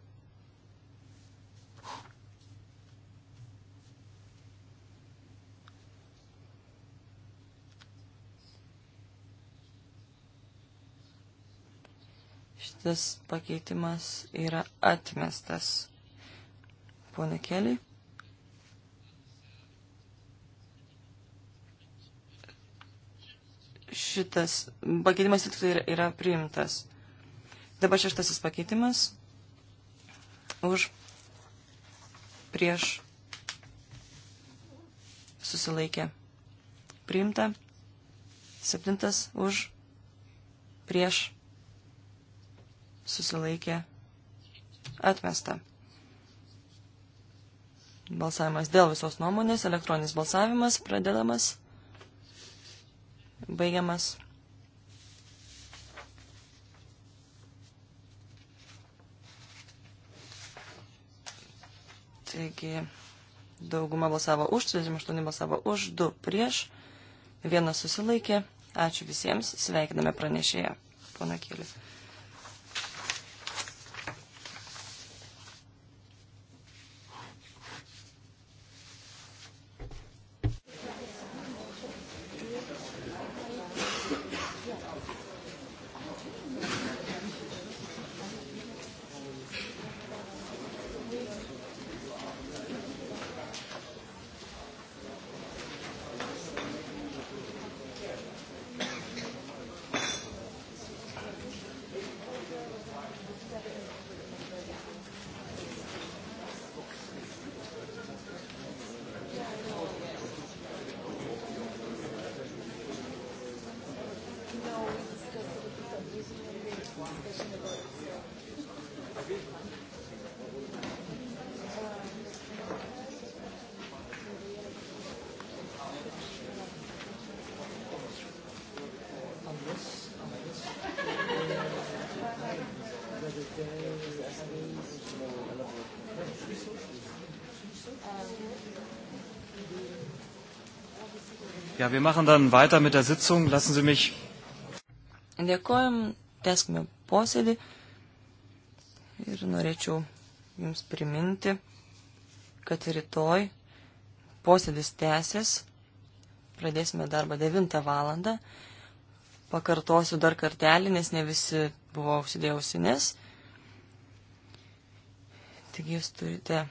Šitas pakeitimas yra atmestas. Pone Keliai. Šitas pakeitimas tik tai yra priimtas. Dabar šeštasis pakeitimas už prieš susilaikę. Priimta. Septintas už prieš susilaikę. Atmesta. Balsavimas dėl visos nuomonės, elektroninis balsavimas, pradedamas, baigiamas. Taigi, dauguma balsavo už, 38 balsavo už, 2 prieš, vienas susilaikė. Ačiū visiems, sveikiname pranešėją, pana Kėlį. Ja, wir machen dann weiter mit der Sitzung. Lassen Sie mich. Dėkojom, teskime posėdį ir norėčiau Jums priminti, kad rytoj posėdis tęsis, pradėsime darbą 9 valandą. Pakartosiu dar kartelį, nes ne visi buvo užsidėjausinės. Taigi jūs turite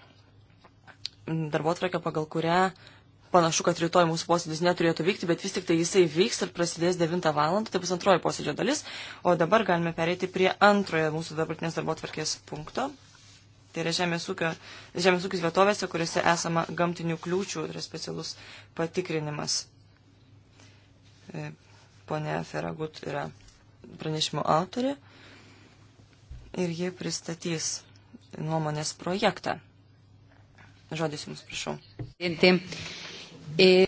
darbo pagal kurią panašu, kad rytoj mūsų posėdis neturėtų vykti, bet vis tik tai jisai vyks ir prasidės 9 val. Tai bus antroji posėdžio dalis. O dabar galime pereiti prie antrojo mūsų dabartinės darbo tvarkės punkto. Tai yra žemės, ūkio, žemės ūkis vietovėse, kuriuose esama gamtinių kliūčių ir specialus patikrinimas. E, Pone Feragut yra pranešimo autorė ir ji pristatys nuomonės projektą. Žodis Jums, prašau. Ir...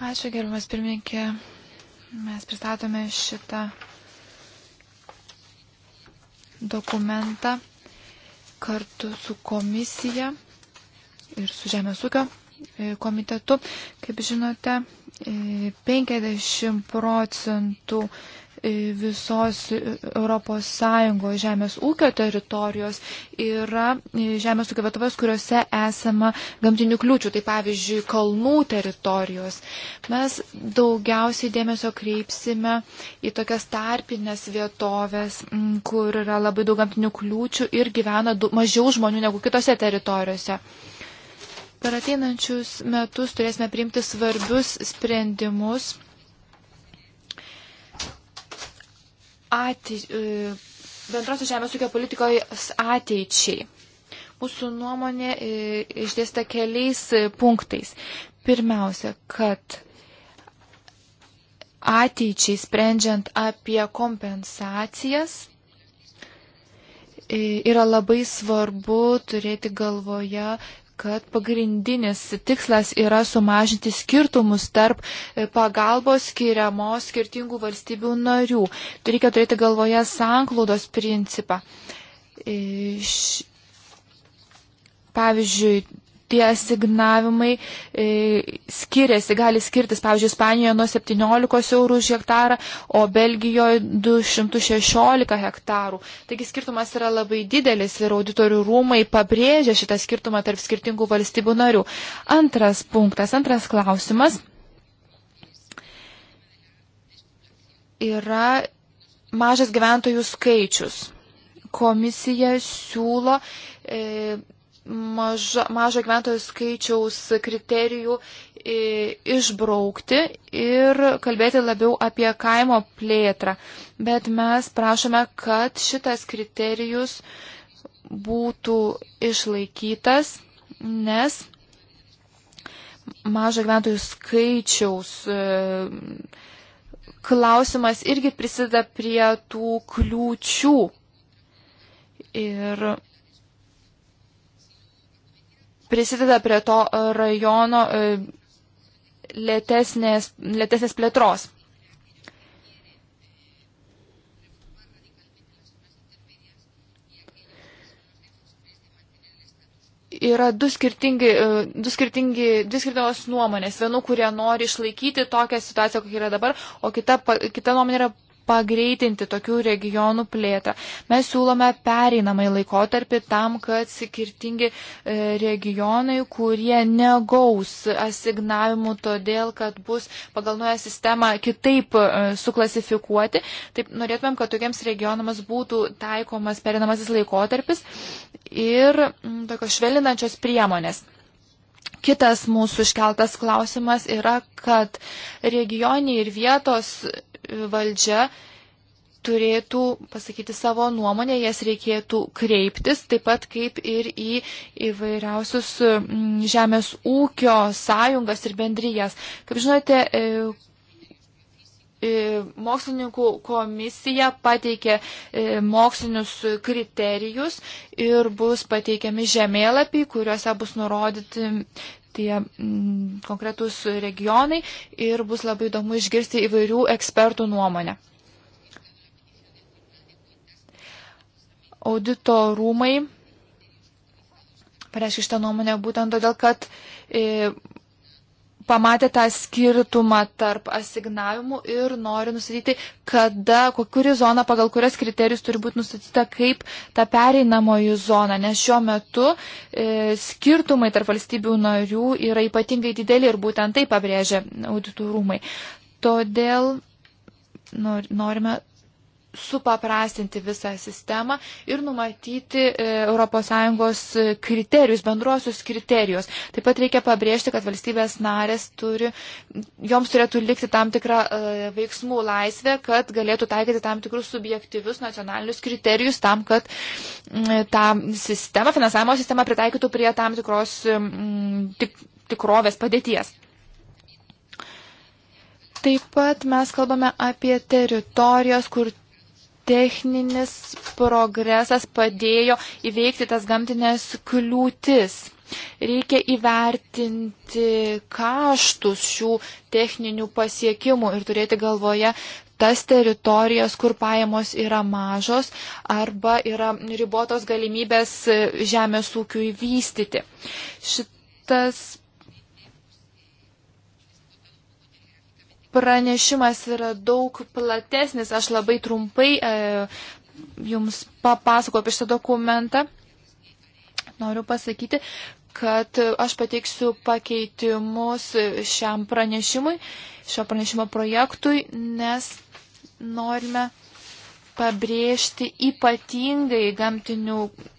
Ačiū, gerbimas pirmininkė. Mes pristatome šitą dokumentą kartu su komisija ir su Žemės ūkio e, komitetu. Kaip žinote, 50 e, procentų visos ES žemės ūkio teritorijos yra žemės ūkio vietovės, kuriuose esama gamtinių kliūčių, tai pavyzdžiui, kalnų teritorijos. Mes daugiausiai dėmesio kreipsime į tokias tarpinės vietovės, kur yra labai daug gamtinių kliūčių ir gyvena mažiau žmonių negu kitose teritorijose. Per ateinančius metus turėsime priimti svarbius sprendimus atei, e, bendrosios žemės ūkio politikos ateičiai. Mūsų nuomonė e, išdėsta keliais e, punktais. Pirmiausia, kad ateičiai sprendžiant apie kompensacijas, yra labai svarbu turėti galvoje kad pagrindinis tikslas yra sumažinti skirtumus tarp e, pagalbos skiriamos skirtingų valstybių narių. Tai reikia turėti galvoje sanklaudos principą. E, Pavyzdžiui, tie asignavimai e, skiriasi, gali skirtis, pavyzdžiui, Ispanijoje nuo 17 eurų už hektarą, o Belgijoje 216 hektarų. Taigi skirtumas yra labai didelis ir auditorių rūmai pabrėžia šitą skirtumą tarp skirtingų valstybių narių. Antras punktas, antras klausimas yra mažas gyventojų skaičius. Komisija siūlo e, maža, mažo gyventojų skaičiaus kriterijų išbraukti ir kalbėti labiau apie kaimo plėtrą. Bet mes prašome, kad šitas kriterijus būtų išlaikytas, nes mažo gyventojų skaičiaus e, klausimas irgi prisideda prie tų kliūčių. Ir prisideda prie to rajono e, lėtesnės, lėtesnės plėtros. yra du skirtingi, e, du skirtingi, dvi skirtingos nuomonės. Vienu, kurie nori išlaikyti tokią situaciją, kokia yra dabar, o kita, kita nuomonė yra pagreitinti tokių regionų plėtrą. Mes siūlome pereinamai laikotarpį tam, kad skirtingi e, regionai, kurie negaus asignavimų todėl, kad bus pagal nuoją sistemą kitaip e, suklasifikuoti, taip norėtumėm, kad tokiems regionams būtų taikomas perinamasis laikotarpis ir tokios švelinančios priemonės. Kitas mūsų iškeltas klausimas yra, kad regioniai ir vietos valdžia turėtų pasakyti savo nuomonę, jas reikėtų kreiptis, taip pat kaip ir į įvairiausius mm, žemės ūkio sąjungas ir bendrijas. Kaip žinote, e, e, mokslininkų komisija pateikė e, mokslinius kriterijus ir bus pateikiami žemėlapiai, kuriuose bus nurodyti tie mm, konkretūs regionai ir bus labai įdomu išgirsti įvairių ekspertų nuomonę. Audito rūmai pareiškia šitą nuomonę būtent todėl, kad e, pamatė tą skirtumą tarp asignavimų ir nori nustatyti, kada, kuri zona, pagal kurias kriterijus turi būti nustatyta kaip ta pereinamoji zona, nes šiuo metu e, skirtumai tarp valstybių narių yra ypatingai dideli ir būtent tai pabrėžia auditorumai. Todėl norime supaprastinti visą sistemą ir numatyti ES kriterijus, bendruosius kriterijus. Taip pat reikia pabrėžti, kad valstybės narės turi, joms turėtų likti tam tikrą e, veiksmų laisvę, kad galėtų taikyti tam tikrus subjektyvius nacionalinius kriterijus tam, kad tą sistemą, finansavimo sistemą pritaikytų prie tam tikros tik, tikrovės padėties. Taip pat mes kalbame apie teritorijas, kur techninis progresas padėjo įveikti tas gamtinės kliūtis. Reikia įvertinti kaštus šių techninių pasiekimų ir turėti galvoje tas teritorijas, kur pajamos yra mažos arba yra ribotos galimybės žemės ūkiui vystyti. Šitas pranešimas yra daug platesnis. Aš labai trumpai e, jums papasakau apie šitą dokumentą. Noriu pasakyti, kad aš pateiksiu pakeitimus šiam pranešimui, šio pranešimo projektui, nes norime pabrėžti ypatingai gamtinių,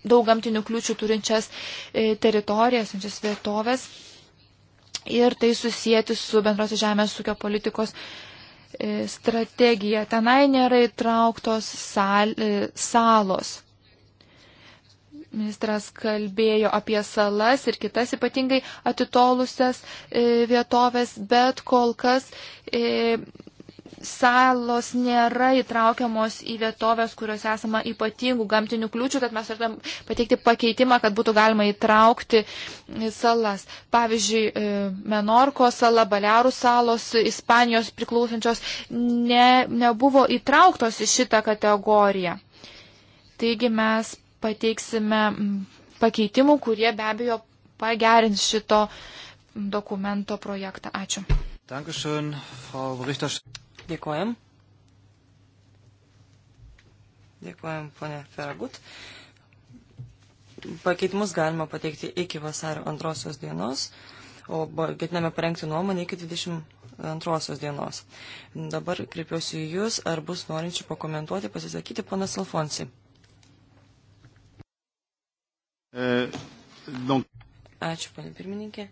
daug gamtinių kliūčių turinčias e, teritorijas, turinčias vietovės ir tai susijęti su bendrosios žemės ūkio politikos e, strategija. Tenai nėra įtrauktos sal, e, salos. Ministras kalbėjo apie salas ir kitas ypatingai atitolusias e, vietovės, bet kol kas salos nėra įtraukiamos į vietovės, kuriuose esama ypatingų gamtinių kliūčių, tad mes turėtume pateikti pakeitimą, kad būtų galima įtraukti salas. Pavyzdžiui, e, Menorko sala, Balearų salos, Ispanijos priklausančios ne, nebuvo įtrauktos į šitą kategoriją. Taigi mes pateiksime mm, pakeitimų, kurie be abejo pagerins šito dokumento projektą. Ačiū. Dankeschön, Frau Berichterstatterin. Dėkojam. Dėkojam, ponė Feragut. Pakeitimus galima pateikti iki vasario antrosios dienos, o ketiname parengti nuomonę iki 22 dienos. Dabar kreipiuosi į Jūs, ar bus norinčių pakomentuoti, pasisakyti, ponas Alfonsi. E, don... Ačiū, ponė pirmininkė.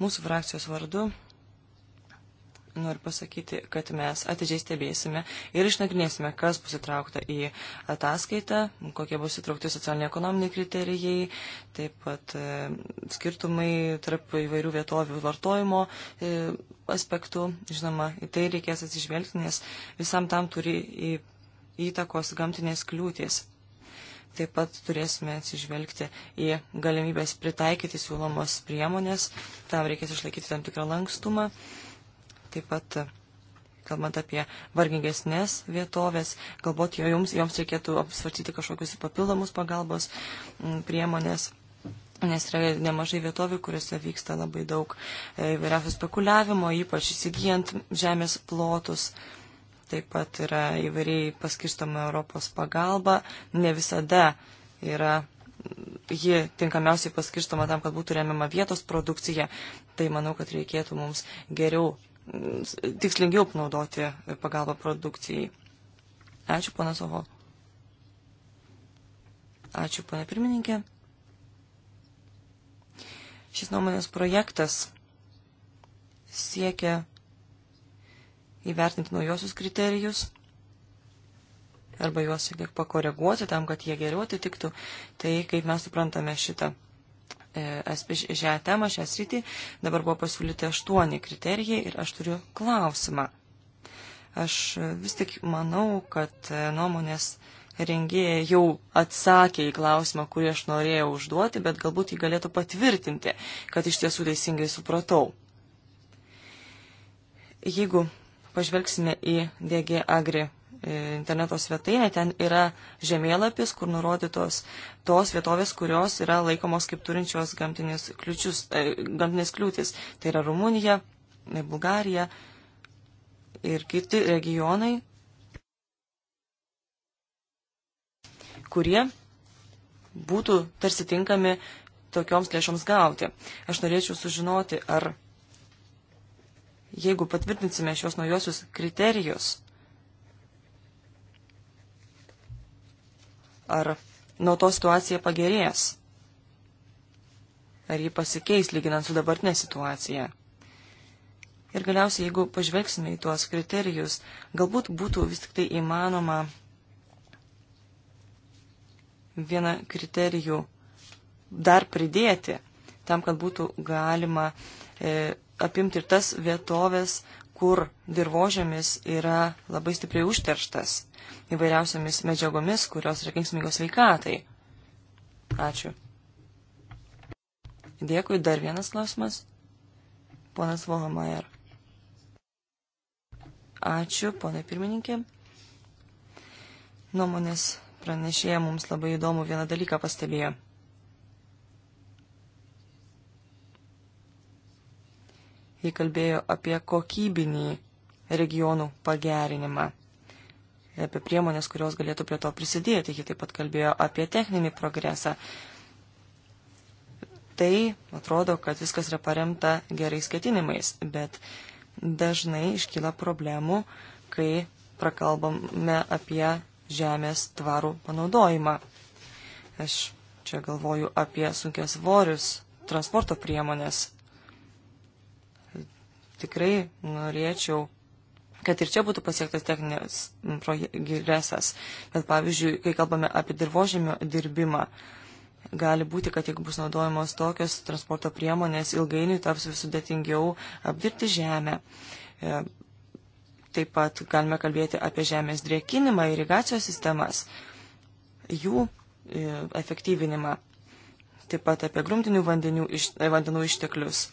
Mūsų frakcijos vardu Noriu pasakyti, kad mes atidžiai stebėsime ir išnagrinėsime, kas bus įtraukta į ataskaitą, kokie bus įtraukti socialiniai-ekonominiai kriterijai, taip pat e, skirtumai tarp įvairių vietovių vartojimo e, aspektų. Žinoma, į tai reikės atsižvelgti, nes visam tam turi į, įtakos gamtinės kliūtis. Taip pat turėsime atsižvelgti į galimybės pritaikyti siūlomos priemonės, tam reikės išlaikyti tam tikrą lankstumą. E, Taip pat, e, kalbant apie vargingesnės vietovės, galbūt joms, joms reikėtų apsvarstyti kažkokius papildomus pagalbos priemonės. Nes yra nemažai vietovių, kuriuose vyksta labai daug e, įvairiausių spekuliavimo, ypač įsigijant žemės plotus. Taip pat yra įvairiai paskirstama Europos pagalba. Ne visada yra ji tinkamiausiai paskirstama tam, kad būtų remiama vietos produkcija. Tai manau, kad reikėtų mums geriau tikslingiau panaudoti pagalbą produkcijai. Ačiū, ponas Oho. Ačiū, ponė pirmininkė. Šis nuomonės projektas siekia įvertinti naujosius kriterijus arba juos šiek tiek pakoreguoti tam, kad jie geriau atitiktų tai, kaip mes suprantame šitą E, šią temą, šią sritį. Dabar buvo pasiūlyti aštuoni kriterijai ir aš turiu klausimą. Aš vis tik manau, kad e, nuomonės rengėja jau atsakė į klausimą, kurį aš norėjau užduoti, bet galbūt jį galėtų patvirtinti, kad iš tiesų teisingai supratau. Jeigu pažvelgsime į DG Agri E, interneto svetainę, ten yra žemėlapis, kur nurodytos tos vietovės, kurios yra laikomos kaip turinčios gamtinės, kliučius, e, gamtinės kliūtis. Tai yra Rumunija, e, Bulgarija ir kiti regionai, kurie būtų tarsi tinkami tokioms lėšoms gauti. Aš norėčiau sužinoti, ar jeigu patvirtinsime šios naujosius kriterijus, ar nuo to situacija pagerės, ar ji pasikeis lyginant su dabartinė situacija. Ir galiausiai, jeigu pažvelgsime į tuos kriterijus, galbūt būtų vis tik tai įmanoma vieną kriterijų dar pridėti, tam, kad būtų galima e, apimti ir tas vietovės, kur dirbožėmis yra labai stipriai užterštas įvairiausiamis medžiagomis, kurios yra kenksmingos veikatai. Ačiū. Dėkui, dar vienas klausimas. Ponas Volamajer. Ačiū, ponai pirmininkė. Nuomonės pranešėja mums labai įdomų vieną dalyką pastebėjo. Ji kalbėjo apie kokybinį regionų pagerinimą, apie priemonės, kurios galėtų prie to prisidėti. Ji taip pat kalbėjo apie techninį progresą. Tai atrodo, kad viskas yra paremta gerais ketinimais, bet dažnai iškyla problemų, kai prakalbame apie žemės tvarų panaudojimą. Aš čia galvoju apie sunkias svorius transporto priemonės tikrai norėčiau kad ir čia būtų pasiektas techninis progresas. Bet pavyzdžiui, kai kalbame apie dirbožėmio dirbimą, gali būti, kad jeigu bus naudojamos tokios transporto priemonės, ilgainiui taps vis sudėtingiau apdirbti žemę. E, taip pat galime kalbėti apie žemės drėkinimą, irigacijos sistemas, jų e, efektyvinimą, taip pat apie grumtinių vandenių, iš, e, vandenų išteklius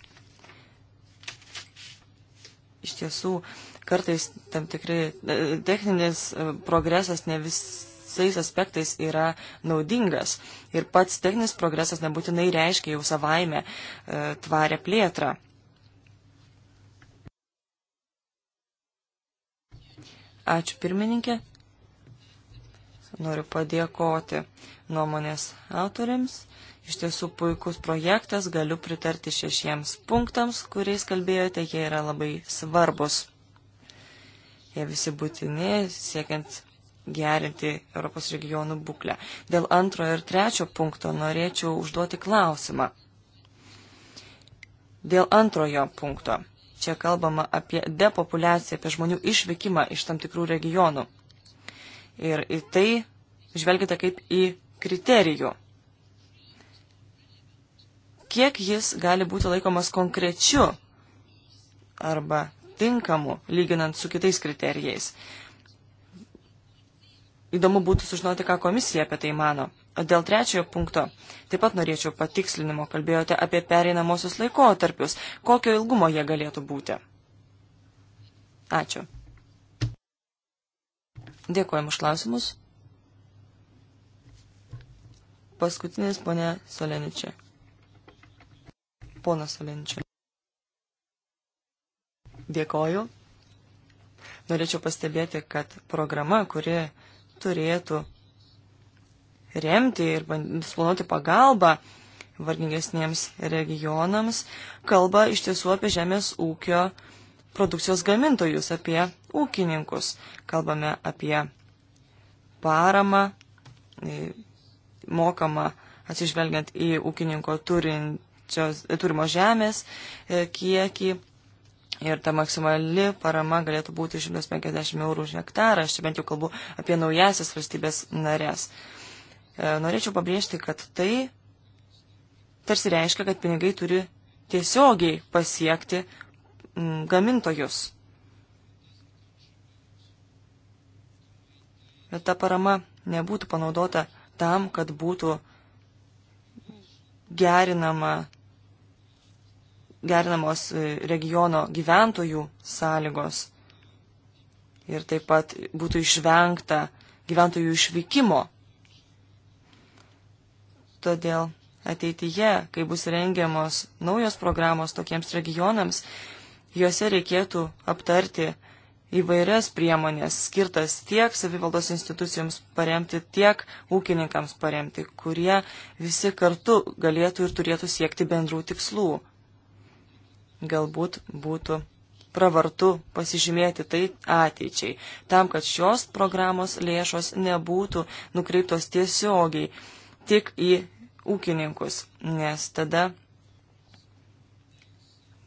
iš tiesų kartais tam tikrai e, techninis e, progresas ne visais aspektais yra naudingas. Ir pats techninis progresas nebūtinai reiškia jau savaime e, tvarę plėtrą. Ačiū pirmininkė. Noriu padėkoti nuomonės autoriams Iš tiesų puikus projektas, galiu pritarti šešiems punktams, kuriais kalbėjote, jie yra labai svarbus. Jie visi būtini, siekiant gerinti Europos regionų būklę. Dėl antrojo ir trečio punkto norėčiau užduoti klausimą. Dėl antrojo punkto. Čia kalbama apie depopulaciją, apie žmonių išvykimą iš tam tikrų regionų. Ir į tai žvelgite kaip į kriterijų kiek jis gali būti laikomas konkrečiu arba tinkamu, lyginant su kitais kriterijais. Įdomu būtų sužinoti, ką komisija apie tai mano. O dėl trečiojo punkto taip pat norėčiau patikslinimo, kalbėjote apie pereinamosius laikotarpius, kokio ilgumo jie galėtų būti. Ačiū. Dėkojom už klausimus. Paskutinis ponė Soleničia ponas Olenčių. Dėkoju. Norėčiau pastebėti, kad programa, kuri turėtų remti ir planuoti pagalbą vargingesniems regionams, kalba iš tiesų apie žemės ūkio produkcijos gamintojus, apie ūkininkus. Kalbame apie paramą mokamą atsižvelgiant į ūkininko turin, turimo žemės e, kiekį. Ir ta maksimali parama galėtų būti 150 eurų už hektarą. Aš čia bent jau kalbu apie naujasias valstybės narės. E, norėčiau pabrėžti, kad tai tarsi reiškia, kad pinigai turi tiesiogiai pasiekti mm, gamintojus. Bet ta parama nebūtų panaudota tam, kad būtų gerinama gerinamos e, regiono gyventojų sąlygos ir taip pat būtų išvengta gyventojų išvykimo. Todėl ateityje, kai bus rengiamos naujos programos tokiems regionams, juose reikėtų aptarti įvairias priemonės skirtas tiek savivaldos institucijoms paremti, tiek ūkininkams paremti, kurie visi kartu galėtų ir turėtų siekti bendrų tikslų galbūt būtų pravartu pasižymėti tai ateičiai, tam, kad šios programos lėšos nebūtų nukreiptos tiesiogiai tik į ūkininkus, nes tada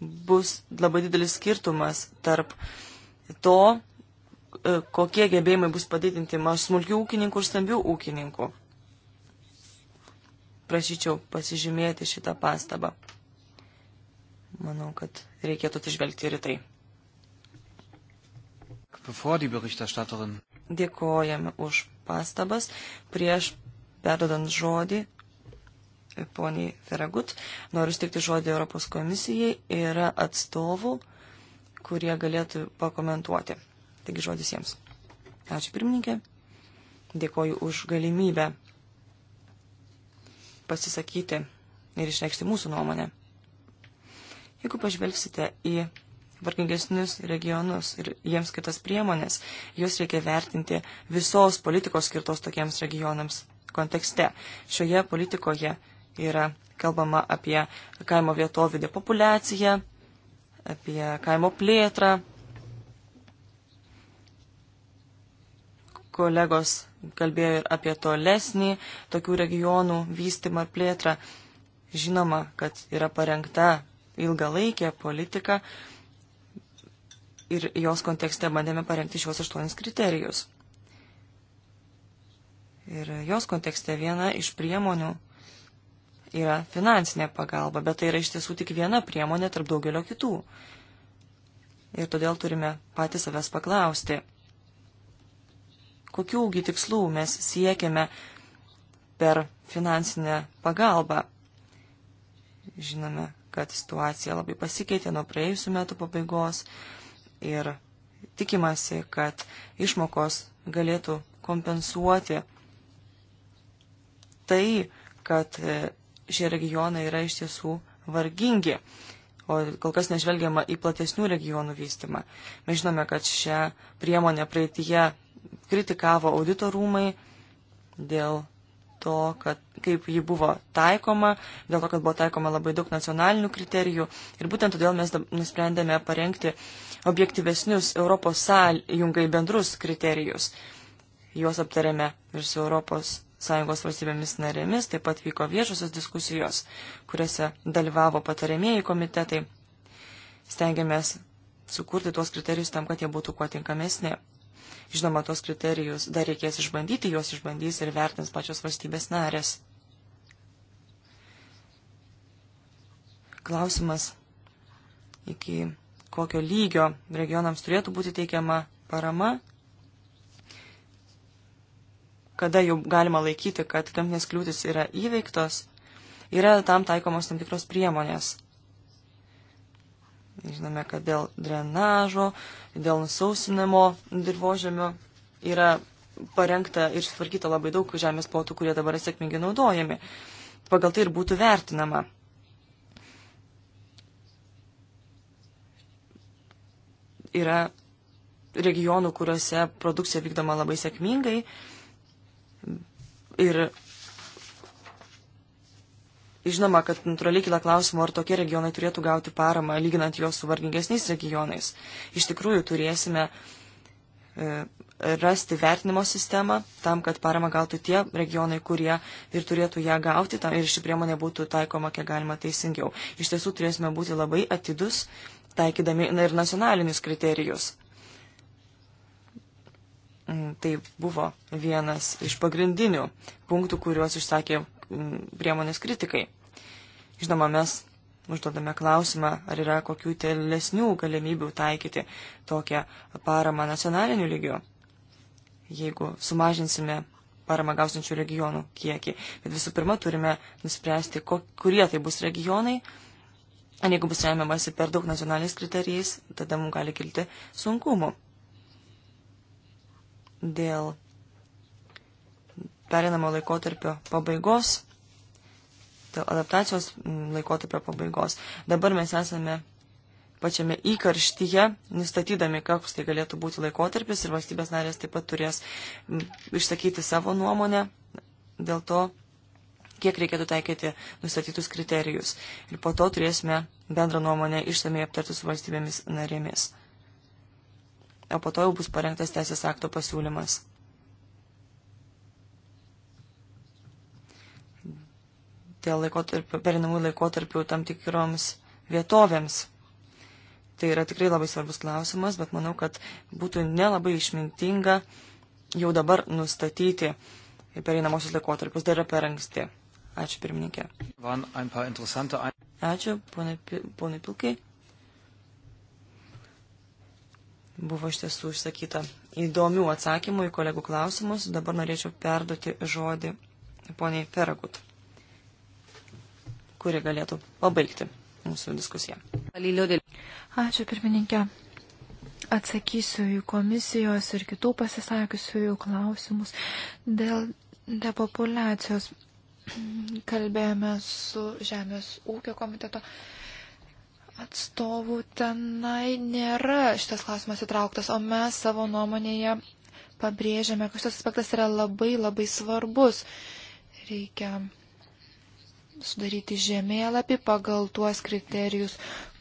bus labai didelis skirtumas tarp to, e, kokie gebėjimai bus padidinti smulkių ūkininkų ir stambių ūkininkų. Prašyčiau pasižymėti šitą pastabą. Manau, kad reikėtų atsižvelgti ir į tai. Dėkojame už pastabas. Prieš perdodant žodį poniai Feragut, noriu stikti žodį Europos komisijai, yra atstovų, kurie galėtų pakomentuoti. Taigi žodis jiems. Ačiū pirmininkė, dėkoju už galimybę pasisakyti ir išreikšti mūsų nuomonę. Jeigu pažvelgsite į vargingesnius regionus ir jiems skirtas priemonės, juos reikia vertinti visos politikos skirtos tokiems regionams kontekste. Šioje politikoje yra kalbama apie kaimo vietovių depopulaciją, apie kaimo plėtrą. Kolegos kalbėjo ir apie tolesnį tokių regionų vystimą ir plėtrą. Žinoma, kad yra parengta ilgalaikę politiką ir jos kontekste bandėme parengti šios aštuonis kriterijus. Ir jos kontekste viena iš priemonių yra finansinė pagalba, bet tai yra iš tiesų tik viena priemonė tarp daugelio kitų. Ir todėl turime patys savęs paklausti, kokiųgi tikslų mes siekiame per finansinę pagalbą. Žinome, kad situacija labai pasikeitė nuo praėjusių metų pabaigos ir tikimasi, kad išmokos galėtų kompensuoti tai, kad e, šie regionai yra iš tiesų vargingi, o kol kas nežvelgiama į platesnių regionų vystimą. Mes žinome, kad šią priemonę praeitie kritikavo auditorumai dėl to, kad kaip ji buvo taikoma, dėl to, kad buvo taikoma labai daug nacionalinių kriterijų. Ir būtent todėl mes nusprendėme parengti objektyvesnius Europos sąjungai bendrus kriterijus. Juos aptarėme ir su Europos sąjungos valstybėmis narėmis, taip pat vyko viešosios diskusijos, kuriuose dalyvavo patarėmėjai komitetai. Stengiamės sukurti tuos kriterijus tam, kad jie būtų kuo tinkamesni. Žinoma, tos kriterijus dar reikės išbandyti, juos išbandys ir vertins pačios valstybės narės. Klausimas, iki kokio lygio regionams turėtų būti teikiama parama, kada jau galima laikyti, kad gamtinės kliūtis yra įveiktos, yra tam taikomos tam tikros priemonės Žinome, kad dėl drenažo, dėl nusausinimo dirbožėmio yra parengta ir sutvarkyta labai daug žemės plotų, kurie dabar yra sėkmingai naudojami. Pagal tai ir būtų vertinama. Yra regionų, kuriuose produkcija vykdoma labai sėkmingai ir Žinoma, kad natūraliai kila klausimų, ar tokie regionai turėtų gauti paramą, lyginant juos su vargingesniais regionais. Iš tikrųjų, turėsime e, rasti vertinimo sistemą tam, kad paramą gautų tie regionai, kurie ir turėtų ją gauti tam, ir ši priemonė būtų taikoma kiek galima teisingiau. Iš tiesų turėsime būti labai atidus, taikydami na, ir nacionalinius kriterijus mm, tai buvo vienas iš pagrindinių punktų, kuriuos išsakė mm, priemonės kritikai. Žinoma, mes užduodame klausimą, ar yra kokių telesnių galimybių taikyti tokią paramą nacionaliniu lygiu, jeigu sumažinsime paramą gausinčių regionų kiekį. Bet visų pirma, turime nuspręsti, kurie tai bus regionai. Ar jeigu bus remiamasi per daug nacionaliniais kriterijais, tada mums gali kilti sunkumų. Dėl perinamo laikotarpio pabaigos adaptacijos mm, laikotarpio pabaigos. Dabar mes esame pačiame įkarštyje, nustatydami, koks tai galėtų būti laikotarpis ir valstybės narės taip pat turės mm, išsakyti savo nuomonę dėl to, kiek reikėtų taikyti nustatytus kriterijus. Ir po to turėsime bendrą nuomonę išsamei aptarti su valstybėmis narėmis. O po to jau bus parengtas teisės akto pasiūlymas. dėl perinamų laikotarpių tam tikroms vietovėms. Tai yra tikrai labai svarbus klausimas, bet manau, kad būtų nelabai išmintinga jau dabar nustatyti perinamosius laikotarpius, dar yra per anksti. Ačiū pirmininkė. Ačiū, ponai Pilkai. Buvo iš tiesų išsakyta įdomių atsakymų į kolegų klausimus. Dabar norėčiau perduoti žodį poniai Feragut kuri galėtų pabaigti mūsų diskusiją. Ačiū pirmininkė. Atsakysiu į komisijos ir kitų pasisakiusiųjų klausimus. Dėl depopulacijos kalbėjome su Žemės ūkio komiteto atstovų. Tenai nėra šitas klausimas įtrauktas, o mes savo nuomonėje pabrėžiame, kad šitas aspektas yra labai labai svarbus. Reikia sudaryti žemėlapį pagal tuos kriterijus,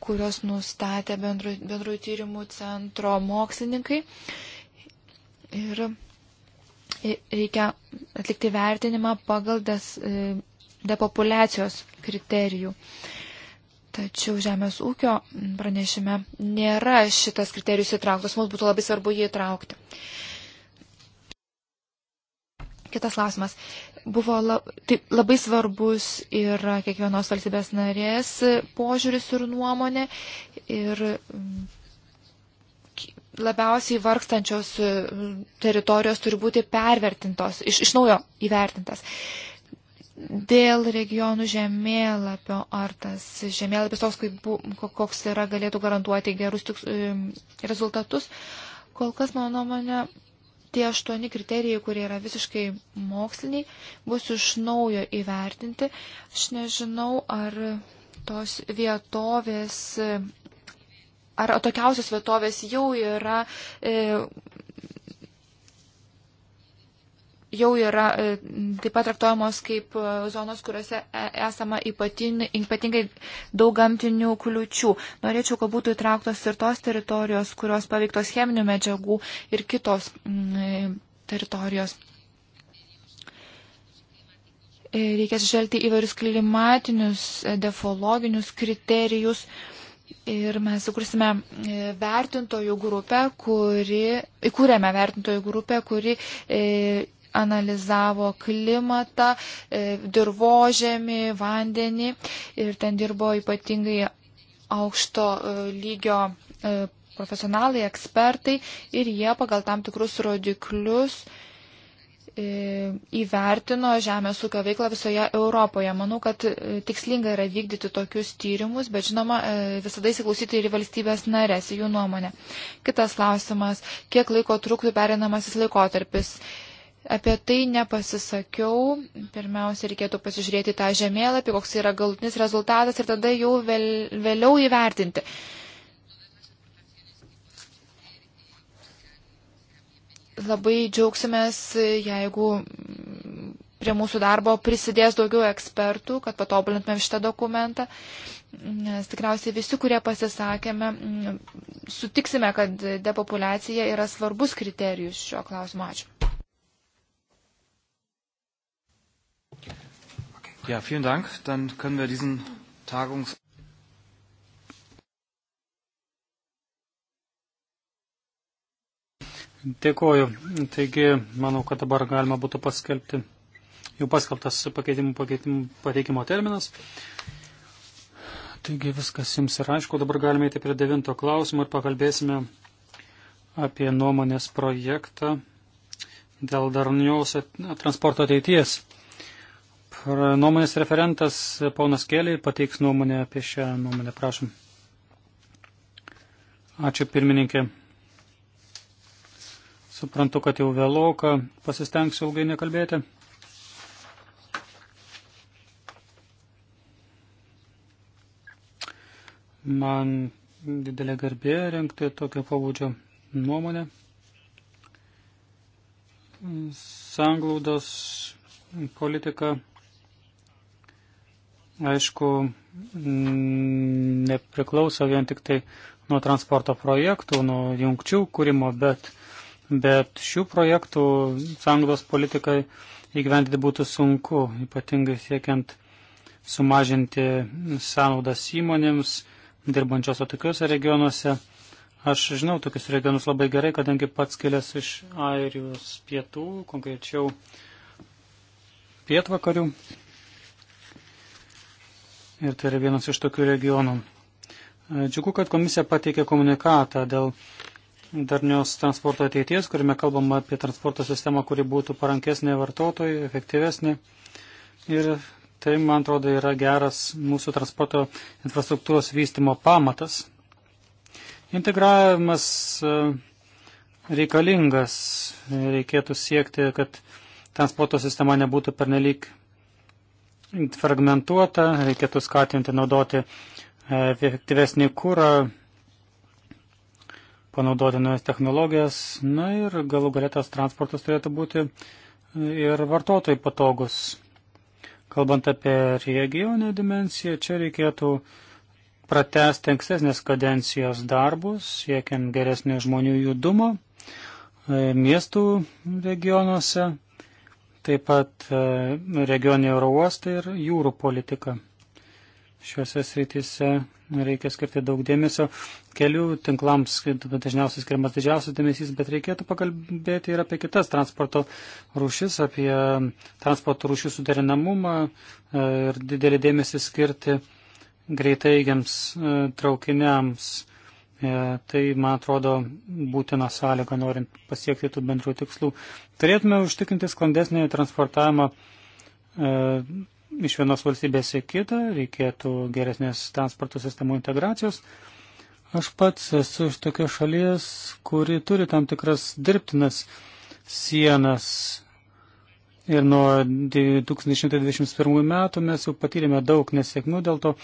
kuriuos nustatė bendro, bendro tyrimų centro mokslininkai. Ir reikia atlikti vertinimą pagal des, e, depopulacijos kriterijų. Tačiau žemės ūkio pranešime nėra šitas kriterijus įtrauktas, mums būtų labai svarbu jį įtraukti. Kitas klausimas. Buvo la, tai labai svarbus ir kiekvienos valstybės narės požiūris ir nuomonė. Ir mm, labiausiai vargstančios mm, teritorijos turi būti pervertintos, iš, iš naujo įvertintas. Dėl regionų žemėlapio, ar tas žemėlapis toks, kaip, koks yra, galėtų garantuoti gerus tiks, mm, rezultatus, kol kas, mano nuomonė, tie aštuoni kriterijai, kurie yra visiškai moksliniai, bus iš naujo įvertinti. Aš nežinau, ar tos vietovės, ar atokiausios vietovės jau yra e, jau yra e, taip pat traktuojamos kaip e, zonos, kuriuose e, esama ypatingai, ypatingai daug gamtinių kliučių. Norėčiau, kad būtų įtrauktos ir tos teritorijos, kurios paveiktos cheminių medžiagų ir kitos m, mm, teritorijos. Reikės žvelgti įvairius klimatinius, defologinius kriterijus. Ir mes sukursime vertintojų grupę, kuri, įkūrėme vertintojų grupę, kuri e, analizavo klimatą, e, dirbožėmį, vandenį ir ten dirbo ypatingai aukšto e, lygio e, profesionalai, ekspertai ir jie pagal tam tikrus rodiklius įvertino žemės ūkio veiklą visoje Europoje. Manau, kad tikslinga yra vykdyti tokius tyrimus, bet žinoma, visada įsiklausyti ir į valstybės narės, į jų nuomonę. Kitas klausimas, kiek laiko truktų perinamasis laikotarpis? Apie tai nepasisakiau. Pirmiausia, reikėtų pasižiūrėti tą žemėlapį, koks yra galutinis rezultatas ir tada jau vėl, vėliau įvertinti. Labai džiaugsimės, jeigu prie mūsų darbo prisidės daugiau ekspertų, kad patobulintumėm šitą dokumentą. Nes tikriausiai visi, kurie pasisakėme, sutiksime, kad depopulacija yra svarbus kriterijus šio klausimo. Ačiū. Ja, vielen Dank. Dann können wir diesen Tagungs. Dėkoju. Taigi, manau, kad dabar galima būtų paskelbti, jau paskelbtas pakeitimų, pakeitimų pateikimo terminas. Taigi viskas jums yra aišku. Dabar galime įti prie devinto klausimo ir pakalbėsime apie nuomonės projektą dėl darniaus transporto ateities. Nuomonės referentas ponas Kėlė pateiks nuomonę apie šią nuomonę. Prašom. Ačiū pirmininkė. Suprantu, kad jau vėloka, pasistengsiu ilgai nekalbėti. Man didelė garbė renkti tokią pavūdžio nuomonę. Sanglaudos politika aišku, nepriklauso vien tik tai nuo transporto projektų, nuo jungčių kūrimo, bet, bet šių projektų sąjungos politikai įgyventi būtų sunku, ypatingai siekiant sumažinti sąnaudas įmonėms, dirbančios atokiuose regionuose. Aš žinau tokius regionus labai gerai, kadangi pats kilęs iš Airijos pietų, konkrečiau pietvakarių. Ir tai yra vienas iš tokių regionų. E, džiugu, kad komisija pateikė komunikatą dėl darnios transporto ateities, kuriame kalbama apie transporto sistemą, kuri būtų parankesnė vartotojai, efektyvesnė. Ir tai, man atrodo, yra geras mūsų transporto infrastruktūros vystimo pamatas. Integravimas e, reikalingas, reikėtų siekti, kad transporto sistema nebūtų pernelyg fragmentuota, reikėtų skatinti naudoti e, efektyvesnį kūrą, panaudoti naujas technologijas, na ir galų galėtas transportas turėtų būti e, ir vartotojai patogus. Kalbant apie regionę dimensiją, čia reikėtų pratesti ankstesnės kadencijos darbus, siekiant geresnio žmonių judumo e, miestų regionuose taip pat e, regioniai oro uostai ir jūrų politika. Šiuose srityse reikia skirti daug dėmesio. Kelių tinklams dažniausiai skiriamas didžiausias dėmesys, bet reikėtų pakalbėti ir apie kitas transporto rūšis, apie transporto rūšių suderinamumą e, ir didelį dėmesį skirti greitaigiams e, traukiniams E, tai, man atrodo, būtina sąlyga, norint pasiekti tų bendrų tikslų. Turėtume užtikrinti sklandesnį transportavimą e, iš vienos valstybės į kitą, reikėtų geresnės transporto sistemų integracijos. Aš pats esu iš tokios šalies, kuri turi tam tikras dirbtinas sienas. Ir nuo 2021 metų mes jau patyrėme daug nesėkmių dėl to,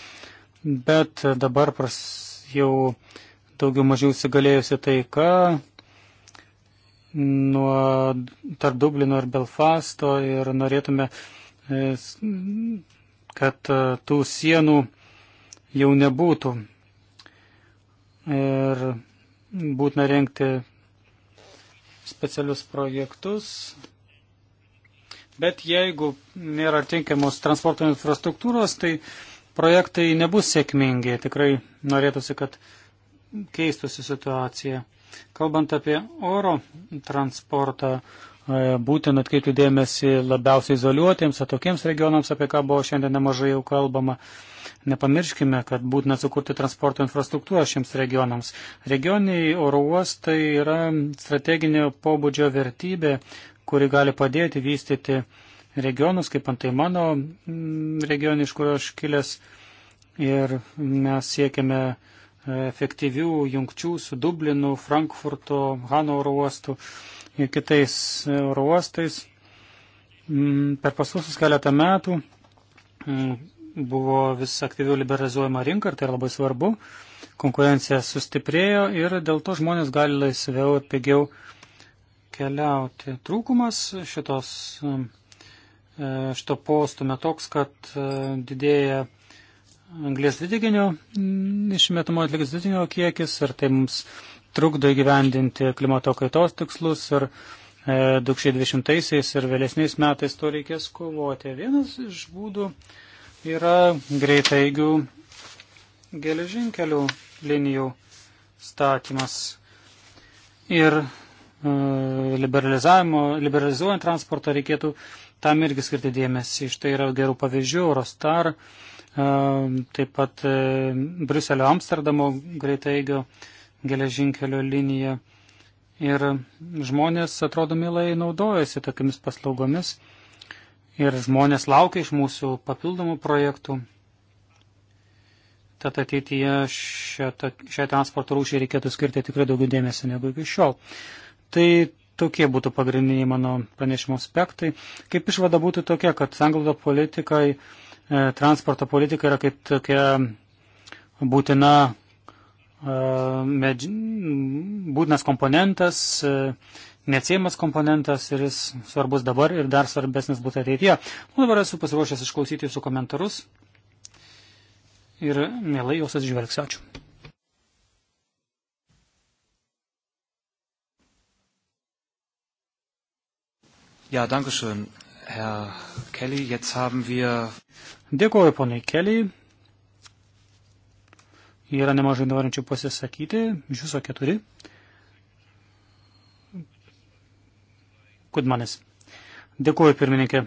bet dabar pras, jau daugiau mažiau įsigalėjusi taika nuo tarp Dublino ir Belfasto ir norėtume, e, kad e, tų sienų jau nebūtų. Ir būtina renkti specialius projektus. Bet jeigu nėra tinkamos transporto infrastruktūros, tai projektai nebus sėkmingi. Tikrai norėtųsi, kad uh, keistusi situacija. Kalbant apie oro transportą, e, būtent atkreipti dėmesį labiausiai izoliuotiems, atokiems regionams, apie ką buvo šiandien nemažai jau kalbama. Nepamirškime, kad būtina sukurti transporto infrastruktūrą šiems regionams. Regioniai oro uostai yra strateginio pobūdžio vertybė, kuri gali padėti vystyti regionus, kaip antai mano mm, regionai, iš kurio aš kilęs. Ir mes siekiame uh, efektyvių jungčių su Dublinu, Frankfurto, Hano oro uostu ir kitais e, oro uostais. Mm, per pasusius keletą metų mm, buvo vis aktyviau liberalizuojama rinka ir tai labai svarbu. Konkurencija sustiprėjo ir dėl to žmonės gali laisviau ir pigiau keliauti. Trūkumas šitos, mm, e, šito postumė toks, kad e, didėja anglės dvideginio mm, išmetamo atliks dvideginio kiekis ir tai mums trukdo įgyvendinti klimato kaitos tikslus ir e, 2020 ir vėlesniais metais to reikės kovoti. Vienas iš būdų yra greitaigių geležinkelių linijų statymas ir e, liberalizavimo, liberalizuojant transportą reikėtų tam irgi skirti dėmesį. Štai yra gerų pavyzdžių, Eurostar, e, taip pat e, Briuselio Amsterdamo greitaigio geležinkelio linija. Ir žmonės, atrodo, mielai naudojasi tokiamis paslaugomis. Ir žmonės laukia iš mūsų papildomų projektų. Tad ateityje šią transporto rūšį reikėtų skirti tikrai daugiau dėmesio negu iki šiol. Tai tokie būtų pagrindiniai mano pranešimo aspektai. Kaip išvada būtų tokia, kad sanglaudo politikai E, transporto politika yra kaip tokia būtina, e, būtinas komponentas, e, neatsiemas komponentas ir jis svarbus dabar ir dar svarbesnis būtų ateityje. O dabar esu pasiruošęs išklausyti jūsų komentarus ir mielai juos atžvelgsiu. Ačiū. Ja, danke schön. Herr Kelly. Jetzt haben wir. Dėkuoju, ponai Kelly. Yra nemažai norinčių pasisakyti, iš viso keturi. Kudmanis. Dėkuoju, pirmininkė.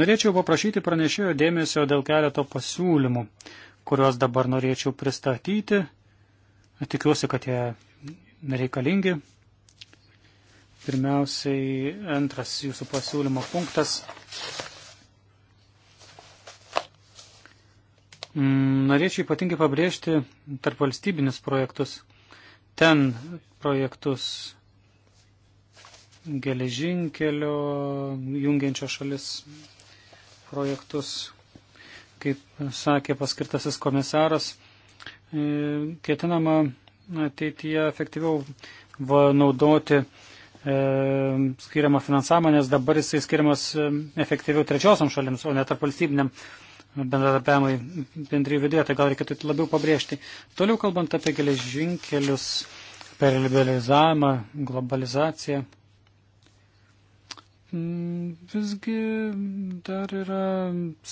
Norėčiau paprašyti pranešėjo dėmesio dėl keleto pasiūlymų, kuriuos dabar norėčiau pristatyti. Tikiuosi, kad jie reikalingi. Pirmiausiai antras jūsų pasiūlymo punktas. Mm, norėčiau ypatingai pabrėžti tarp valstybinius projektus. Ten projektus geležinkelio jungiančio šalis projektus, kaip sakė paskirtasis komisaras, e, ketinama ateityje efektyviau naudoti E, skiriamo finansavimo, nes dabar jisai skiriamas e, efektyviau trečiosiam šalims, o ne tarp valstybiniam bendradarbiavimui bendrijų viduje, tai gal reikėtų labiau pabrėžti. Toliau kalbant apie geležinkelius, per liberalizavimą, globalizaciją. Mm, visgi dar yra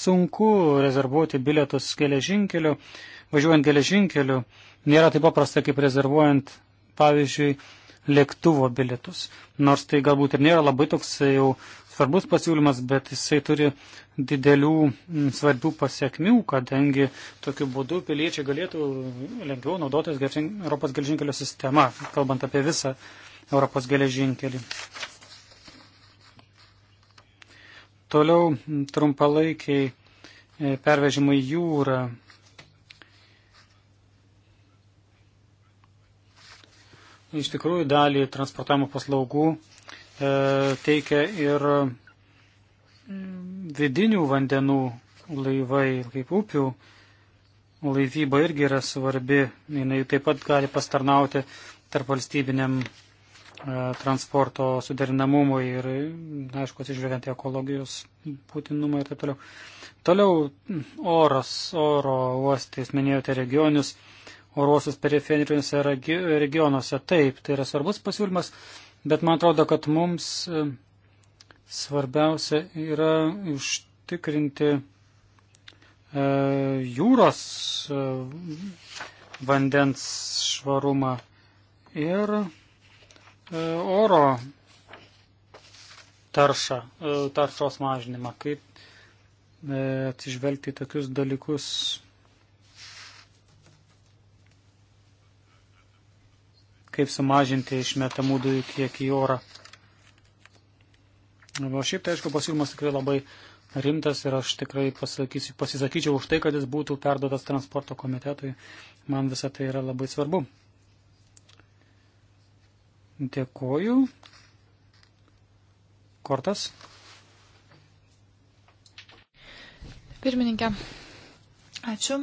sunku rezervuoti bilietus geležinkeliu, važiuojant geležinkeliu. Nėra taip paprasta, kaip rezervuojant, pavyzdžiui, lėktuvo bilietus. Nors tai galbūt ir nėra labai toks jau svarbus pasiūlymas, bet jisai turi didelių mm, svarbių pasiekmių, kadangi tokiu būdu piliečiai galėtų mm, lengviau naudotis Europos geležinkelio sistema, kalbant apie visą Europos geležinkelį. Toliau mm, trumpalaikiai e, pervežimai jūra iš tikrųjų dalį transportavimo paslaugų e, teikia ir mm, vidinių vandenų laivai, kaip upių laivyba irgi yra svarbi, jinai taip pat gali pastarnauti tarp valstybiniam e, transporto suderinamumui ir, aišku, atsižvelgiant į ekologijos būtinumą ir taip toliau. Toliau mm, oras, oro uostais, minėjote regionius orosius periferiniuose regionuose. Taip, tai yra svarbus pasiūlymas, bet man atrodo, kad mums e, svarbiausia yra užtikrinti e, jūros e, vandens švarumą ir oro taršą, taršos mažinimą. Kaip atsižvelgti tokius dalykus kaip sumažinti išmetamų dujų kiekį į orą. O šiaip tai, aišku, pasiūlymas tikrai labai rimtas ir aš tikrai pasisakyčiau už tai, kad jis būtų perduotas transporto komitetui. Man visą tai yra labai svarbu. Dėkoju. Kortas. Pirmininkė, ačiū.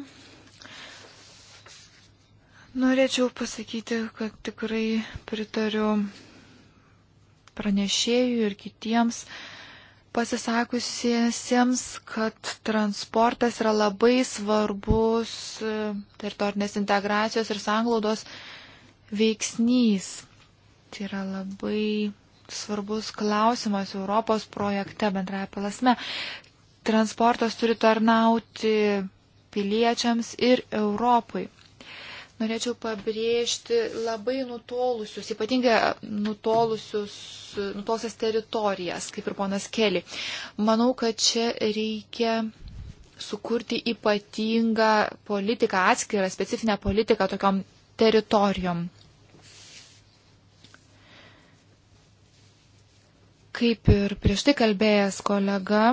Norėčiau pasakyti, kad tikrai pritariu pranešėjų ir kitiems pasisakusiesiems, kad transportas yra labai svarbus e, teritorinės integracijos ir sanglaudos veiksnys. Tai yra labai svarbus klausimas Europos projekte bendraja palasme. Transportas turi tarnauti piliečiams ir Europai norėčiau pabrėžti labai nutolusius, ypatingai nutolusius, nutolusias teritorijas, kaip ir ponas Keli. Manau, kad čia reikia sukurti ypatingą politiką, atskirą specifinę politiką tokiom teritorijom. Kaip ir prieš tai kalbėjęs kolega,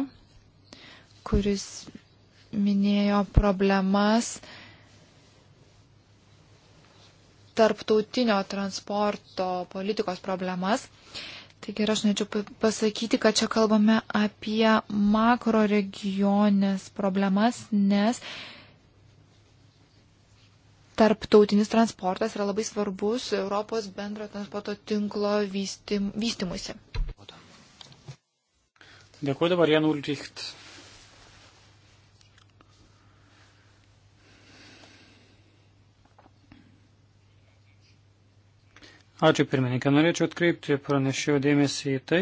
kuris minėjo problemas, tarptautinio transporto politikos problemas. Taigi ir aš norėčiau pasakyti, kad čia kalbame apie makro regionės problemas, nes tarptautinis transportas yra labai svarbus Europos bendro transporto tinklo vystim, vystimusi. Dėkuoju dabar Jan Ulricht. Ačiū pirmininkė. Norėčiau atkreipti pranešėjo dėmesį į tai,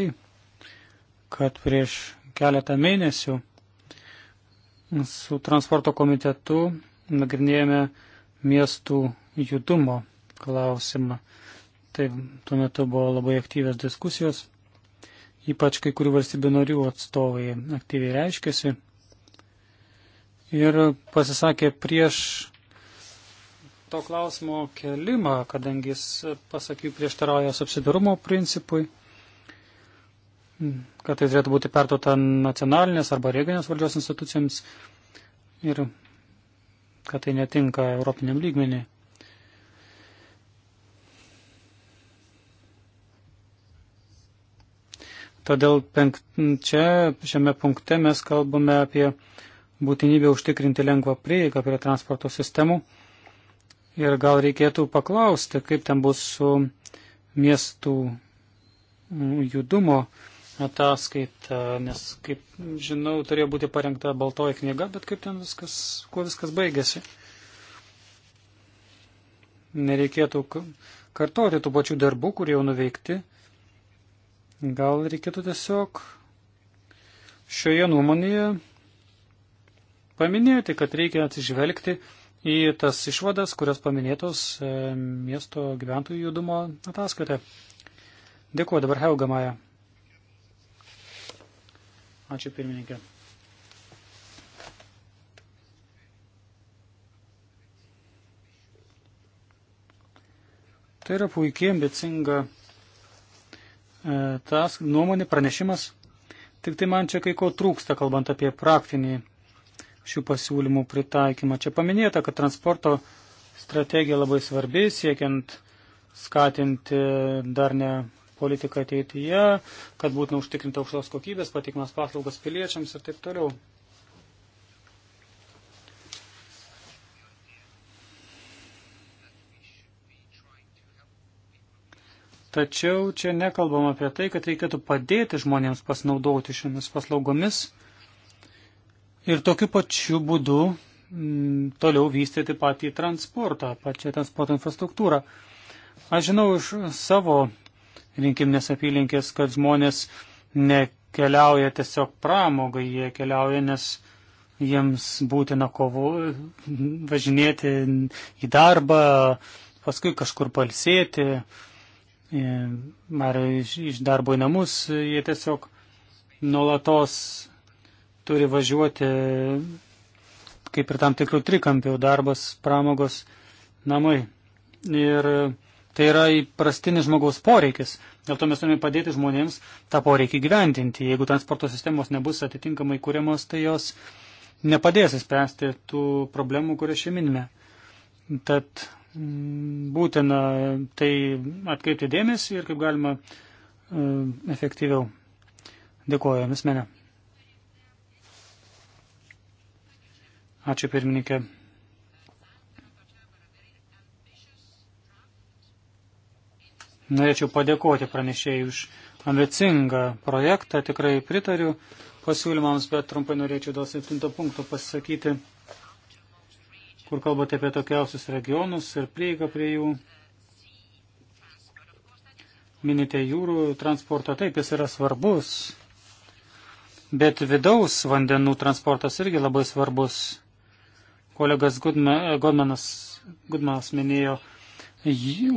kad prieš keletą mėnesių su transporto komitetu nagrinėjame miestų judumo klausimą. Tai tuo metu buvo labai aktyvios diskusijos, ypač kai kurių valstybių narių atstovai aktyviai reiškėsi ir pasisakė prieš to klausimo kelimą, kadangi jis, pasakyk, prieštarauja subsidarumo principui, kad tai turėtų būti perduota nacionalinės arba regionės valdžios institucijams ir kad tai netinka europiniam lygmenį. Todėl penk... čia šiame punkte mes kalbame apie būtinybę užtikrinti lengvą prieigą prie transporto sistemų Ir gal reikėtų paklausti, kaip ten bus su miestų judumo ataskaita, nes, kaip žinau, turėjo būti parengta baltoji knyga, bet kaip ten viskas, kuo viskas baigėsi. Nereikėtų kartoti tų pačių darbų, kurie jau nuveikti. Gal reikėtų tiesiog šioje nuomonėje paminėti, kad reikia atsižvelgti į tas išvadas, kurias paminėtos e, miesto gyventojų judumo ataskaitoje. Dėkuoju dabar Helga Maja. Ačiū pirmininkė. Tai yra puikiai ambicinga e, tas nuomonė pranešimas. Tik tai man čia kai ko trūksta, kalbant apie praktinį šių pasiūlymų pritaikymą. Čia paminėta, kad transporto strategija labai svarbi, siekiant skatinti dar ne politiką ateityje, kad būtų užtikrinta aukštos kokybės, patikimas paslaugas piliečiams ir taip toliau. Tačiau čia nekalbam apie tai, kad reikėtų padėti žmonėms pasinaudoti šiomis paslaugomis ir tokiu pačiu būdu m, mm, toliau vystyti patį transportą, pačią transporto infrastruktūrą. Aš žinau iš savo rinkimnės apylinkės, kad žmonės nekeliauja tiesiog pramogai, jie keliauja, nes jiems būtina kovo, važinėti į darbą, paskui kažkur palsėti, e, ar iš darbo į namus, jie tiesiog nuolatos turi važiuoti kaip ir tam tikrų trikampių darbas, pramogos, namai. Ir tai yra įprastinis žmogaus poreikis. Dėl to mes turime padėti žmonėms tą poreikį gyventinti. Jeigu transporto sistemos nebus atitinkamai kūriamos, tai jos nepadės įspręsti tų problemų, kurias šiminime. Tad mm, būtina tai atkreipti dėmesį ir kaip galima e, efektyviau. Dėkuoju, vismenė. Ačiū pirmininkė. Norėčiau padėkoti pranešėjai už ambicingą projektą, tikrai pritariu pasiūlymams, bet trumpai norėčiau dėl septinto punkto pasakyti, kur kalbate apie tokiausius regionus ir prieigą prie jų. Minite jūrų transportą, taip jis yra svarbus, bet vidaus vandenų transportas irgi labai svarbus. Kolegas Godmanas, Godmanas minėjo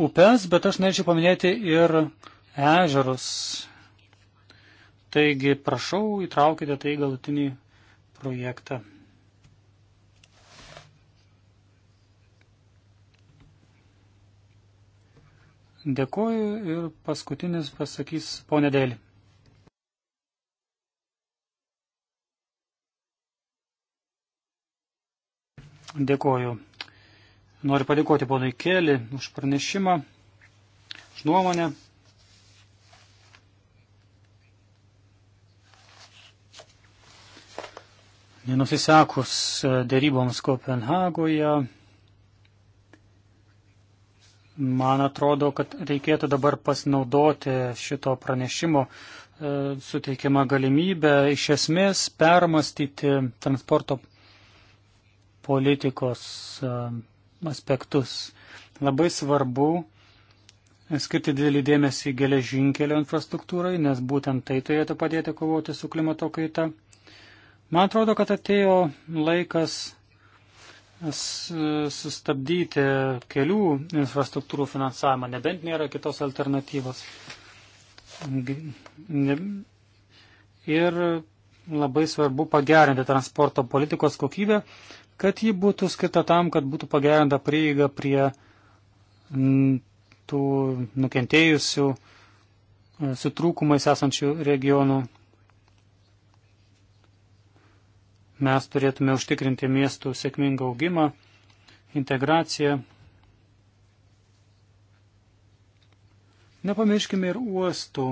upes, bet aš norėčiau paminėti ir ežerus. Taigi, prašau, įtraukite tai galutinį projektą. Dėkuoju ir paskutinis pasakys ponė Dėlį. Dėkoju. Noriu padėkoti ponui Kelį už pranešimą, už nuomonę. Nenusisekus e, dėryboms Kopenhagoje, man atrodo, kad reikėtų dabar pasinaudoti šito pranešimo e, suteikiama galimybė iš esmės permastyti transporto politikos aspektus. Labai svarbu skirti didelį dėmesį geležinkelio infrastruktūrai, nes būtent tai turėtų padėti kovoti su klimato kaita. Man atrodo, kad atėjo laikas sustabdyti kelių infrastruktūrų finansavimą, nebent nėra kitos alternatyvos. Ir labai svarbu pagerinti transporto politikos kokybę, kad ji būtų skirta tam, kad būtų pagerinta prieiga prie tų nukentėjusių, e, su trūkumais esančių regionų. Mes turėtume užtikrinti miestų sėkmingą augimą, integraciją. Nepamirškime ir uostų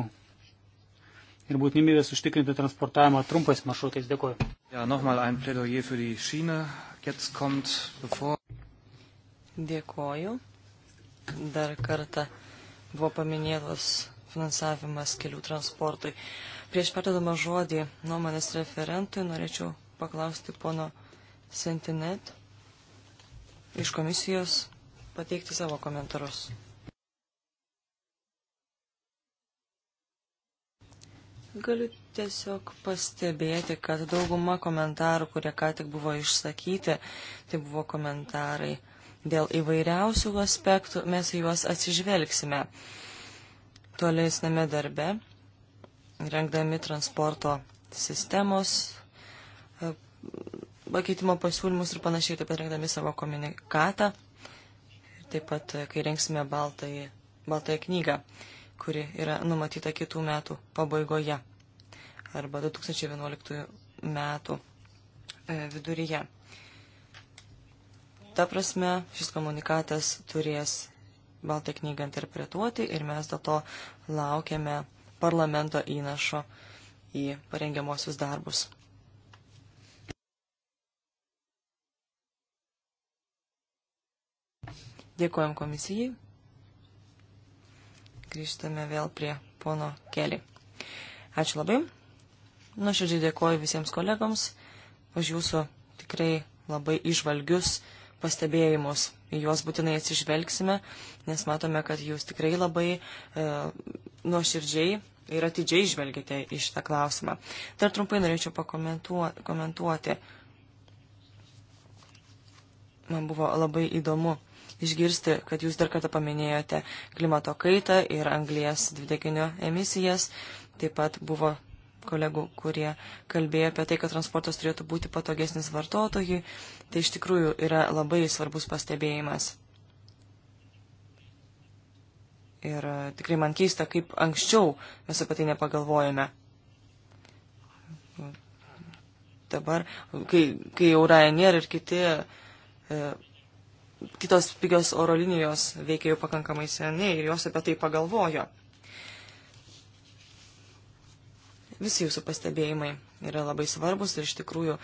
ir būtinybės užtikrinti transportavimą trumpais maršrutais. Dėkuoju. Ja, nochmal ein Plädoyer für die Schiene. Jetzt kommt bevor. Dėkuoju. Dar kartą buvo paminėtas finansavimas kelių transportui. Prieš perdodamą žodį nuomonės referentui norėčiau paklausti pono Sentinet iš komisijos pateikti savo komentarus. Galiu tiesiog pastebėti, kad dauguma komentarų, kurie ką tik buvo išsakyti, tai buvo komentarai dėl įvairiausių aspektų, mes juos atsižvelgsime tolesnėme darbe, rengdami transporto sistemos e, pakeitimo pasiūlymus ir panašiai, taip pat rengdami savo komunikatą, taip pat e, kai rengsime baltąją baltai knygą kuri yra numatyta kitų metų pabaigoje arba 2011 metų e, viduryje. Ta prasme, šis komunikatas turės Baltą knygą interpretuoti ir mes dėl to laukiame parlamento įnašo į parengiamosius darbus. Dėkojom komisijai grįžtame vėl prie pono Kelį. Ačiū labai. Nuoširdžiai dėkoju visiems kolegoms už jūsų tikrai labai išvalgius pastebėjimus. Į juos būtinai atsižvelgsime, nes matome, kad jūs tikrai labai e, nuoširdžiai ir atidžiai žvelgite į šitą klausimą. Dar trumpai norėčiau pakomentuoti. Man buvo labai įdomu išgirsti, kad jūs dar kartą paminėjote klimato kaitą ir anglijas dvideginio emisijas. Taip pat buvo kolegų, kurie kalbėjo apie tai, kad transportas turėtų būti patogesnis vartotojui. Tai iš tikrųjų yra labai svarbus pastebėjimas. Ir e, tikrai man keista, kaip anksčiau mes apie tai nepagalvojame. Dabar, kai, kai jau Ryanair ir kiti e, kitos pigios oro linijos veikia jau pakankamai seniai ir jos apie tai pagalvojo. Visi jūsų pastebėjimai yra labai svarbus ir iš tikrųjų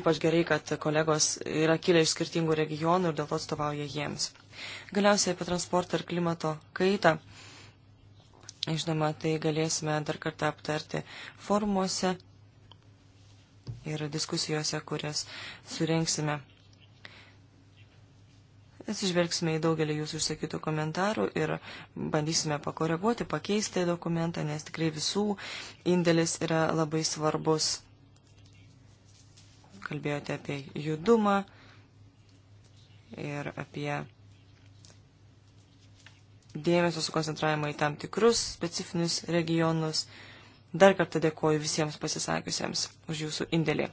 ypač gerai, kad kolegos yra kilę iš skirtingų regionų ir dėl to atstovauja jiems. Galiausiai apie transportą ir klimato kaitą. Žinoma, tai galėsime dar kartą aptarti formuose ir diskusijose, kurias surenksime Atsižvelgsime į daugelį jūsų išsakytų komentarų ir bandysime pakoreguoti, pakeisti dokumentą, nes tikrai visų indėlis yra labai svarbus. Kalbėjote apie judumą ir apie dėmesio sukoncentravimą į tam tikrus specifinius regionus. Dar kartą dėkoju visiems pasisakiusiems už jūsų indėlį.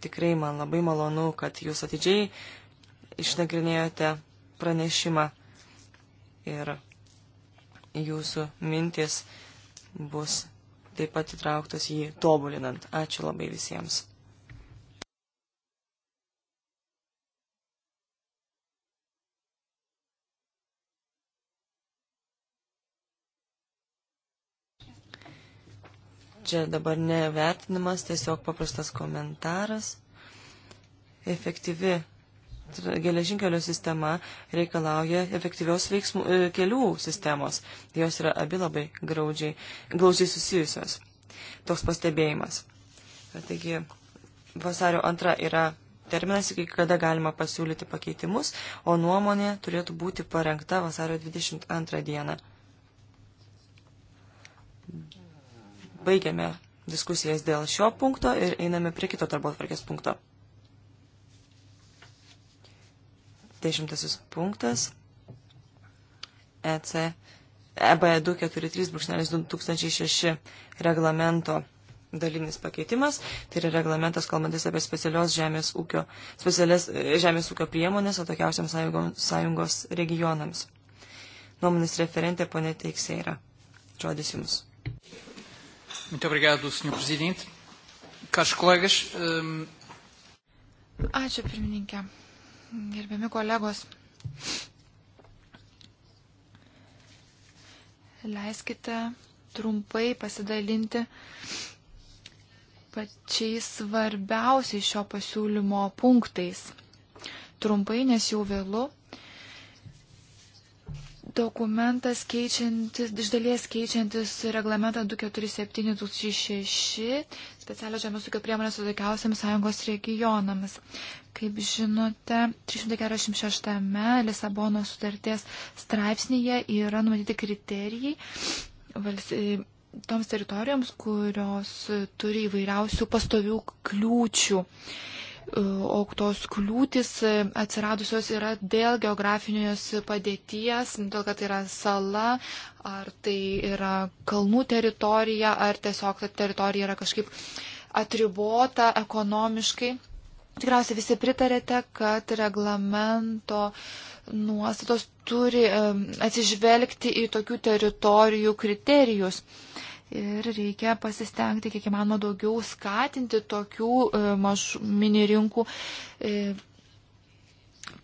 tikrai man labai malonu, kad jūs atidžiai išnagrinėjote pranešimą ir jūsų mintis bus taip pat įtrauktas jį tobulinant. Ačiū labai visiems. čia dabar nevertinimas, tiesiog paprastas komentaras. Efektyvi geležinkelio sistema reikalauja efektyvios veiksmų, e, kelių sistemos. Jos yra abi labai graudžiai, glaudžiai susijusios. Toks pastebėjimas. E, taigi, vasario antra yra terminas, iki kada galima pasiūlyti pakeitimus, o nuomonė turėtų būti parengta vasario 22 dieną baigiame diskusijas dėl šio punkto ir einame prie kito darbo atvarkės punkto. Dešimtasis punktas. EC EB 243-2006 reglamento dalinis pakeitimas, tai yra reglamentas kalbantis apie specialios žemės ūkio, specialias e, žemės ūkio priemonės atokiausiams sąjungos, sąjungos regionams. Nuomonės referentė ponė Teikseira. Žodis jums. Muito obrigado, Sr. Presidente. Caros kolegas. Um... Ačiū, pirmininkė. Gerbiami kolegos. Leiskite trumpai pasidalinti pačiais svarbiausiais šio pasiūlymo punktais. Trumpai, nes jau vėlu dokumentas keičiantis, iš dalies keičiantis reglamentą 247-2006 specialios žemės ūkio priemonės sudėkiausiams sąjungos regionams. Kaip žinote, 346-ame Lisabono sutarties straipsnėje yra numatyti kriterijai valstybės e, toms teritorijoms, kurios turi įvairiausių pastovių kliūčių. E, o tos kliūtis e, atsiradusios yra dėl geografinės padėties, dėl kad tai yra sala, ar tai yra kalnų teritorija, ar tiesiog ta teritorija yra kažkaip atribota ekonomiškai. Tikriausiai visi pritarėte, kad reglamento nuostatos turi e, atsižvelgti į tokių teritorijų kriterijus. Ir reikia pasistengti, kiek įmanoma, daugiau skatinti tokių e, mažų mini rinkų e,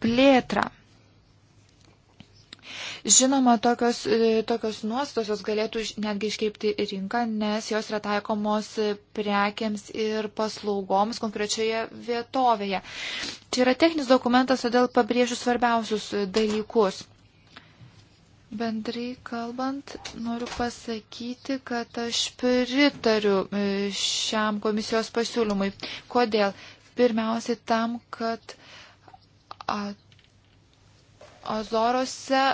plėtrą. Žinoma, tokios, e, tokios nuostos galėtų netgi iškeipti rinką, nes jos yra taikomos prekiams ir paslaugoms konkrečioje vietovėje. Čia yra techninis dokumentas, todėl pabrėžiu svarbiausius dalykus. Bendrai kalbant, noriu pasakyti, kad aš pritariu e, šiam komisijos pasiūlymui. Kodėl? Pirmiausiai tam, kad Azorose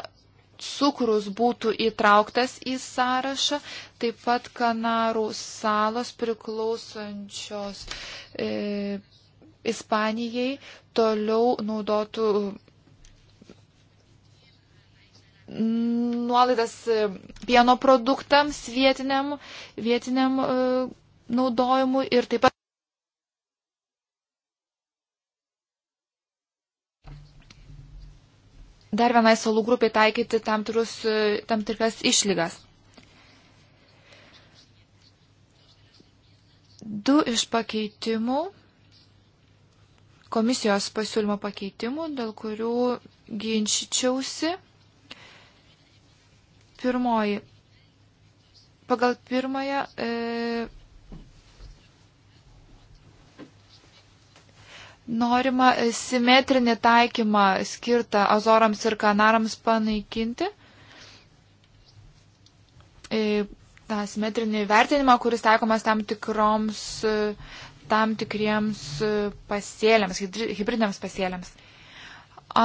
cukrus būtų įtrauktas į sąrašą, taip pat Kanarų salos priklausančios e, Ispanijai toliau naudotų nuolaidas e, pieno produktams vietiniam, vietiniam e, naudojimui ir taip pat. Dar vienai salų grupiai taikyti tam, tikrus, e, tam tikras išlygas. Du iš pakeitimų, komisijos pasiūlymo pakeitimų, dėl kurių ginčičiausi pirmoji. Pagal pirmąją. E, norima e, simetrinį taikymą skirtą Azorams ir Kanarams panaikinti. E, tą simetrinį vertinimą, kuris taikomas tam tikroms, e, tam tikriems e, pasėliams, hybridiniams pasėliams.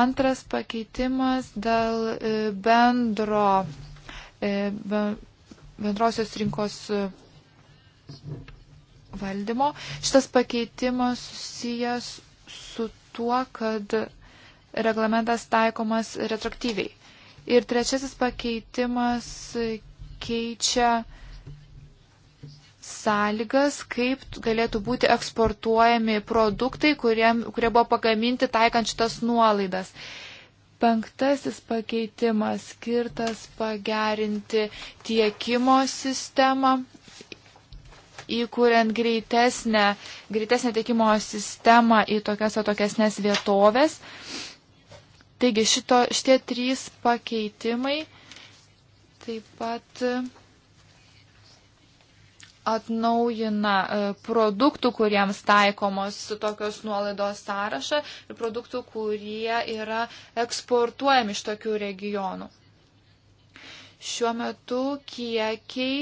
Antras pakeitimas dėl bendro E, bendrosios rinkos e, valdymo. Šitas pakeitimas susijęs su tuo, kad reglamentas taikomas retraktyviai. Ir trečiasis pakeitimas e, keičia sąlygas, kaip galėtų būti eksportuojami produktai, kurie, kurie buvo pagaminti taikant šitas nuolaidas. E, Penktasis pakeitimas skirtas pagerinti tiekimo sistemą, įkuriant greitesnę, greitesnę tiekimo sistemą į tokias atokesnės vietovės. Taigi šito, šitie trys pakeitimai taip pat atnaujina e, produktų, kuriems taikomos tokios nuolaidos sąrašą ir produktų, kurie yra eksportuojami iš tokių regionų. Šiuo metu kiekiai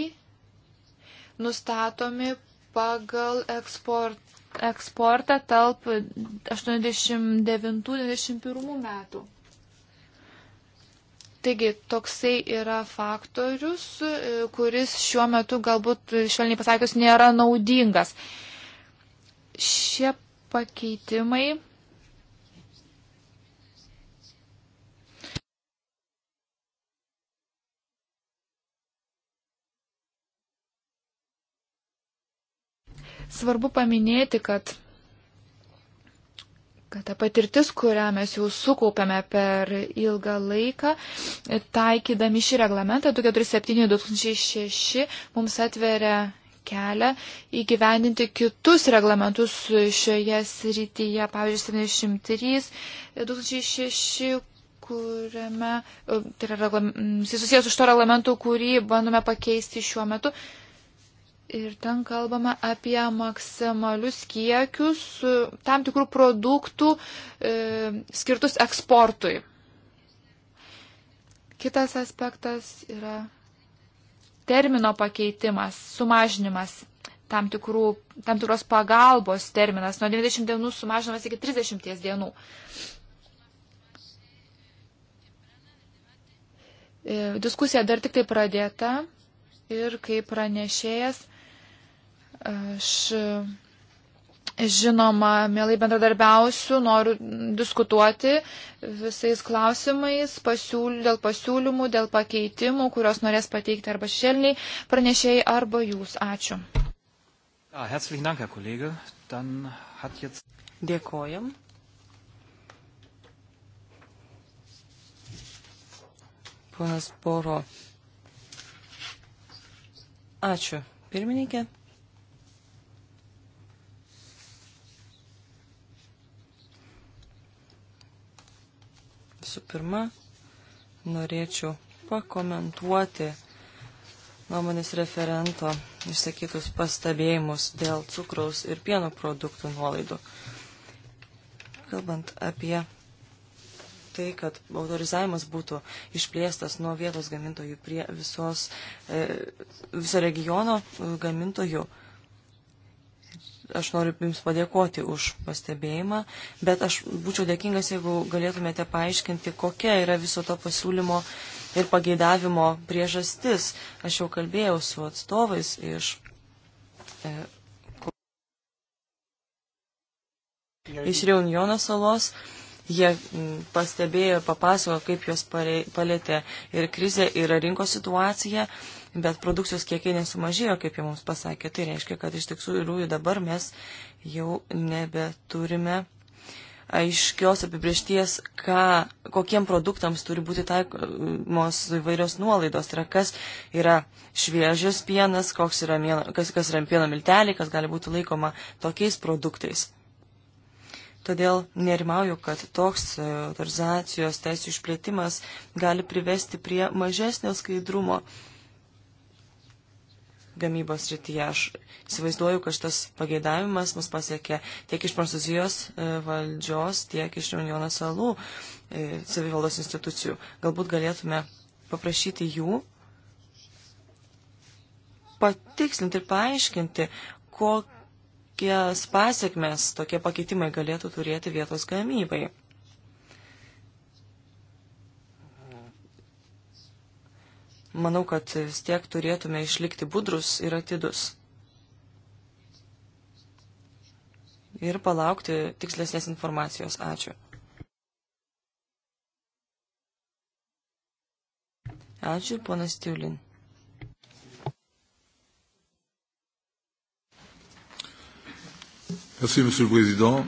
nustatomi pagal eksport, eksportą talp 89-91 metų. Taigi toksai yra faktorius, e, kuris šiuo metu galbūt, švelniai pasakius, nėra naudingas. Šie pakeitimai. Svarbu paminėti, kad kad ta patirtis, kurią mes jau sukaupėme per ilgą laiką, taikydami šį reglamentą 247-2006 mums atveria kelią įgyvendinti kitus reglamentus šioje srityje, pavyzdžiui, 73-2006 kuriame, e, tai yra susijęs už to reglamentų, kurį bandome pakeisti šiuo metu. Uh, Ir ten kalbama apie maksimalius kiekius tam tikrų produktų e, skirtus eksportui. Kitas aspektas yra termino pakeitimas, sumažinimas tam, tikrų, tam tikros pagalbos terminas. Nuo 90 dienų sumažinamas iki 30 dienų. E, diskusija dar tik tai pradėta ir kaip pranešėjas Aš žinoma, mielai bendradarbiausiu, noriu diskutuoti visais klausimais pasiūl, dėl pasiūlymų, dėl pakeitimų, kurios norės pateikti arba šelniai pranešėjai arba jūs. Ačiū. Dėkojam. Ponas Poro. Ačiū. Pirmininkė. Visų pirma, norėčiau pakomentuoti nuomonės referento išsakytus pastabėjimus dėl cukraus ir pieno produktų nuolaidų. Kalbant apie tai, kad autorizavimas būtų išplėstas nuo vietos gamintojų prie visos, e, viso regiono gamintojų, aš noriu Jums padėkoti už pastebėjimą, bet aš būčiau dėkingas, jeigu galėtumėte paaiškinti, kokia yra viso to pasiūlymo ir pageidavimo priežastis. Aš jau kalbėjau su atstovais iš. E, iš Reunjono salos. Jie pastebėjo ir papasakojo, kaip juos palėtė ir krizė, ir rinkos situacija. E, bet produkcijos kiekiai nesumažėjo, kaip jie mums pasakė. Tai reiškia, kad iš tikrųjų dabar mes jau nebeturime aiškios apibriešties, ką, kokiem produktams turi būti taikomos įvairios nuolaidos. Tai yra, kas yra šviežias pienas, yra mieno, kas, kas yra pieno milteliai, kas gali būti laikoma tokiais produktais. Todėl nerimauju, kad toks e, autorizacijos teisų išplėtimas gali privesti prie mažesnio skaidrumo gamybos rytyje. Aš įsivaizduoju, kad šitas pageidavimas mus pasiekė tiek iš Prancūzijos e, valdžios, tiek iš Reunjono salų e, savivaldos institucijų. Galbūt galėtume paprašyti jų patikslinti ir paaiškinti, kokias pasiekmes tokie pakeitimai galėtų turėti vietos gamybai. manau, kad vis tiek turėtume išlikti budrus ir atidus. Ir palaukti tikslesnės informacijos. Ačiū. Ačiū, ponas Tiulin. Merci, Monsieur le Président.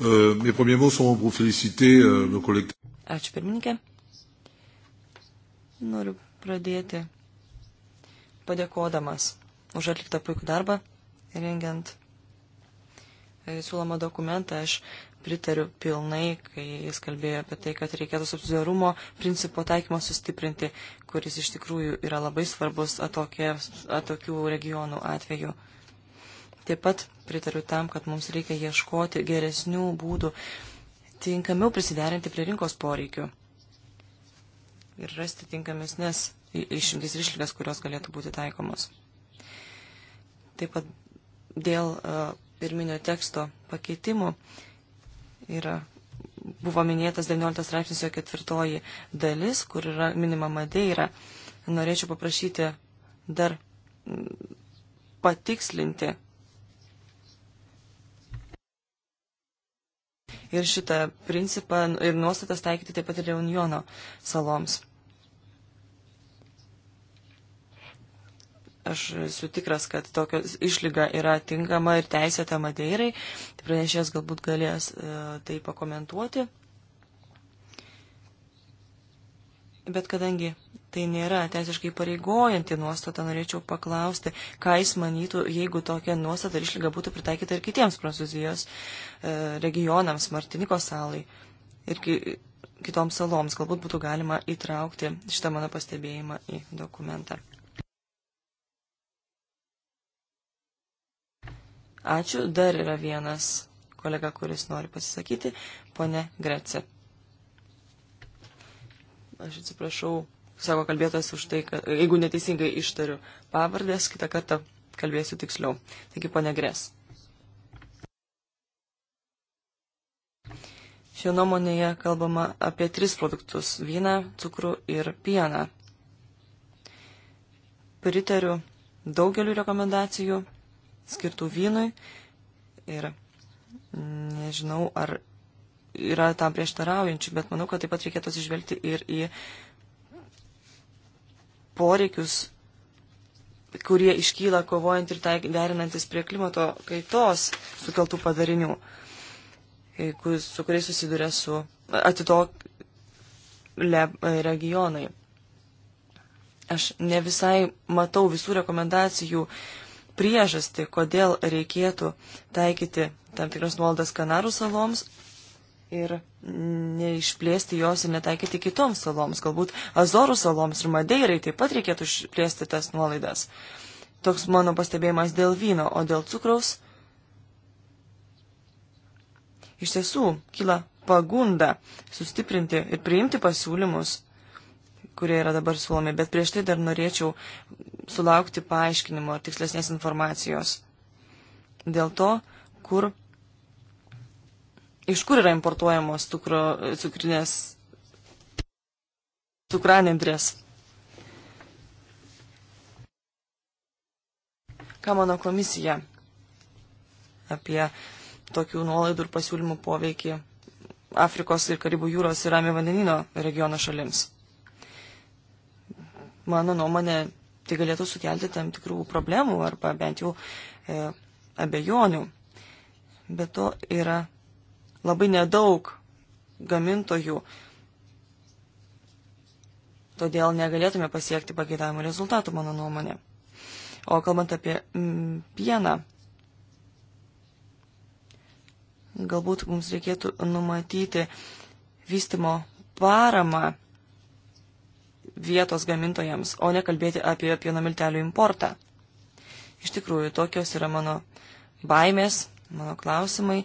Euh, mes premiers mots seront pour féliciter euh, nos collègues. Ačiū, pirmininkė. Noriu pradėti padėkodamas už atliktą puikų darbą, rengiant e, siūlomą dokumentą. Aš pritariu pilnai, kai jis kalbėjo apie tai, kad reikėtų subsidiarumo principo taikymą sustiprinti, kuris iš tikrųjų yra labai svarbus atokie, atokių regionų atveju. Taip pat pritariu tam, kad mums reikia ieškoti geresnių būdų tinkamiau prisiderinti prie rinkos poreikių ir rasti tinkamesnės išimtis ir išlygas, kurios galėtų būti taikomos. Taip pat dėl e, pirminio teksto pakeitimų yra, buvo minėtas 19 straipsnis jo ketvirtoji dalis, kur yra minima Madeira. Norėčiau paprašyti dar mm, patikslinti ir šitą principą ir nuostatas taikyti taip pat ir Reunjono saloms. Aš esu tikras, kad tokia išlyga yra tinkama ir teisėta Madeirai. Pranešės galbūt galės e, tai pakomentuoti. Bet kadangi tai nėra teisiškai pareigojanti nuostata, norėčiau paklausti, ką jis manytų, jeigu tokia nuostata ir išlyga būtų pritaikyta ir kitiems Prancūzijos e, regionams, Martiniko salai ir kitoms saloms. Galbūt būtų galima įtraukti šitą mano pastebėjimą į dokumentą. Ačiū. Dar yra vienas kolega, kuris nori pasisakyti. Pone Grece. Aš atsiprašau, sako kalbėtas už tai, kad, jeigu neteisingai ištariu pavardės, kitą kartą kalbėsiu tiksliau. Taigi, pone Gres. Šio nuomonėje kalbama apie tris produktus - vyną, cukrų ir pieną. Pritariu daugeliu rekomendacijų skirtų vynui ir nežinau, ar yra tam prieštaraujančių, bet manau, kad taip pat reikėtų atsižvelgti ir į poreikius, kurie iškyla kovojant ir taik, derinantis prie klimato kaitos sukeltų padarinių, e, su kuriais susiduria su atitok e, regionai. Aš ne visai matau visų rekomendacijų, uh, priežastį, kodėl reikėtų taikyti tam tikras nuolaidas Kanarų saloms ir neišplėsti jos ir netaikyti kitoms saloms. Galbūt Azorų saloms ir Madeirai taip pat reikėtų išplėsti tas nuolaidas. Toks mano pastebėjimas dėl vyno, o dėl cukraus. Iš tiesų, kyla pagunda sustiprinti ir priimti pasiūlymus kurie yra dabar suomi, bet prieš tai dar norėčiau sulaukti paaiškinimo ar tikslesnės informacijos dėl to, kur, iš kur yra importuojamos cukro, cukrinės cukranendrės. Ką mano komisija apie tokių nuolaidų ir pasiūlymų poveikį Afrikos ir Karibų jūros ir Ramio vandenino regiono šalims? mano nuomonė, tai galėtų sukelti tam tikrų problemų arba bent jau e, abejonių. Be to yra labai nedaug gamintojų, todėl negalėtume pasiekti pageidavimo rezultatų, mano nuomonė. O kalbant apie mm, pieną, galbūt mums reikėtų numatyti vystimo paramą vietos gamintojams, o nekalbėti apie pieno miltelių importą. Iš tikrųjų, tokios yra mano baimės, mano klausimai,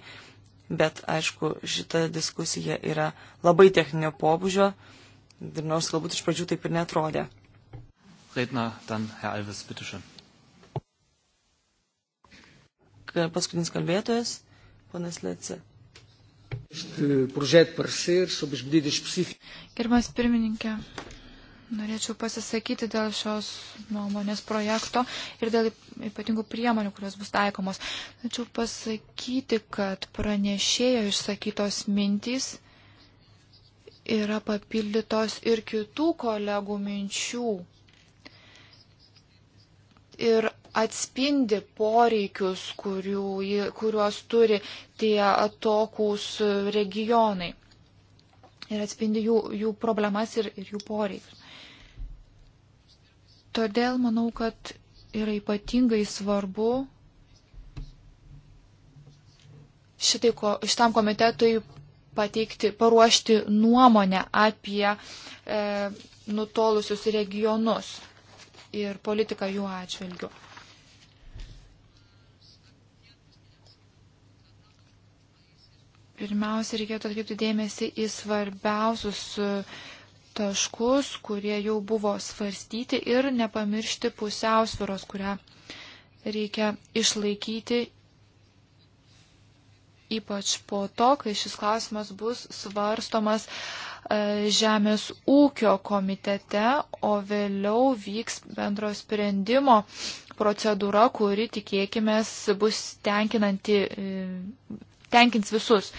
bet aišku, šita diskusija yra labai techninio pobūdžio ir nors galbūt iš pradžių taip ir netrodė. Redner, dann Herr Alves, bitteschön. Paskutinis kalbėtojas, ponas Lece. Gerbiamas pirmininkė, Norėčiau pasisakyti dėl šios nuomonės projekto ir dėl ypatingų priemonių, kurios bus taikomos. Norėčiau pasakyti, kad pranešėjo išsakytos mintys yra papildytos ir kitų kolegų minčių. Ir atspindi poreikius, kurių, kuriuos turi tie atokūs regionai. Ir atspindi jų, jų problemas ir, ir jų poreikius. Todėl manau, kad yra ypatingai svarbu šitai, ko, šitam komitetui pateikti, paruošti nuomonę apie e, nutolusius regionus ir politiką jų atžvilgių. Pirmiausia, reikėtų atkreipti dėmesį į svarbiausius e, taškus, kurie jau buvo svarstyti ir nepamiršti pusiausviros, kurią reikia išlaikyti ypač po to, kai šis klausimas bus svarstomas e, Žemės ūkio komitete, o vėliau vyks bendro sprendimo procedūra, kuri tikėkime bus tenkinanti e, tenkins visus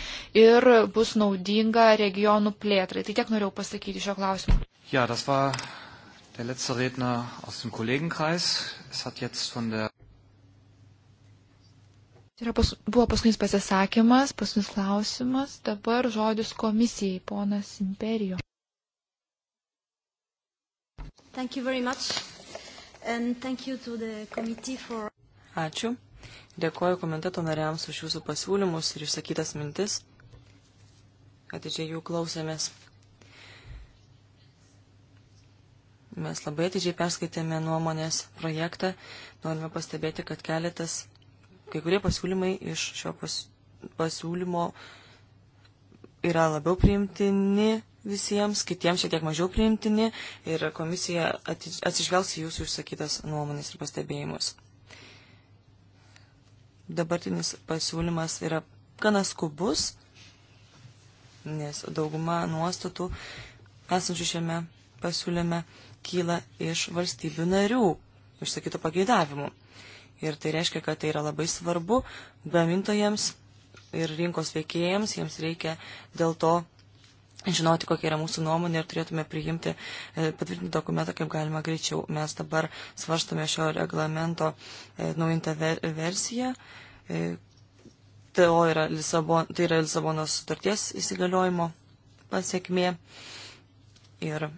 ir bus naudinga regionų plėtrai. Tai tiek norėjau pasakyti šio klausimu. Ja, das war der letzte Redner aus dem Kollegenkreis. Es hat jetzt von der Tai pas, buvo paskutinis pasisakymas, paskutinis klausimas, dabar žodis komisijai, ponas Imperijo. For... Ačiū. Dėkoju komiteto nariams už jūsų pasiūlymus ir išsakytas mintis. Atidžiai jų klausėmės. Mes labai atidžiai perskaitėme nuomonės projektą. Norime pastebėti, kad keletas, kai kurie pasiūlymai iš šio pas, pasiūlymo yra labiau priimtini visiems, kitiems šiek tiek mažiau priimtini ir komisija atsižvelgs į jūsų išsakytas nuomonės ir pastebėjimus dabartinis pasiūlymas yra gana skubus, nes dauguma nuostatų esančių šiame pasiūlyme kyla iš valstybių narių išsakytų pageidavimų. Ir tai reiškia, kad tai yra labai svarbu gamintojams ir rinkos veikėjams, jiems reikia dėl to žinoti, kokia yra mūsų nuomonė ir turėtume priimti, e, patvirtinti dokumentą, kaip galima greičiau. Mes dabar svarstame šio reglamento e, naujintą versiją. E, tai yra, Lisabon, tai yra Lisabonos sutarties įsigaliojimo pasiekmė. Ir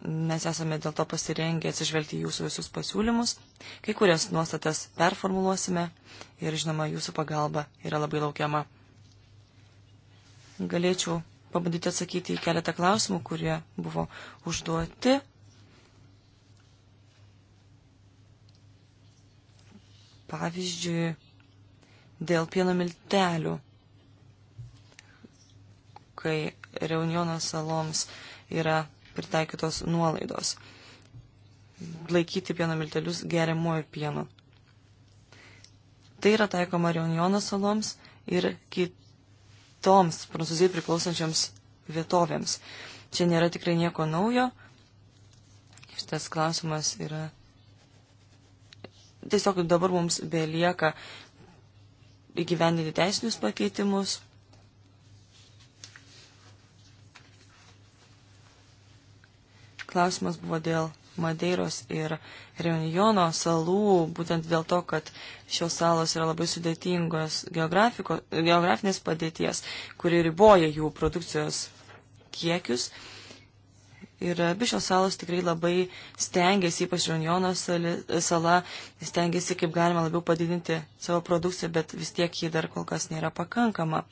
mes esame dėl to pasirengę atsižvelgti jūsų visus pasiūlymus. Kai kurias nuostatas performuluosime ir, žinoma, jūsų pagalba yra labai laukiama. Galėčiau pabandyti atsakyti į keletą klausimų, kurie buvo užduoti. Pavyzdžiui, dėl pieno miltelių, kai Reuniono saloms yra pritaikytos nuolaidos. Laikyti pieno miltelius geriamuoju pienu. Tai yra taikoma Reuniono saloms ir kit kitoms Prancūzijai priklausančioms vietovėms. Čia nėra tikrai nieko naujo. Šitas klausimas yra. Tiesiog dabar mums belieka įgyvendinti teisinius pakeitimus. Klausimas buvo dėl Madeiros ir Reunijono salų, būtent dėl to, kad šios salos yra labai sudėtingos geografinės padėties, kuri riboja jų produkcijos kiekius. Ir abi šios salos tikrai labai stengiasi, ypač Reunjono sala, stengiasi kaip galima labiau padidinti savo produkciją, bet vis tiek ji dar kol kas nėra pakankama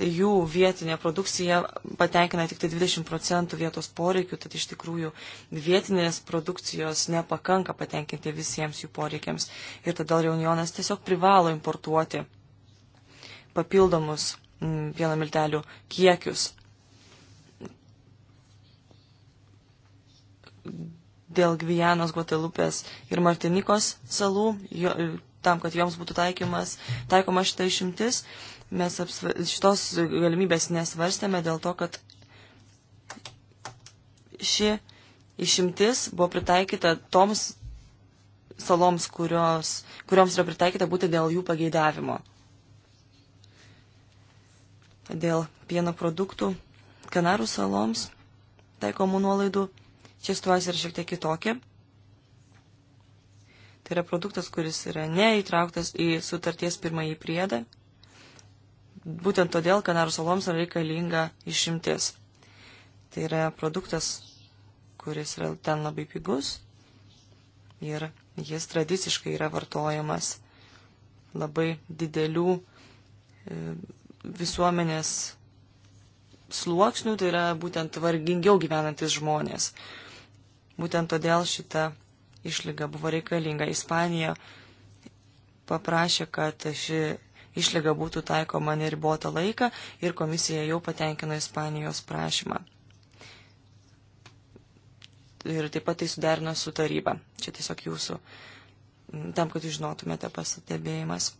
jų vietinė produkcija patenkina tik tai 20 procentų vietos poreikių, tad iš tikrųjų vietinės produkcijos nepakanka patenkinti visiems jų poreikiams ir todėl jaunionas tiesiog privalo importuoti papildomus mm, pieno miltelių kiekius. Dėl Gvijanos, Guatelupės ir Martinikos salų, jo, tam, kad joms būtų taikymas, taikoma šita išimtis, Mes apsva... šitos galimybės nesvarstėme dėl to, kad ši išimtis buvo pritaikyta toms saloms, kurios, kurioms yra pritaikyta būti dėl jų pageidavimo. Dėl pieno produktų Kanarų saloms taikomų nuolaidų čia situacija yra šiek tiek kitokia. Tai yra produktas, kuris yra neįtrauktas į sutarties pirmąjį priedą būtent todėl Kanarų saloms yra reikalinga išimtis. Tai yra produktas, kuris yra ten labai pigus ir jis tradiciškai yra vartojamas labai didelių e, visuomenės sluoksnių, tai yra būtent vargingiau gyvenantis žmonės. Būtent todėl šita išlyga buvo reikalinga. Ispanija paprašė, kad ši išlyga būtų taikoma neribotą laiką ir komisija jau patenkino Ispanijos prašymą. Ir taip pat tai suderino su taryba. Čia tiesiog jūsų, mm, tam, kad jūs žinotumėte pasitebėjimas.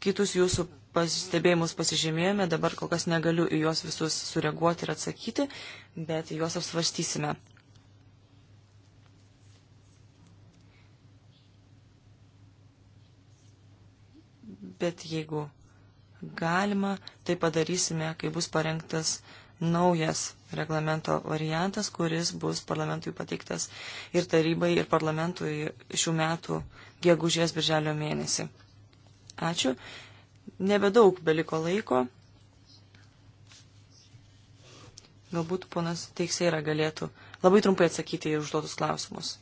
Kitus jūsų pastebėjimus pasižymėjome, dabar kol kas negaliu į juos visus sureaguoti ir atsakyti, bet juos apsvarstysime bet jeigu galima, tai padarysime, kai bus parengtas naujas reglamento variantas, kuris bus parlamentui pateiktas ir tarybai, ir parlamentui šių metų gegužės birželio mėnesį. Ačiū. Nebedaug beliko laiko. Galbūt ponas Teikseira galėtų labai trumpai atsakyti į užduotus klausimus.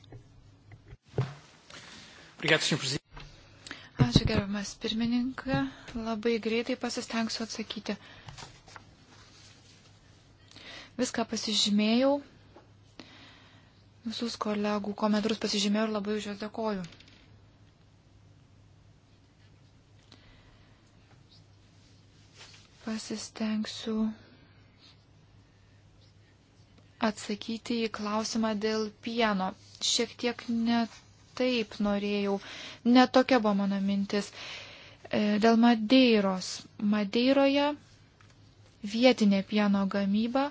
Obrigado, Sr. Presidente. Ačiū gerbiamas pirmininkai. Labai greitai pasistengsiu atsakyti. Viską pasižymėjau. Visus kolegų komentarus pasižymėjau ir labai už juos dėkoju. Pasistengsiu atsakyti į klausimą dėl pieno. Šiek tiek net kitaip norėjau. Ne tokia buvo mano mintis. E, dėl Madeiros. Madeiroje vietinė pieno gamyba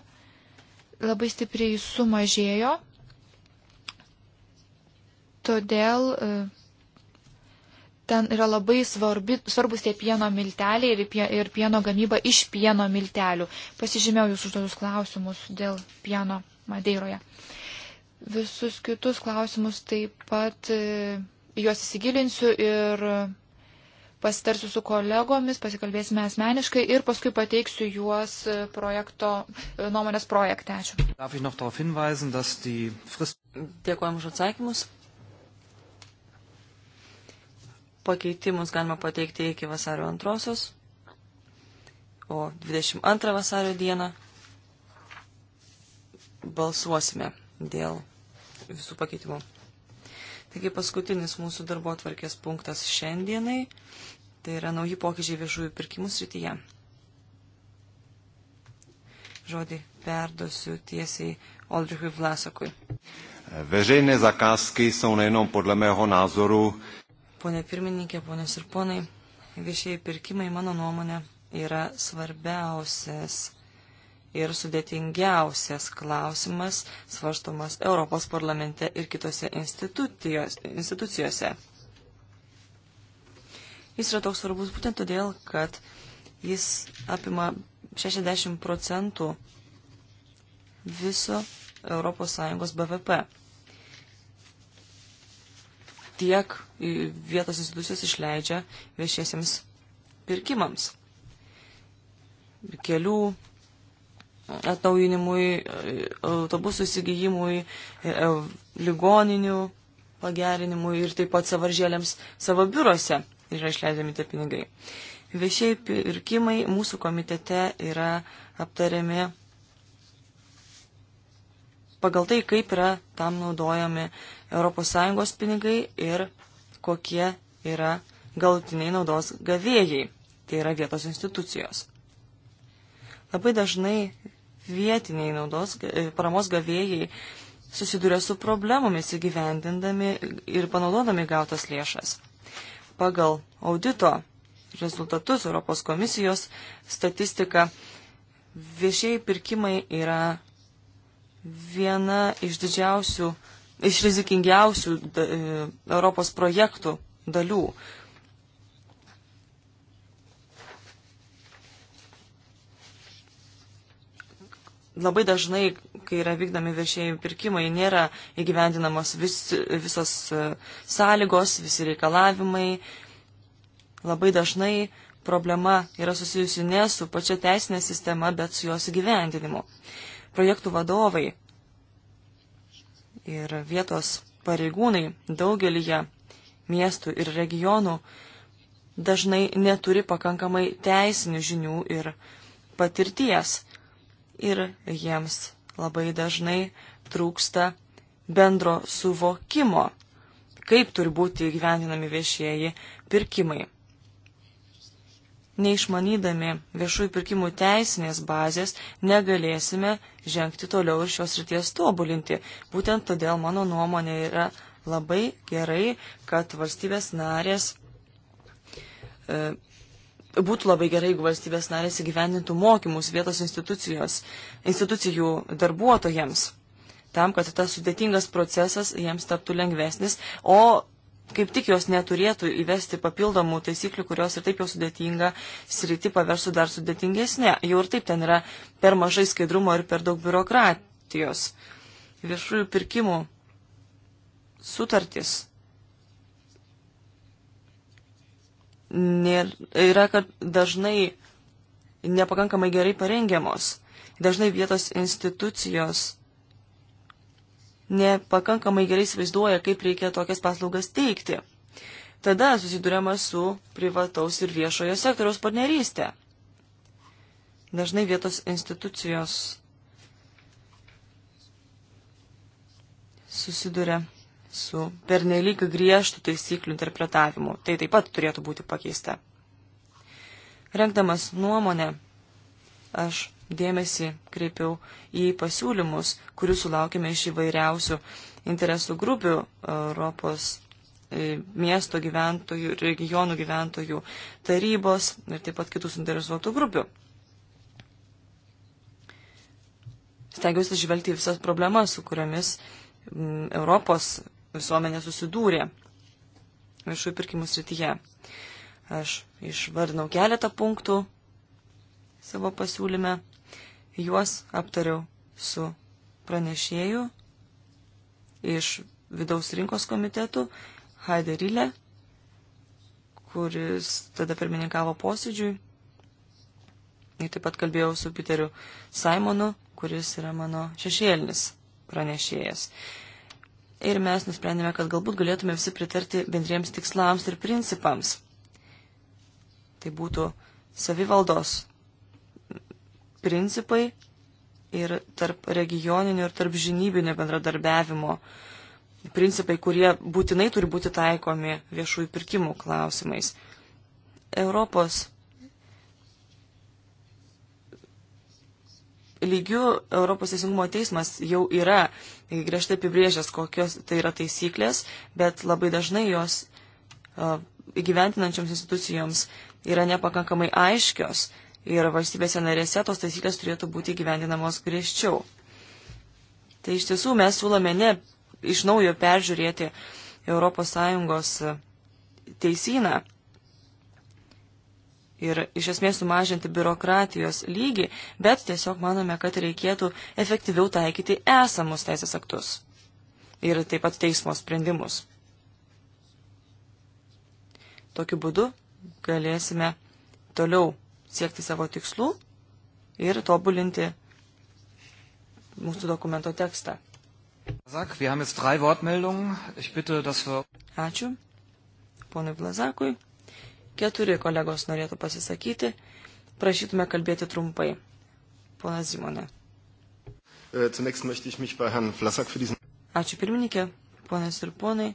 labai stipriai sumažėjo. Todėl e, ten yra labai svarbi, svarbus tie pieno milteliai ir, pie, ir pieno gamyba iš pieno miltelių. Pasižymėjau jūsų užduotus klausimus dėl pieno Madeiroje. Uh, visus kitus klausimus taip pat e, juos įsigilinsiu ir pasitarsiu su kolegomis, pasikalbėsime asmeniškai ir paskui pateiksiu juos projekto, e, nuomonės projekte. Ačiū. Dėkuojam už atsakymus. Pakeitimus galima pateikti iki vasario antrosios, o 22 vasario dieną balsuosime dėl visų pakeitimų. Taigi paskutinis mūsų darbo atvarkės punktas šiandienai, tai yra nauji pokyčiai viešųjų pirkimų srityje. Žodį perdosiu tiesiai Oldrichui Vlasakui. Vežėjai zakazkai są nejenom podle mého názoru. Pone pirmininkė, ponios ir ponai, viešieji pirkimai, mano nuomonė, yra svarbiausias ir sudėtingiausias klausimas svarstomas Europos parlamente ir kitose institucijose. Jis yra toks svarbus būtent todėl, kad jis apima 60 procentų viso ES BVP. Tiek vietos institucijos išleidžia viešiesiems pirkimams. Kelių, atnaujinimui, e, autobusų įsigijimui, e, e, ligoninių pagerinimui ir taip pat savaržėlėms savo biurose yra išleidžiami tie pinigai. Viešiai pirkimai mūsų komitete yra aptariami pagal tai, kaip yra tam naudojami ES pinigai ir kokie yra galutiniai naudos gavėjai, tai yra vietos institucijos. Labai dažnai vietiniai naudos, e, paramos gavėjai susiduria su problemomis įgyvendindami ir panaudodami gautas lėšas. Pagal audito rezultatus Europos komisijos statistika viešieji pirkimai yra viena iš didžiausių, iš rizikingiausių e, Europos projektų dalių, labai dažnai, kai yra vykdomi viešieji pirkimai, nėra įgyvendinamos vis, visos e, sąlygos, visi reikalavimai. Labai dažnai problema yra susijusi ne su pačia teisinė sistema, bet su jos įgyvendinimu. Projektų vadovai ir vietos pareigūnai daugelįje miestų ir regionų dažnai neturi pakankamai teisinių žinių ir patirties ir jiems labai dažnai trūksta bendro suvokimo, kaip turi būti gyvendinami viešieji pirkimai. Neišmanydami viešųjų pirkimų teisinės bazės negalėsime žengti toliau ir šios ryties tobulinti. Būtent todėl mano nuomonė yra labai gerai, kad valstybės narės e, būtų labai gerai, jeigu valstybės narės įgyvendintų mokymus vietos institucijų darbuotojams, tam, kad tas sudėtingas procesas jiems taptų lengvesnis, o kaip tik jos neturėtų įvesti papildomų taisyklių, kurios ir taip jau sudėtinga sritį paversų dar sudėtingesnė. Jau ir taip ten yra per mažai skaidrumo ir per daug biurokratijos. Viešųjų pirkimų sutartis nėra, yra, kad dažnai nepakankamai gerai parengiamos. Dažnai vietos institucijos nepakankamai gerai įsivaizduoja, kaip reikia tokias paslaugas teikti. Tada susidurėma su privataus ir viešojo sektoriaus partnerystė. Dažnai vietos institucijos susiduria su pernelyg griežtų taisyklių interpretavimu. Tai taip pat turėtų būti pakeista. Renkdamas nuomonę, aš dėmesį kreipiau į pasiūlymus, kurių sulaukime iš įvairiausių interesų grupių Europos e, miesto gyventojų, regionų gyventojų tarybos ir taip pat kitų suinteresuotų grupių. Stengiuosi žvelgti visas problemas, su kuriomis Europos visuomenė susidūrė viešųjų pirkimų srityje. Aš išvardinau keletą punktų savo pasiūlyme, juos aptariau su pranešėju iš vidaus rinkos komitetų Haidė Rilė, kuris tada pirmininkavo posėdžiui. Ir taip pat kalbėjau su Piteriu Simonu, kuris yra mano šešėlinis pranešėjas ir mes nusprendėme, kad galbūt galėtume visi pritarti bendriems tikslams ir principams. Tai būtų savivaldos principai ir tarp regioninio ir tarp žinybinio bendradarbiavimo principai, kurie būtinai turi būti taikomi viešųjų pirkimų klausimais. Europos lygių Europos teisingumo teismas jau yra griežtai apibrėžęs, kokios tai yra taisyklės, bet labai dažnai jos įgyventinančioms institucijoms yra nepakankamai aiškios ir valstybėse narėse tos taisyklės turėtų būti gyvendinamos griežčiau. Tai iš tiesų mes siūlome ne iš naujo peržiūrėti ES teisyną, ir iš esmės sumažinti biurokratijos lygį, bet tiesiog manome, kad reikėtų efektyviau taikyti esamus teisės aktus ir taip pat teismo sprendimus. Tokiu būdu galėsime toliau siekti savo tikslų ir tobulinti mūsų dokumento tekstą. Ačiū ponui Blazakui. Keturi kolegos norėtų pasisakyti. Prašytume kalbėti trumpai. Pana Zimonė. Äh, Ačiū pirmininkė, ponas ir ponai.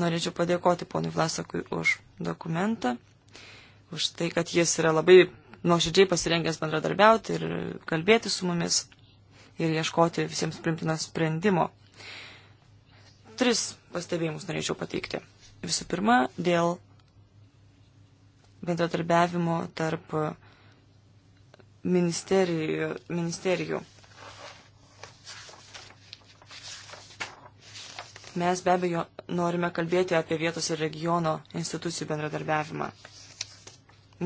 Norėčiau padėkoti ponui Vlasakui už dokumentą, už tai, kad jis yra labai nuoširdžiai pasirengęs bendradarbiauti ir kalbėti su mumis ir ieškoti visiems primtino sprendimo. Tris pastebėjimus norėčiau pateikti. Visų pirma, dėl bendradarbiavimo tarp ministerijų. ministerijų. Mes be abejo norime kalbėti apie vietos ir regiono institucijų bendradarbiavimą.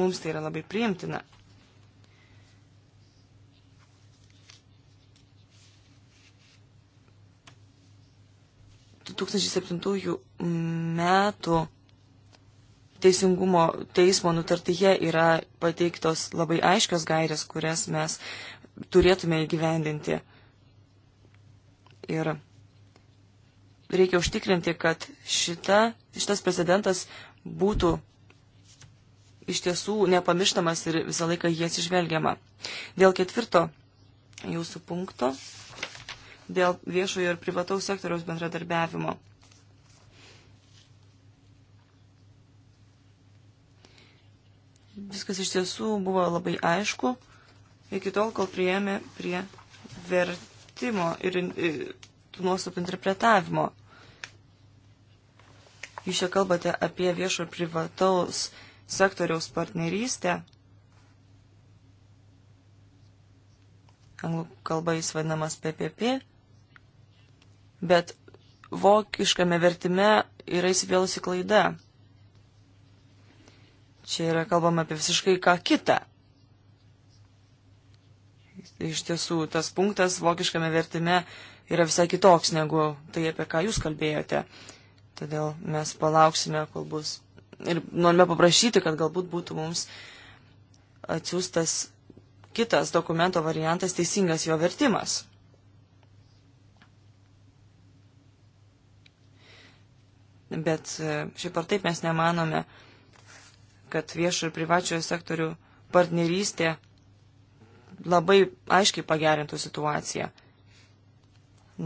Mums tai yra labai priimtina. metų Teisingumo teismo nutartyje yra pateiktos labai aiškios gairės, kurias mes turėtume įgyvendinti. Ir reikia užtikrinti, kad šita, šitas precedentas būtų iš tiesų nepamirštamas ir visą laiką jį atsižvelgiama. Dėl ketvirto jūsų punkto, dėl viešojo ir privataus sektoriaus bendradarbiavimo. Viskas iš tiesų buvo labai aišku iki tol, kol prieėmė prie vertimo ir, ir tų nuostatų interpretavimo. Jūs čia kalbate apie viešo ir privataus sektoriaus partnerystę. Anglų kalba jis vadinamas PPP. Bet vokiškame vertime yra įsivėlusi klaida. Čia yra kalbama apie visiškai ką kitą. Iš tiesų, tas punktas vokiškame vertime yra visai kitoks negu tai, apie ką jūs kalbėjote. Todėl mes palauksime, kol bus. Ir norime paprašyti, kad galbūt būtų mums atsiųstas kitas dokumento variantas, teisingas jo vertimas. Bet e, šiaip ar taip mes nemanome, kad viešo ir privačiojo sektorių partnerystė labai aiškiai pagerintų situaciją.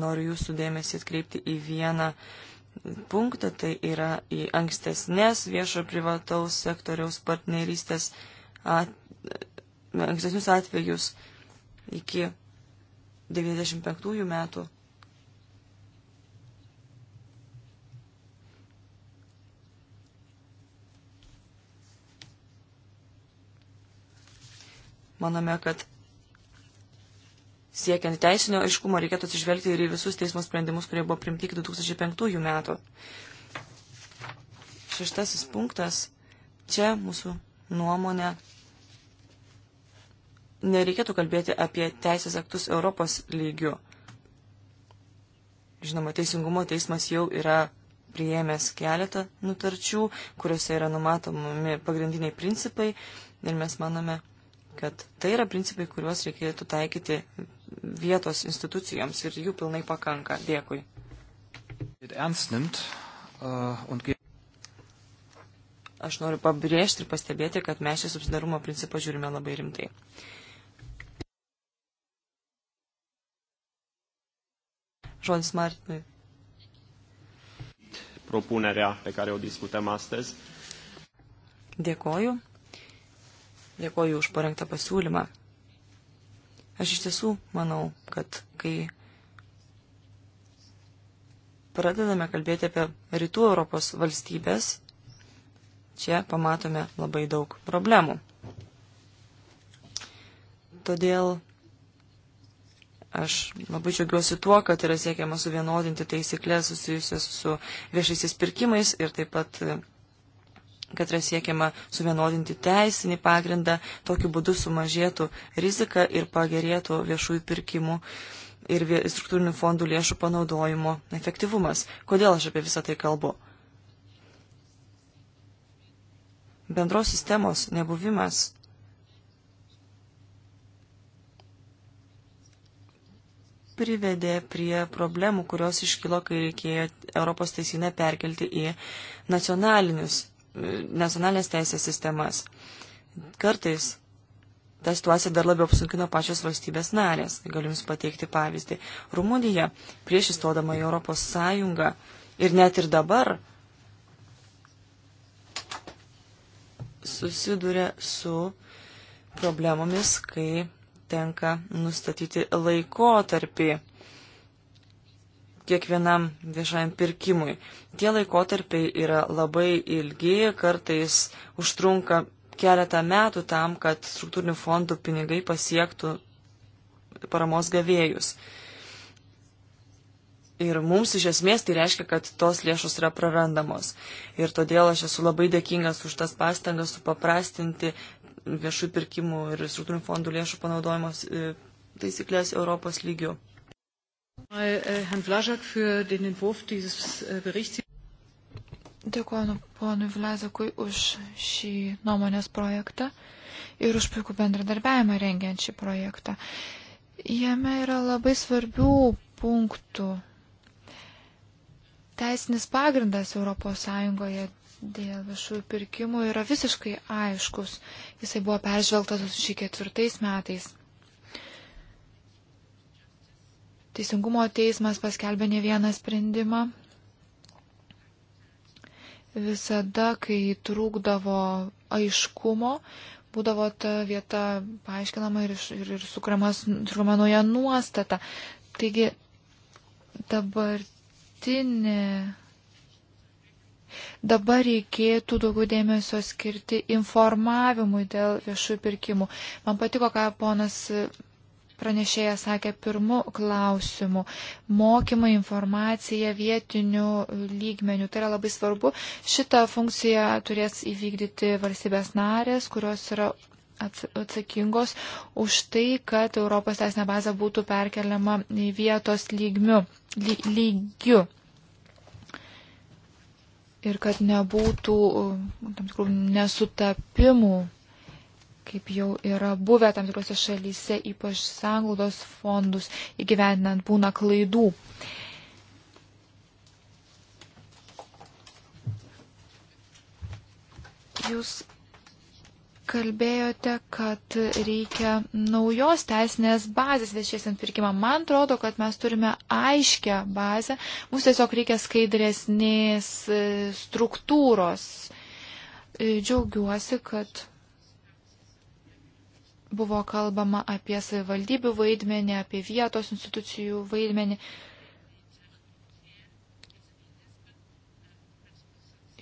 Noriu jūsų dėmesį atkreipti į vieną punktą, tai yra į ankstesnės viešo privataus sektoriaus partnerystės at, ankstesnius atvejus iki 95 metų Manome, kad siekiant teisinio aiškumo reikėtų atsižvelgti ir į visus teismo sprendimus, kurie buvo primti iki 2005 metų. Šeštasis punktas. Čia mūsų nuomonė. Nereikėtų kalbėti apie teisės aktus Europos lygių. Žinoma, teisingumo teismas jau yra priėmęs keletą nutarčių, kuriuose yra numatomi pagrindiniai principai ir mes manome, kad tai yra principai, kuriuos reikėtų taikyti vietos institucijoms ir jų pilnai pakanka. Dėkui. Äh, Aš noriu pabrėžti ir pastebėti, kad mes šį subsidarumo principą žiūrime labai rimtai. Jonas Martinui. Propunerea pe care o discutăm astăzi. Dėkoju. Dėkoju už parengtą pasiūlymą. Aš iš tiesų manau, kad kai pradedame kalbėti apie rytų Europos valstybės, čia pamatome labai daug problemų. Todėl aš labai džiaugiuosi tuo, kad yra siekiama suvienodinti taisyklės susijusias su viešaisiais pirkimais ir taip pat kad yra siekiama suvienodinti teisinį pagrindą, tokiu būdu sumažėtų rizika ir pagerėtų viešųjų pirkimų ir struktūrinių fondų lėšų panaudojimo efektyvumas. Kodėl aš apie visą tai kalbu? Bendros sistemos nebuvimas privedė prie problemų, kurios iškilo, kai reikėjo Europos teisinę perkelti į nacionalinius nacionalinės teisės sistemas. Kartais tą situaciją dar labiau apsunkino pačios valstybės narės. Galiu Jums pateikti pavyzdį. Rumunija prieš įstodama į Europos Sąjungą ir net ir dabar susiduria su problemomis, kai tenka nustatyti laikotarpį kiekvienam viešajam pirkimui. Tie laikotarpiai yra labai ilgi, kartais užtrunka keletą metų tam, kad struktūrinių fondų pinigai pasiektų paramos gavėjus. Ir mums iš esmės tai reiškia, kad tos lėšos yra prarandamos. Ir todėl aš esu labai dėkingas už tas pastangas supaprastinti viešų pirkimų ir struktūrinių fondų lėšų panaudojimas e, taisyklės Europos lygių. Äh, äh, Dėkuoju ponui Vlazakui už šį nuomonės projektą ir už puikų bendradarbiavimą rengiant šį projektą. Jame yra labai svarbių punktų. Teisinis pagrindas ES dėl viešųjų pirkimų yra visiškai aiškus. Jisai buvo peržvelgtas 2004 metais. Teisingumo teismas paskelbė ne vieną sprendimą. Visada, kai trūkdavo aiškumo, būdavo ta vieta paaiškinama ir, ir, ir sukrama nauja nuostata. Taigi dabartinė. Dabar reikėtų daugiau dėmesio skirti informavimui dėl viešųjų pirkimų. Man patiko, ką ponas pranešėjas sakė pirmu klausimu. Mokymai, informacija vietiniu lygmeniu. Tai yra labai svarbu. Šitą funkciją turės įvykdyti valstybės narės, kurios yra atsakingos už tai, kad Europos teisinė bazė būtų perkeliama į vietos lygmių, ly, lygių. Ir kad nebūtų uh, tam tikrų nesutapimų kaip jau yra buvę tam tikrose šalyse, ypač sanglaudos fondus įgyvendinant būna klaidų. Jūs kalbėjote, kad reikia naujos teisinės bazės viešiesiant pirkimą. Man atrodo, kad mes turime aiškę bazę, mums tiesiog reikia skaidresnės e, struktūros. E, džiaugiuosi, kad Buvo kalbama apie savivaldybių vaidmenį, apie vietos institucijų vaidmenį.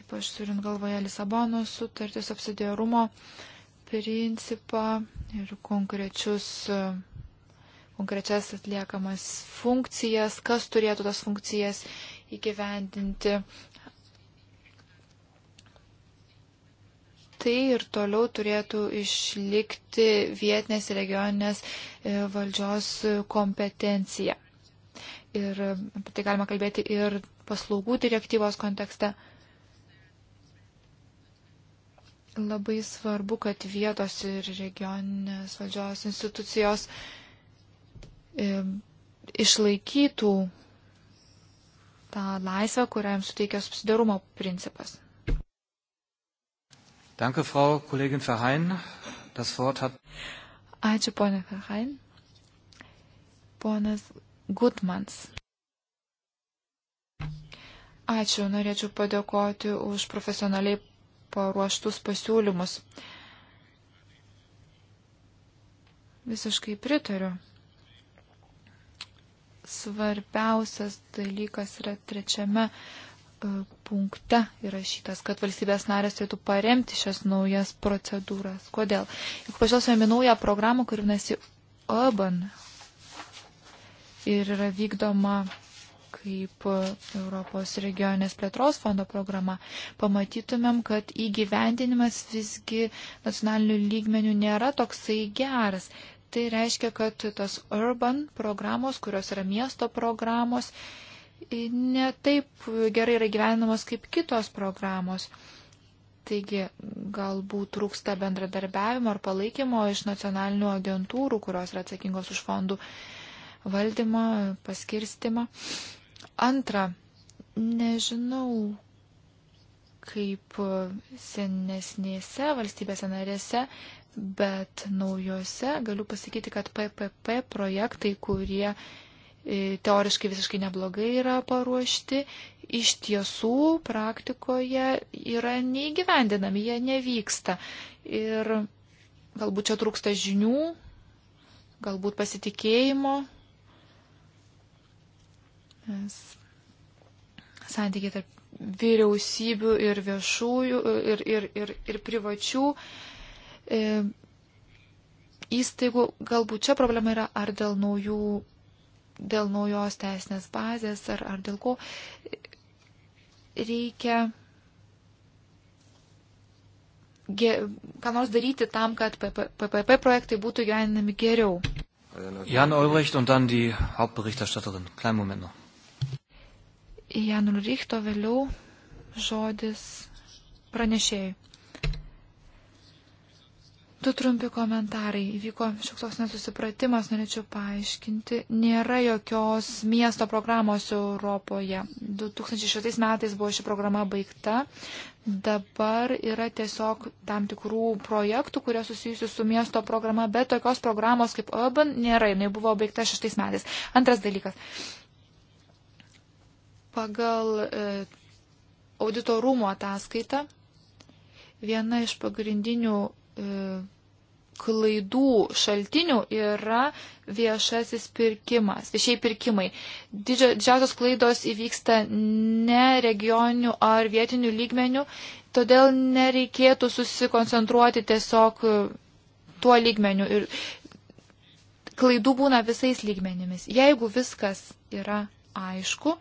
Ypač turint galvoje Lisabono sutartis apsidėrumo principą ir konkrečius konkrečias atliekamas funkcijas, kas turėtų tas funkcijas įgyvendinti, tai ir toliau turėtų išlikti vietinės ir regioninės e, valdžios e, kompetencija. Ir apie tai galima kalbėti ir paslaugų direktyvos kontekste. Labai svarbu, kad vietos ir regioninės valdžios institucijos e, išlaikytų tą laisvę, kurią jums suteikia subsidarumo principas. Danke, Frau Kollegin Verheyen. Das Wort hat. Ačiū, ponė Verheyen. Ponas Gutmans. Ačiū, norėčiau padėkoti už profesionaliai paruoštus pasiūlymus. Visiškai pritariu. Svarbiausias dalykas yra trečiame E, punkte įrašytas, kad valstybės narės turėtų paremti šias naujas procedūras. Kodėl? Juk pažiūrėsime naują programą, kuri vadinasi Urban ir yra vykdoma kaip Europos regionės plėtros fondo programa, pamatytumėm, kad įgyvendinimas visgi nacionalinių lygmenių nėra toksai geras. Tai reiškia, kad tos urban programos, kurios yra miesto programos, uh, netaip gerai yra gyvenamos kaip kitos programos. Taigi galbūt trūksta bendradarbiavimo ar palaikymo iš nacionalinių agentūrų, kurios yra atsakingos už fondų valdymą, paskirstimą. Antra, nežinau, kaip senesnėse valstybėse narėse, bet naujose galiu pasakyti, kad PPP projektai, kurie E, teoriškai visiškai neblogai yra paruošti, iš tiesų praktikoje yra neįgyvendinami, jie nevyksta. Ir galbūt čia trūksta žinių, galbūt pasitikėjimo. Nes santykiai tarp vyriausybių ir viešųjų ir, ir, ir, ir privačių e, įstaigų, galbūt čia problema yra ar dėl naujų dėl naujos teisinės bazės ar, ar dėl ko reikia ką nors daryti tam, kad PPP projektai būtų gyveninami geriau. Jan Ulricht und dann die Hauptberichterstatterin. Klein Moment noch. Jan Ulrichto vėliau žodis pranešėjai. Du trumpi komentarai. Įvyko šioks toks nesusipratimas, norėčiau paaiškinti. Nėra jokios miesto programos Europoje. 2006 metais buvo ši programa baigta. Dabar yra tiesiog tam tikrų projektų, kurie susijusių su miesto programa, bet tokios programos kaip Urban nėra. Jis buvo baigta šeštais metais. Antras dalykas. Pagal e, auditorumo ataskaitą viena iš pagrindinių E, klaidų šaltinių yra viešasis pirkimas, viešiai pirkimai. Didžia, didžiausios klaidos įvyksta ne regioninių ar vietinių lygmenių, todėl nereikėtų susikoncentruoti tiesiog tuo lygmeniu ir klaidų būna visais lygmenimis. Jeigu viskas yra aišku,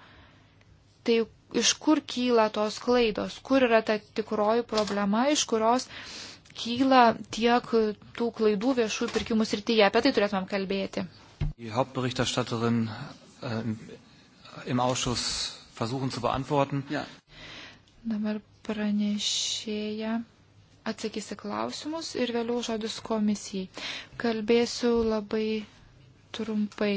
tai iš kur kyla tos klaidos, kur yra ta tikroji problema, iš kurios uh, kyla tiek tų klaidų viešųjų pirkimų srityje. Apie tai turėtumėm kalbėti. Äh, ja. Dabar pranešėja atsakysi klausimus ir vėliau žodis komisijai. Kalbėsiu labai trumpai.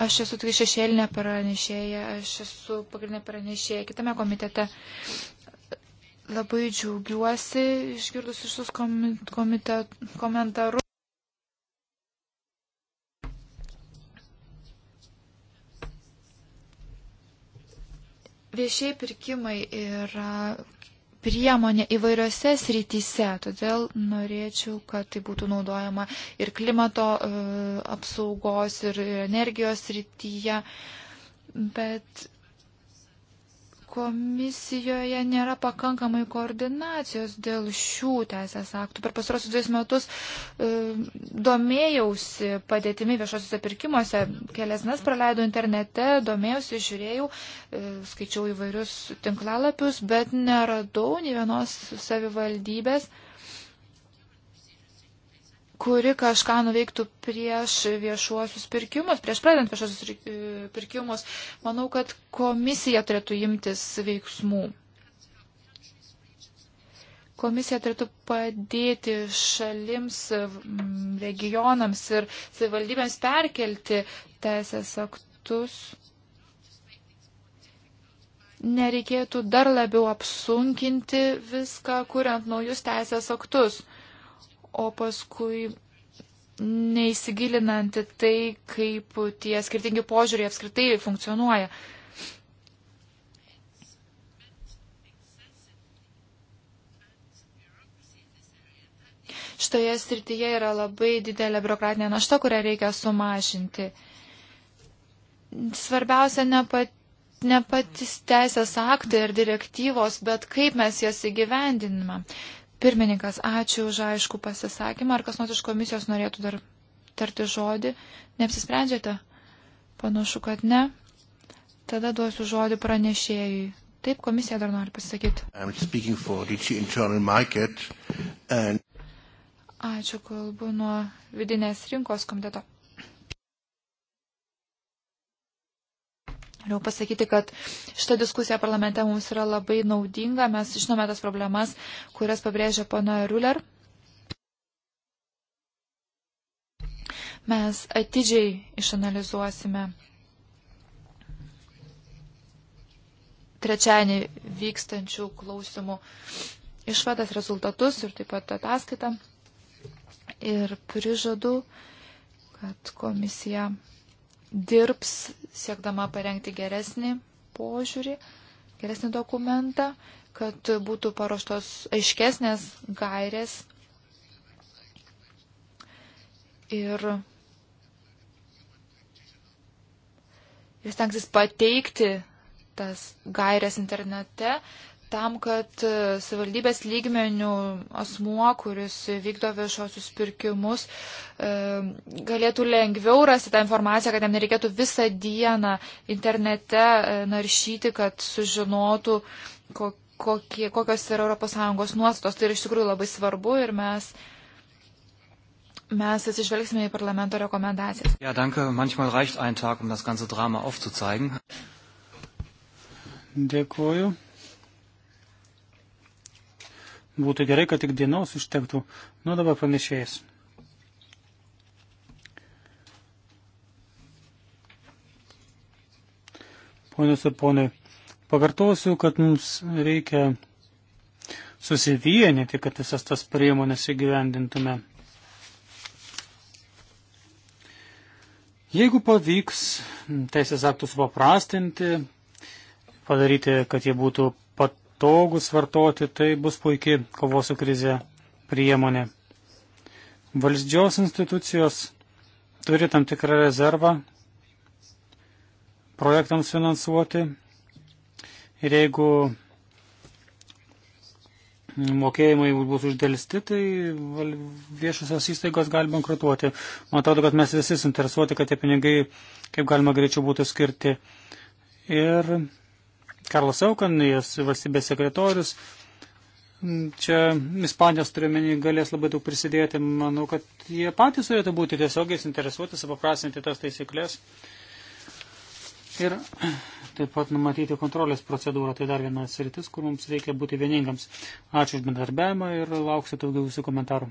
Aš esu tik šešėlinė pranešėja, aš esu pagrindinė pranešėja kitame komitete. Labai džiaugiuosi išgirdus iš jūs komentarus. Viešiai pirkimai yra priemonė įvairiose srityse, todėl norėčiau, kad tai būtų naudojama ir klimato e, apsaugos, ir energijos srityje, bet komisijoje nėra pakankamai koordinacijos dėl šių teisės aktų. Per pastarosius dviejus metus e, domėjausi padėtimi viešosiuose pirkimuose, kelias nes praleidau internete, domėjausi, žiūrėjau, e, skaičiau įvairius tinklalapius, bet neradau nei vienos savivaldybės kuri kažką nuveiktų prieš viešuosius pirkimus, prieš pradant viešuosius e, pirkimus, manau, kad komisija turėtų imtis veiksmų. Komisija turėtų padėti šalims, regionams ir savivaldybėms perkelti teisės aktus. Nereikėtų dar labiau apsunkinti viską, kuriant naujus teisės aktus o paskui neįsigilinanti tai, kaip tie skirtingi požiūriai apskritai funkcionuoja. Šitoje srityje yra labai didelė biurokratinė našta, kurią reikia sumažinti. Svarbiausia ne, pat, ne patys teisės aktai ir direktyvos, bet kaip mes jas įgyvendiname. Pirmininkas, ačiū už aišku pasisakymą. Ar kas nors iš komisijos norėtų dar tarti žodį? Neapsisprendžiate? Panašu, kad ne. Tada duosiu žodį pranešėjui. Taip, komisija dar nori pasakyti. And... Ačiū, kalbu nuo vidinės rinkos komiteto. Noriu pasakyti, kad šita diskusija parlamente mums yra labai naudinga, mes žinome tas problemas, kurias pabrėžia pana Ruler. Mes atidžiai išanalizuosime. Trečiąjį vykstančių klausimų išvadas, rezultatus ir taip pat ataskaitą. Ir prižadu, kad komisija dirbs siekdama parengti geresnį požiūrį, geresnį dokumentą, kad būtų paruoštos aiškesnės gairės ir jis tenksis pateikti tas gairės internete, tam, kad e, savivaldybės lygmenių asmuo, kuris vykdo viešosius pirkimus, e, galėtų lengviau rasti tą informaciją, kad jam nereikėtų visą dieną internete e, naršyti, kad sužinotų, kokie, kokios yra ES nuostos. Tai yra iš tikrųjų labai svarbu ir mes. Mes atsižvelgsime į parlamento rekomendacijas. Ja, danke. Manchmal reicht ein Tag, um das ganze Drama aufzuzeigen. Dėkuoju. Būtų gerai, kad tik dienos užtektų. Nu dabar pranešėjas. Ponios ir ponai, pakartosiu, kad mums reikia susivienyti, kad visas tas priemonės įgyvendintume. Jeigu pavyks teisės aktus paprastinti, padaryti, kad jie būtų patogus vartoti, tai bus puikiai kovos su krize priemonė. Valdžios institucijos turi tam tikrą rezervą projektams finansuoti ir jeigu mokėjimai bus uždėlisti, tai viešosios įstaigos gali bankrutuoti. Man atrodo, kad mes visi suinteresuoti, kad tie pinigai kaip galima greičiau būtų skirti. Ir Karlas Aukan, jos valstybės sekretorius. Čia Ispanijos turiuomenį galės labai daug prisidėti. Manau, kad jie patys turėtų būti tiesiogiai interesuoti, supaprasinti tas taisyklės. Ir taip pat numatyti kontrolės procedūrą. Tai dar vienas rytis, kur mums reikia būti vieningams. Ačiū už bendarbiavimą ir lauksiu daugiau visų komentarų.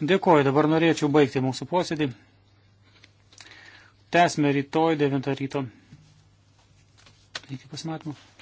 Dėkuoju, dabar norėčiau baigti mūsų posėdį. Tęsime rytoj 9 ryto. Iki pasimatymų.